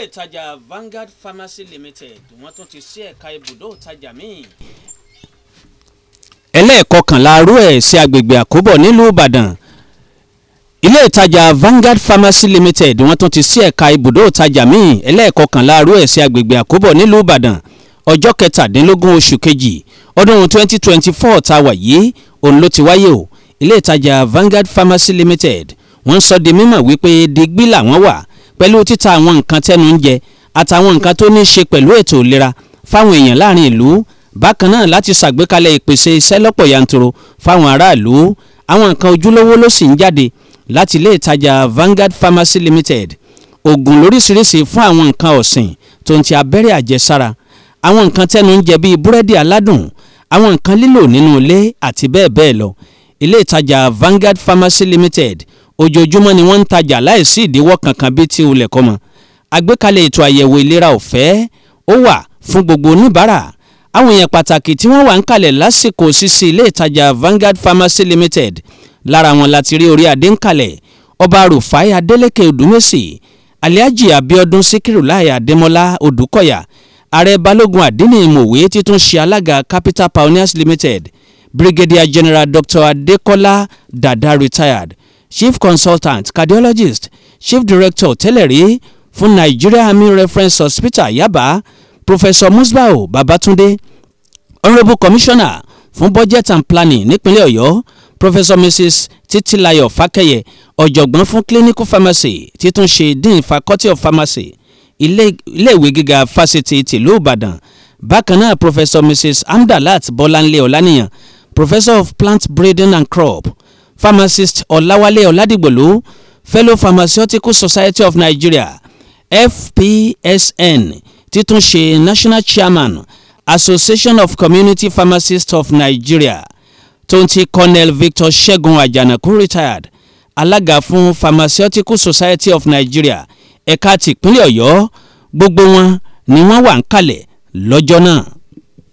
ìtajà Vanguard Pharmacy Limited wọ́n tún ti ṣí ẹ̀ka ibùdó ìtajà míì ẹlẹ́ẹ̀kọkànlá rú ẹ̀ sí agbègbè àkóbọ̀ nílùú ìbàdàn ilé ìtajà Vanguard Pharmacy Limited wọ́n tún ti ṣí ẹ̀ka ibùdó ìtajà míì ẹlẹ́ẹ̀kọkànlá rú ẹ̀ sí agbègbè àkóbọ̀ nílùú ìbàdàn ọjọ́ kẹtàdínlógún oṣù kejì ọdún twenty twenty four tá a wà yìí òun ló ti wáyé o ilé ìtajà Vanguard Pharmacy Limited wọ́n sọ di mímọ̀ wípé digbí làwọn wà pẹ̀lú títa àwọn nǹkan tẹ́nu ń jẹ àtàwọn nǹkan tó ní í ṣe pẹ̀lú ètò ìlera fáwọn èèyàn láàrin ìlú bákan náà láti ṣàgbékalẹ̀ ìpèsè iṣẹ́ lọ́pọ̀ yanturu fáwọn aráàlú àwọn nǹkan ojúlówó ló sì ń jáde láti ilé ìtajà Vanguard Pharmacy Limited oògùn lóríṣiríṣi fún àwọn nǹkan ọ̀sìn tó ń ti abẹ́rẹ́ àjẹsára àwọn nǹkan tẹ́nu ń jẹ bíi búrẹ́dì aládùn àwọn nǹkan lílò nínú ilé àti bẹ́ẹ̀ bẹ́ẹ̀ lọ ilé ìtajà Vanguard Pharmacy Limited ojoojúmọ́ ni wọ́n ń tajà láìsí ìdíwọ́ kankan bí tí olè kọ́ mọ́ àgbékalẹ̀ ètò àyẹ̀wò ìlera ọ̀fẹ́ ó wà fún gbogbo oníbàárà àwọn èèyàn pàtàkì tí wọ́n wà ń kalẹ̀ lásìkò ṣíṣí ilé ìtajà Vanguard Pharmacy Limited lára wọn láti rí orí adé ń kalẹ̀ ọba Rufai Adeleke Odumesi Alhaji Abiodun Sikirulai Ademola Odukoya ààrẹ balógun àdínní ìmọ̀wé títún ṣe alága Capital Pioneers Limited Brigadier General Dr Adekola Dada retired chief consultant cardiologist chief director tẹ́lẹ̀rí fún nigeria army reference hospital yaba professor musbao babatunde honourable commissioner fún budget and planning nípínlẹ̀ ọ̀yọ́ professor mrs titilayo fakeye ọ̀jọ̀gbọ́n fún clinical pharmacy títún ṣe dean faculty of pharmacy iléèwé gíga fásitì tìlú ìbàdàn bákan náà professor mrs amdalat Bolanle Olaniyan, professor of plant breeding and crop pharmacist ọ̀làwálé ọ̀làdìgbòlú fellow pharmaceutical society of nigeria fpsn títún ṣe national chairman association of community pharmacists of nigeria Tonti ń colonel victor ṣẹ́gun àjànàkú retired alága fún pharmaceutical society of nigeria ẹ̀ka tìpínlẹ̀ ọ̀yọ́ gbogbo wọn ni wọ́n wà ń kalẹ̀ lọ́jọ́ náà.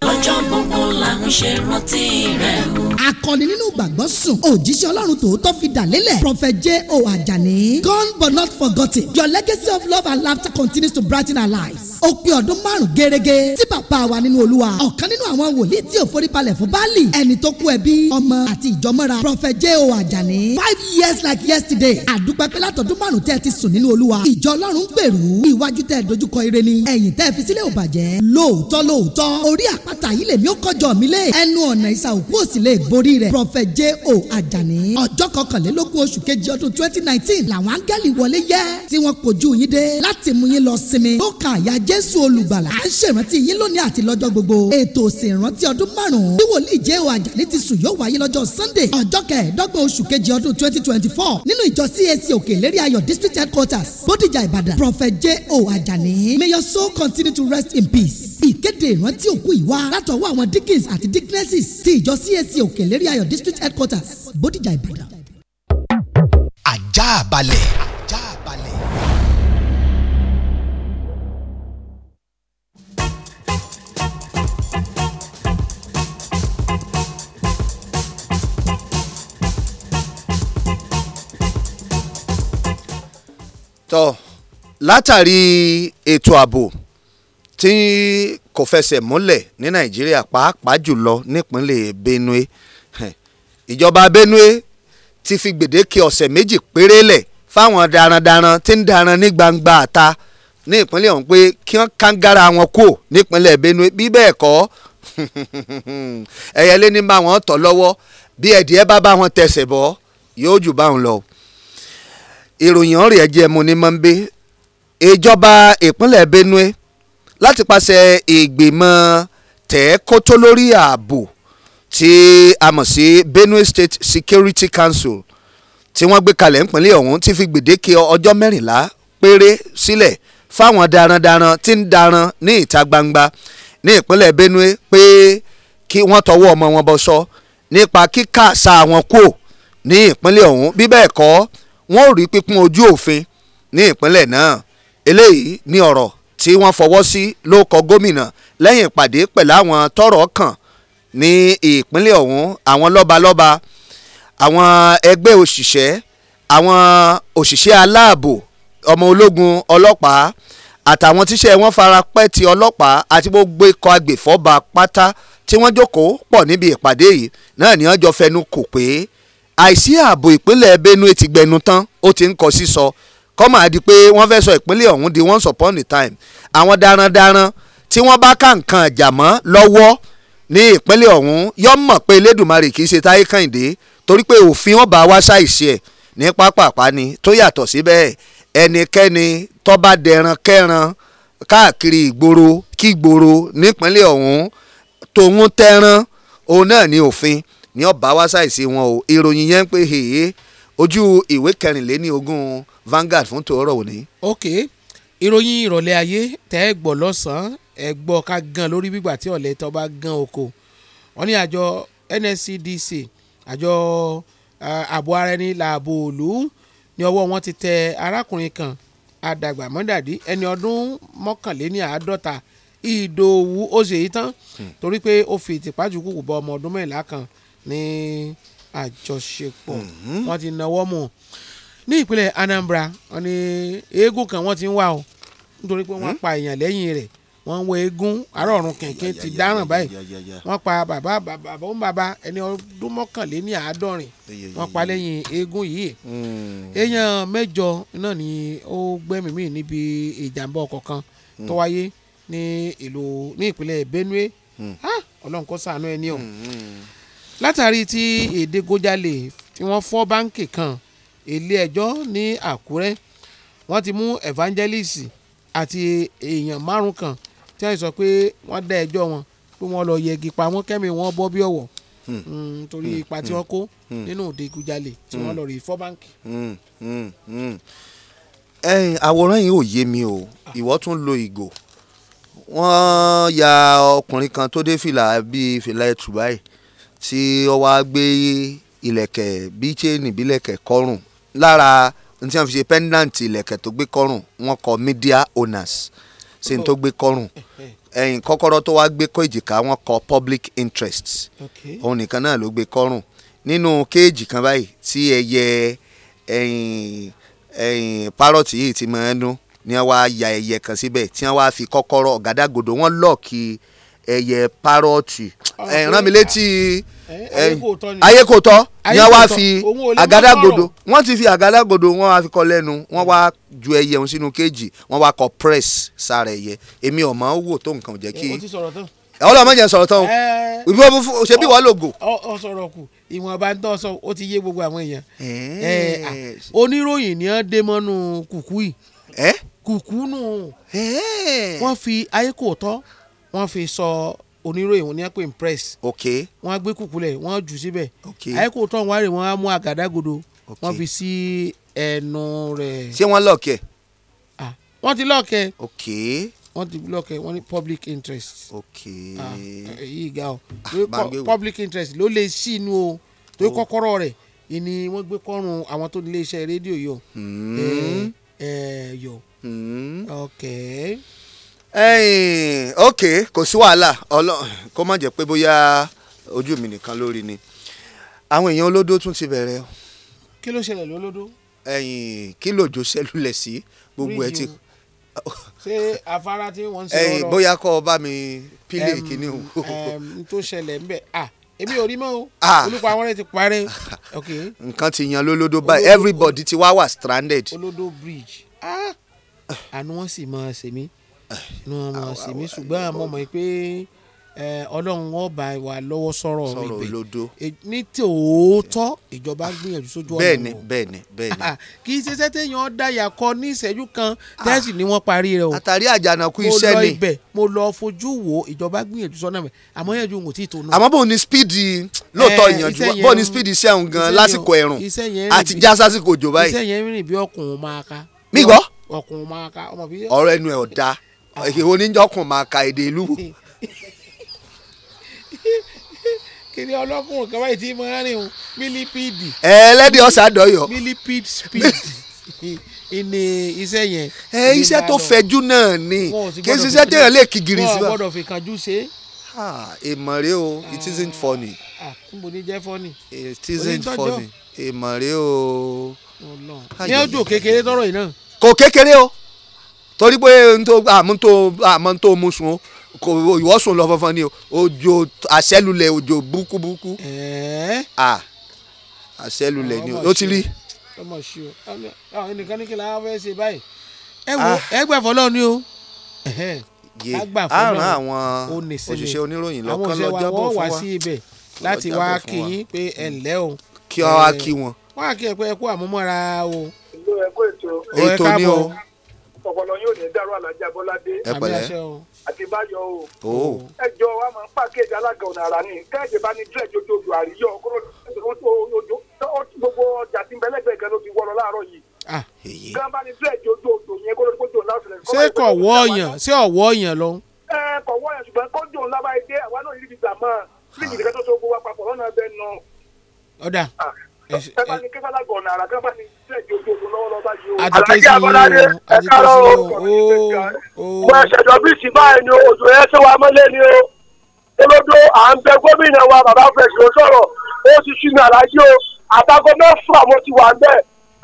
lọ́jọ́ gbogbo là ṣe rántí rẹ̀ akọni nínú ìgbàgbọ́ sùn òjíṣẹ́ ọlọ́run tòótọ́ fi dà lélẹ̀ prophet j o ajani gone but not forgotten your legacy of love and laughter continues to brighten our lives. ó pé ọdún márùn-ún gẹ́gẹ́ tí bàbá wa nínú olúwa ọ̀kan nínú àwọn wòlíì tí ò foríbalẹ̀ fún báàlì ẹni tó kú ẹbí ọmọ àti ìjọmọ́ra prophet j o ajani five years like yesterday àdúpẹ́ pé látọ̀dún márùn-ún tẹ́ ti sùn nínú olúwa ìjọ ọlọ́run gbèrú iwájú tẹ́ dojúkọ ire ni ẹ̀yìn tẹ́ fi sílẹ̀ ò bàjẹ́ lóòótọ́ lóòótọ́ orí àpáta yìí lèmi ó kọjọ orí rẹ̀ prọfẹ̀ j o àjàní. ọjọ́ kọkànlélógún oṣù kejì ọdún twenty nineteen làwọn áńgẹ́lì wọlé yẹ tí wọ́n kojú yín dé láti mú yín lọ sinmi. ó ka àyà jésù olùgbàlà à ń ṣèrántí yín lónìí àti lọ́jọ́ gbogbo. ètò ìsìnrántí ọdún márùn-ún bí wòlíì j o àjàní ti sùn yóò wáyé lọ́jọ́ sunday ọjọ́ kẹẹ̀ẹ́dọ́gbọ̀n oṣù kejì ọdún twenty twenty four nínú ìjọ cac òkèlérí ayọ̀ district headquarters bódìjà ìbàdàn prọfẹ̀ j o àjàní may your soul continue to rest in peace. ìkéde ìrántí òkú ìwá látọwọ́ àwọn dickens àti dicknesses ti ìjọ cac òkèlérè ìlérí ayọ̀ district headquarters bódìjà ìbàdàn. ajá balẹ̀. ajá balẹ̀. tọ́ látàrí ètò ààbò tí kò fẹsẹ̀ múlẹ̀ ní nàìjíríà pàápàá jùlọ nípínlẹ̀ benue ìjọba benue ti fi gbèdéke ọ̀sẹ̀ méjì péré lẹ̀ fáwọn darandaran tí ń daran ní gbangba àta ní ìpínlẹ̀ ọ̀hún pé kí wọ́n kángára wọn kò nípínlẹ̀ benue bí bẹ́ẹ̀ kọ́ ẹ̀yẹlé ní bá wọn tọ̀ lọ́wọ́ bí ẹ̀díẹ̀ bá bá wọn tẹsẹ̀ bọ́ yóò jù báwọn lọ. ìròyìn ọ̀rẹ́ ẹ̀jẹ̀ mu ni mọ́ ń bẹ ìjọba ìpínlẹ̀ benue láti pàṣẹ ìgbìmọ̀ tẹ̀ẹ́kótó lórí ààbò tí a mọ̀ sí Benue State Security Council tí wọ́n gbé kalẹ̀ ńpínlẹ̀ ọ̀hún ti fi gbèdéke ọjọ́ mẹ́rìnlá péré sílẹ̀ fáwọn darandaran tí ń daran ní ìta gbangba ní ìpínlẹ̀ Benue pé kí wọ́n tọwọ́ ọmọ wọn bọ́ sọ nípa kíkà sa àwọn kò ní ìpínlẹ̀ ọ̀hún bí bẹ́ẹ̀ kọ́ wọ́n ò rí pípín ojú òfin ní ìpínlẹ̀ náà eléyìí ní ọ̀rọ̀ tí wọ́n fọwọ́ sí ló kọ gómìnà lẹ́yìn ìpàdé pẹ̀lú àwọn tọ́rọ̀ kàn ní ìpínlẹ̀ ọ̀hún àwọn lọ́balọ́ba àwọn ẹgbẹ́ òṣìṣẹ́ àwọn òṣìṣẹ́ aláàbò ọmọ ológun ọlọ́pàá àtàwọn tíṣẹ́ wọn fara pẹ́ ti ọlọ́pàá àti gbogbo ikọ̀ agbèfọ́ba pátá tí wọ́n jókòó pọ̀ níbi ìpàdé yìí náà ni wọ́n jọ fẹnu kò pé àìsí ààbò ìpínlẹ̀ Benue ti gbẹnu tán ó ti ń kọ sísọ kọ́mà di pé wọ́n fẹ́ sọ ìpínlẹ̀ ọ̀hún di once upon a time àwọn darandaran tí wọ́n bá ká nǹkan àjàmọ́ lọ́wọ́ ní ìpínlẹ̀ ọ̀hún yọ mọ̀ pé elédùnmarè kì í ṣe táyé kàǹdé torí pé òfin wọn bá wá ṣàìṣe ẹ̀ ní pápápá ni tó yàtọ̀ sí bẹ́ẹ̀ ẹnikẹ́ni tó bá dẹran kẹran káàkiri ìgboro kí ìgboro nípínlẹ̀ ọ̀hún tòun tẹran òun náà ní òfin ní ọba wá ṣàìṣe wọn o ìròyìn yẹn ń pè hèyé ojú ìwé kẹrìnléní ogún Vanguard fún tòórọ̀ òní. ok ìròyìn ìrọ̀lẹ́ ayé tẹ́ gbọ́ lọ́sàn-án ẹ̀gbọ́ ká gan lórí gbígbà tí ọ̀lẹ́ tó bá gan oko wọ́n ní àjọ NSCDC àjọ ààbò ara ẹni làbò òlú ní ọwọ́ wọn ti tẹ arákùnrin kan àdàgbà mọ́dàdí ẹni ọdún mọ́kànléní àádọ́ta ìdòwú oṣù yìí tán hmm. torí pé ó fi ìtìpájú kúkú bọ ọmọ ọdún mẹ́rìnlá kan ní àjọṣepọ̀ mm-hmm. wọn ti náwó mú ní ìpínlẹ̀ Anambra wọn ni eégún kan wọn ti ń wá o nítorí pé wọ́n hmm. pa èèyàn lẹ́yìn rẹ̀ wọ́n ń wo eégún àárọ̀ ọ̀run kẹ̀kẹ́ ti dáràn báyìí wọ́n pa bàbá bàbá òun bàbá ẹni ọdún mọ́kànléní àádọ́rin wọ́n pa lẹ́yìn eégún yìí hmm. èèyàn mẹ́jọ náà ni ó gbẹ́mìí mì níbi ìjàmbá ọkọ̀ kan hmm. tó wáyé ní ìlú ní ìpínlẹ̀ Benue hmm. ọlọ́run kó ṣàánú ẹni o látàrí tí èdègójàlè tí wọ́n fọ́ báǹkì kan ilé ẹjọ́ ní Àkúrẹ́ wọ́n ti mú evangelist àti èèyàn márùn kan tí wọ́n sọ pé wọ́n dá ẹjọ́ wọn pé wọ́n lọ yẹgi pa kẹ́mi wọn bọ́ bí ọ̀wọ̀ hmm. hmm, torí hmm. ipa tí wọ́n kó nínú òde ìgújalè tí wọ́n lọ rí fọ́ báǹkì. àwòrán yìí ò yé mi o ah. ìwọ tún lo ìgò wọ́n ya ọkùnrin kan tó dé fìlà bíi fìlà ẹ̀tù tí ó wá gbé ìlẹ̀kẹ̀ bíi chain bílẹ̀kẹ̀ kọ́rùn lára ní tí wọ́n fi ṣe pendant ìlẹ̀kẹ̀ tó gbé kọ́rùn wọ́n kọ media owners. Mm sí ní tó gbé kọ́rùn ẹ̀yìn kọ́kọ́rọ́ tó wá gbé kọ́ èjìká wọn kọ public interest òun nìkan náà ló gbé kọ́rùn nínú kéèjì kan báyìí tí ẹyẹ ẹ̀yìn ẹ̀yìn parrot yìí ti máa ń dún ni wọ́n wá ya ẹyẹ kan síbẹ̀ tí wọ́n wá fi kọ́kọ́rọ́ ọ̀gádàgodo wọ́n lọ́ọ̀kì ẹyẹ parrot ah, ẹ̀ rán mi létí. Okay ayé kò tọ́ ni wọ́n wá fi àgádágodo wọ́n ti fi àgádágodo wọ́n wá fi kọ́ lẹ́nu wọ́n wá ju ẹyẹ òun sínú kéèjì wọ́n wá kọ press sára ẹyẹ èmi ò mọ̀ wò tó nǹkan jẹ́ kí ọlọmọdé sọ̀rọ̀ tán ìbí wọn ṣe bí wọn lògò. ọ sọ̀rọ̀ kù ìwọ̀nba ń tọ́ sọ ó ti yé gbogbo àwọn èèyàn oníròyìn ni wọ́n dé mọ́nú kùkú yìí kùkú nù wọ́n fi ayé kò tọ́ wọ́n fi sọ. So, oníròyìn wọn ní ẹ pé impress. ok wọ́n gbé kùkúlẹ̀ wọ́n jù síbẹ̀. ok àyẹ̀kọ́ tó ń wá rè wọ́n á mú àgádágodo. ok wọ́n fi sí ẹnu rẹ̀. ṣé wọ́n lọ́ọ̀kẹ́. ah wọ́n ti lọ́ọ̀kẹ́. ok wọ́n ti lọ́ọ̀kẹ́ wọ́n ní public interest. ok ah èyí ga o public interest ló lè sí inú o tó kọ́kọ́rọ́ rẹ̀ ìní wọ́n gbé kọ́rùn àwọn tó nílé iṣẹ́ rédíò yọ. Hmm. ẹ ẹ yọ. Hmm. ok ok kò sí wàhálà kó má jẹ́ pé bóyá ojú mi nìkan lórí ni àwọn èèyàn olódó tún ti bẹ̀rẹ̀ o. kí ló ṣẹlẹ̀ lólódó. ẹyìn kí lòjò ṣẹlulẹ̀ sí gbogbo ẹ ti. ṣé afárá tí wọ́n ń ṣe ọ̀rọ̀. ẹyìn bóyá kọ́ ọ bá mi pílè kíní o. n tó ṣẹlẹ̀ ń bẹ̀ ah èmi ò rí mọ́ o olùkọ àwọn rẹ ti parẹ́. nǹkan ti yan lólódó báyìí everybody ti wá wà stranded. olódó bridge ah àánú wọn sì máa ṣe mí inú wọn máa ṣe mí ṣùgbọ́n àmọ́ mọ̀ pé ọlọ́run wọn bá lọ́wọ́ sọ̀rọ̀ ibẹ̀ e, ní tòótọ́ ìjọba gbìyànjú sójú ọ̀nà bẹ́ẹ̀ni bẹ́ẹ̀ni bẹ́ẹ̀ni. Ah, kì í ṣe iṣẹ́ téèyàn dáyà kọ ní ìṣẹ́jú kan tẹ́sí ah, ni wọ́n parí rẹ̀ o. àtàrí àjànàkú iṣẹ́ ni. mo lọ fojú wo ìjọba gbìyànjú sọ́nà mi àmọ́ yẹn ju òun tí tó náà. àmọ́ bó ni speed lóòótọ́ eh, ìyànjú bó ni speed iṣẹ́ òun gan lásìkò ẹ̀rùn àti já sásìkò òjò báyìí. iṣẹ́ yẹn rìn bí ọkùnrin máa ka. mi gbọ́. ọkùnrin máa ka ọmọ bí. ọ̀rọ̀ ẹnu ẹ̀ ọ̀ da oníjọkùn máa ka èdè ìlú. kiri ọlọ́kùnrin kan báyìí tí mo rán ni o mílípìdì. ẹ ẹlẹ́dìí ọ̀sà dọ̀yọ̀. mílípìd speed ìní iṣẹ́ yẹn. ẹ iṣẹ́ tó fẹ̀jú náà ni kí iṣẹ́ téèyàn lè kígiri sí wa. wọ́n gbọ́dọ̀ fi kanjú ṣe é èèmọ̀ rẹ o it isn't funny. níbo ni jẹ́ funny. it isn't funny èèmọ̀ rẹ o. ní ọjọ́ kékeré tọrọ yìí náà. kò kékeré o torí pé àmọ́ tó mú sun o kò ìwọ sùn lọ fọfọ ni o òjò àṣẹlulẹ̀ òjò burúkú àṣẹlulẹ̀ ni o ti rí. ẹnìkan ní kí la fẹ́ ṣe báyìí ẹ wo ah. ẹ gbà fọlọ́ ni o ye àrùn àwọn òṣìṣẹ́ oníròyìn lọ́kàn lọ́jọ́ bó fún wa àwọn òṣìṣẹ́ wa wá sí ibẹ̀ láti wá kí yín pé ẹ ǹlẹ́ o. kí ọ wá kí wọn. wọ́n á kí ẹ pé ẹ kú àmúmọ́ra o. ètò ni o ọpọlọ yóò ní dàrú alájà bọ́ládé àti báyọ̀ o ẹjọ́ wa máa ń pàkéjì alága ọ̀nà àrà ni kẹ́ẹ̀jì bá ní dírẹ̀ tó tóbi àríyọ̀ kúrò gbogbo ọjà tí mbẹ́lẹ́gbẹ̀ẹ́ gan ló ti wọ́rọ̀ láàárọ̀ yìí gan bá ní dírẹ̀ tó tóbi yẹn kó ló kó ṣé kò wọ́ ọ̀yàn ṣé ọ̀wọ́ ọ̀yàn lọ. ẹ kò wọ́ ọ̀yàn ṣùgbọ́n kó jò dé àwa náà yìí ẹ̀ka ni kẹ́kọ̀ọ́ ọ̀nà àrà kẹ́kọ̀ọ́ ni ṣẹ́ẹ̀dì ojú ogun lọ́wọ́ lọ́ba yìí o. àdìkẹ́ sí i o àdìkẹ́ sí i o. mo ṣẹ̀dọ̀ bí sì báyìí ni òjò yẹn ṣe wa mọ́lẹ̀ ni o. olódó à ń bẹ gómìnà wa bàbá fẹ̀sì ó sọ̀rọ̀ ó ti ṣí mi àlàyé o àtàgọ́ mẹ́fà mo ti wà ń bẹ̀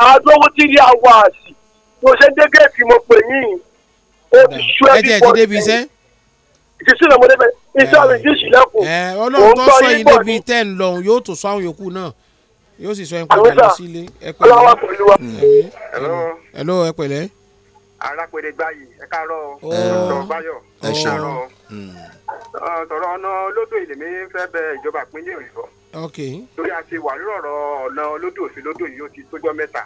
àádọ́wọ́ tí ní àwọ̀ àṣì mo ṣe ń dé géètì mo pè yín o ti ṣú ẹbí pọ̀ ìṣiṣẹ́ ìlọ́mọdé bẹ́ẹ̀ iṣẹ́ àmì ìṣiṣẹ́ ìlẹ́kùn. ọlọ́run tó sọ yín débi tẹ́ ń lọ yóò tó sọ àwọn yòókù náà yóò sì sọ ẹ̀pẹ̀lẹ̀ lọ sílé ẹ̀pẹ̀lẹ̀. ọlọ́wọ́ pẹ̀lú wa. ẹ̀lọ́ mm. ẹ̀pẹ̀lẹ̀. arápẹ̀lẹ̀ gbáyì ẹ káàárọ̀ ọ̀rọ̀ báyọ̀ ọ̀rọ̀ mm. tọ̀rọ̀ ọ̀nà lódò ìlèmí fẹ́ bẹ ìjọba ìpínlẹ̀ ọ̀yọ́. lórí àti wà lọ́rọ̀ ọ̀nà lódò sí lódò yìí ó ti tójọ́ mẹ́ta.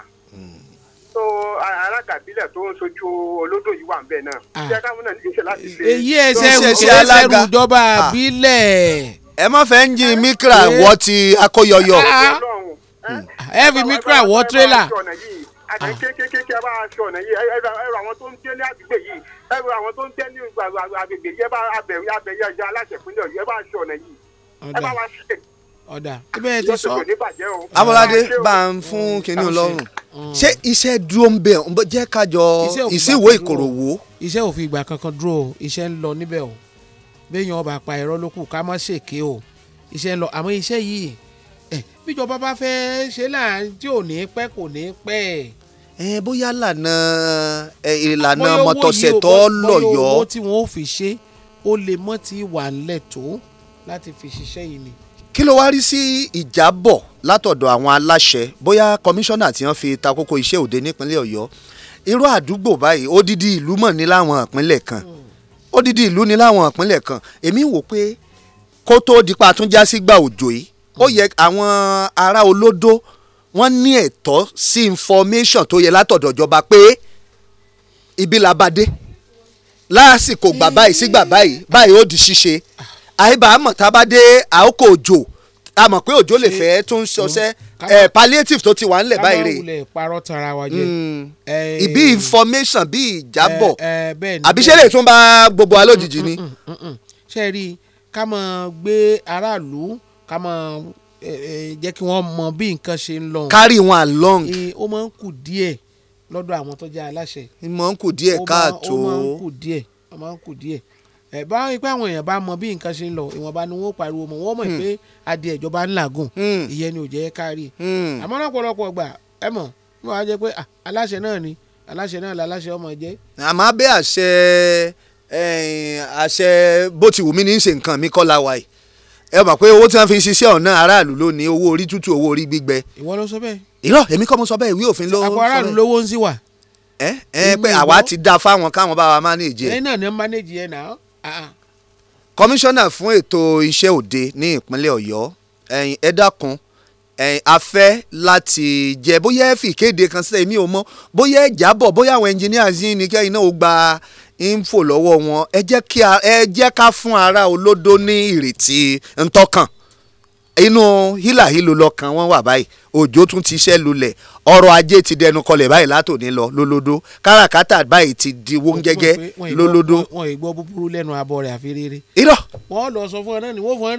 tó mm. alágàbílẹ̀ tó ń sojú olódò yìí wà ń bẹ̀ náà. Ah. iṣẹ́ káwọn náà ní iṣẹ́ láti ṣe. èyí ẹsẹ̀ ìṣẹ́lẹ̀rù ìjọba àbílẹ̀. Ah. ẹ má fẹ́ ń yin mikra ah. wọ́ ti akóyọyọ ẹ fi mí kúrò àwọ̀ tírélà. àti kékeré bá a ah. ṣe ọ̀nà yìí ẹ̀rọ àwọn tó ń gbé ní àgbègbè yìí ẹ̀rọ àwọn tó ń gbé ní àgbègbè yìí ẹ bá abẹ̀wé abẹ̀yẹ ẹja aláṣẹ ìpínlẹ̀ ọ̀yọ́ ẹ bá a ṣe ọ̀nà yìí ẹ bá wa ṣe. ọ̀dà ibẹ̀ ti sọ. abolade bá ń fún mm. kinní ọlọ́run ṣé mm. iṣẹ́ dúró ń bẹ̀ ọ́ jẹ́ kájọ ìsìnwó ìkòròwò. iṣẹ́ òfin ìgbà kankan dúró iṣẹ́ ń lọ níbẹ̀ o béèyàn ọba pa ẹ̀rọ lókù ká má ṣèké o iṣẹ́ ń lọ àmọ́ iṣẹ́ yìí bíjọba bá fẹ́ ṣe láàrin tí ò ní pẹ́ kò ní pẹ́ ẹ bóyá lànà ìlànà mọ̀tọ̀sẹ̀tọ̀ lọ́yọ̀ọ́. bóyá owó tí wọ́n fi ṣe ó lè mọ́ ti wà ńlẹ̀ tó láti fi ṣiṣẹ́ yìí ni. kí ló wá rí sí ìjábọ̀ látọ̀dọ̀ àwọn aláṣẹ bóyá kọmíṣánná tí wọ́n fi takoko iṣẹ́ òde nípínlẹ̀ ọ̀yọ́ irú àdúgbò báyìí odidi ìlú mọ̀ ní láwọn ìpínlẹ̀ kan hmm. odidi ìlú ní láwọn ìpínlẹ̀ kan èmi wò pé kó tóó di pa àtúnjásí gba òjò yìí ó yẹ àwọn ará olódó wọ́n ní ẹ̀tọ́ sí information tó yẹ látọ̀dọ̀ ìjọba pé ibi la bá dé lásìkò gbà báyìí sí gbà báyìí báyìí ó di ṣíṣe àìbá àmọ̀ tá a bá dé àókò òjò a mọ̀ pé òjò lè fẹ́ tó ń ṣọṣẹ́ palliative tó ti wà ńlẹ̀ báyìí rè. ibi wulẹ̀ parọ́ tara wa jẹ. ìbí hmm. information bí ìjábọ̀ àbíṣẹ́lẹ̀ tún bá gbogbo wa lójijì ni. Mm, mm, mm, ṣe rí i ká máa gbé aráàlú ká mọ̀ jẹ́ kí wọ́n mọ bí nǹkan ṣe ń lọ. carry wọn along. ó máa ń kù díẹ̀ lọ́dọ̀ àwọn tó jẹ́ aláṣẹ. ó máa ń kù díẹ̀ káàtó. ó máa ń kù díẹ̀ ó máa ń kù díẹ̀ ẹ bá ipá àwọn èèyàn bá mọ bí nǹkan ṣe ń lọ ìwọ̀nba ni wọ́n pariwo mọ̀ wọ́n hmm. mọ̀ pé adìẹ ìjọba ń làágùn hmm. ìyẹn ni ò jẹ́ kárí hmm. àmọ́ lọ́pọ̀lọpọ̀ gbà ẹ mọ̀ wọ́n á jẹ́ pé aláṣẹ náà ni aláṣẹ náà la aláṣẹ ọmọ jẹ́. àmọ́ abẹ́ àṣẹ àṣẹ bó ti wù mí ní í ṣe nǹkan mi kọ́ la wà ẹ mọ̀ pé owó tí wọ́n fi ṣiṣẹ́ ọ̀nà aráàlú ló ní owó orí tútù owó orí gbígbẹ. ìwọ ló sọ bẹ́ẹ̀. irọ́ èmi kọ́ mo sọ bẹ́ẹ̀ ìwé òfin ló. àpò aráàlú lówó ń sì wà. ẹ ẹ pé àwa ti dá fáwọn káwọn bá wa mánéèjì ẹ. ẹ náà ní mánéèjì ẹ náà. Ah, ah. kọmíṣánná fún ètò iṣẹ́ òde ní ìpínlẹ̀ ọ̀yọ́ ẹ dákun a fẹ́ láti jẹ bóyá ẹ fi ìkéde kan sílẹ̀ èmi ò mọ̀ bóyá ẹ jábọ̀ bóyá àwọn ẹnjìníà yín ni kẹ́yìn náà ó gba ń fò lọ́wọ́ wọn ẹ jẹ́ ká fún ara olódó ní ìrètí ntọ́kàn inú hílàhílo lọ́kàn wọn wà báyìí òjò tún ti ṣẹ́ lulẹ̀ ọrọ̀ ajé ti dẹnu kọlẹ̀ báyìí látòní lọ lólódó káràkátà báyìí ti di wọ́n gẹ́gẹ́ lólódó. wọn ì gbọ́ búburú lẹ́nu abọ́ rẹ̀ àfi rere. irọ́. wọ́n lọ sọ fún ọ náà ni wọ́n fọ́n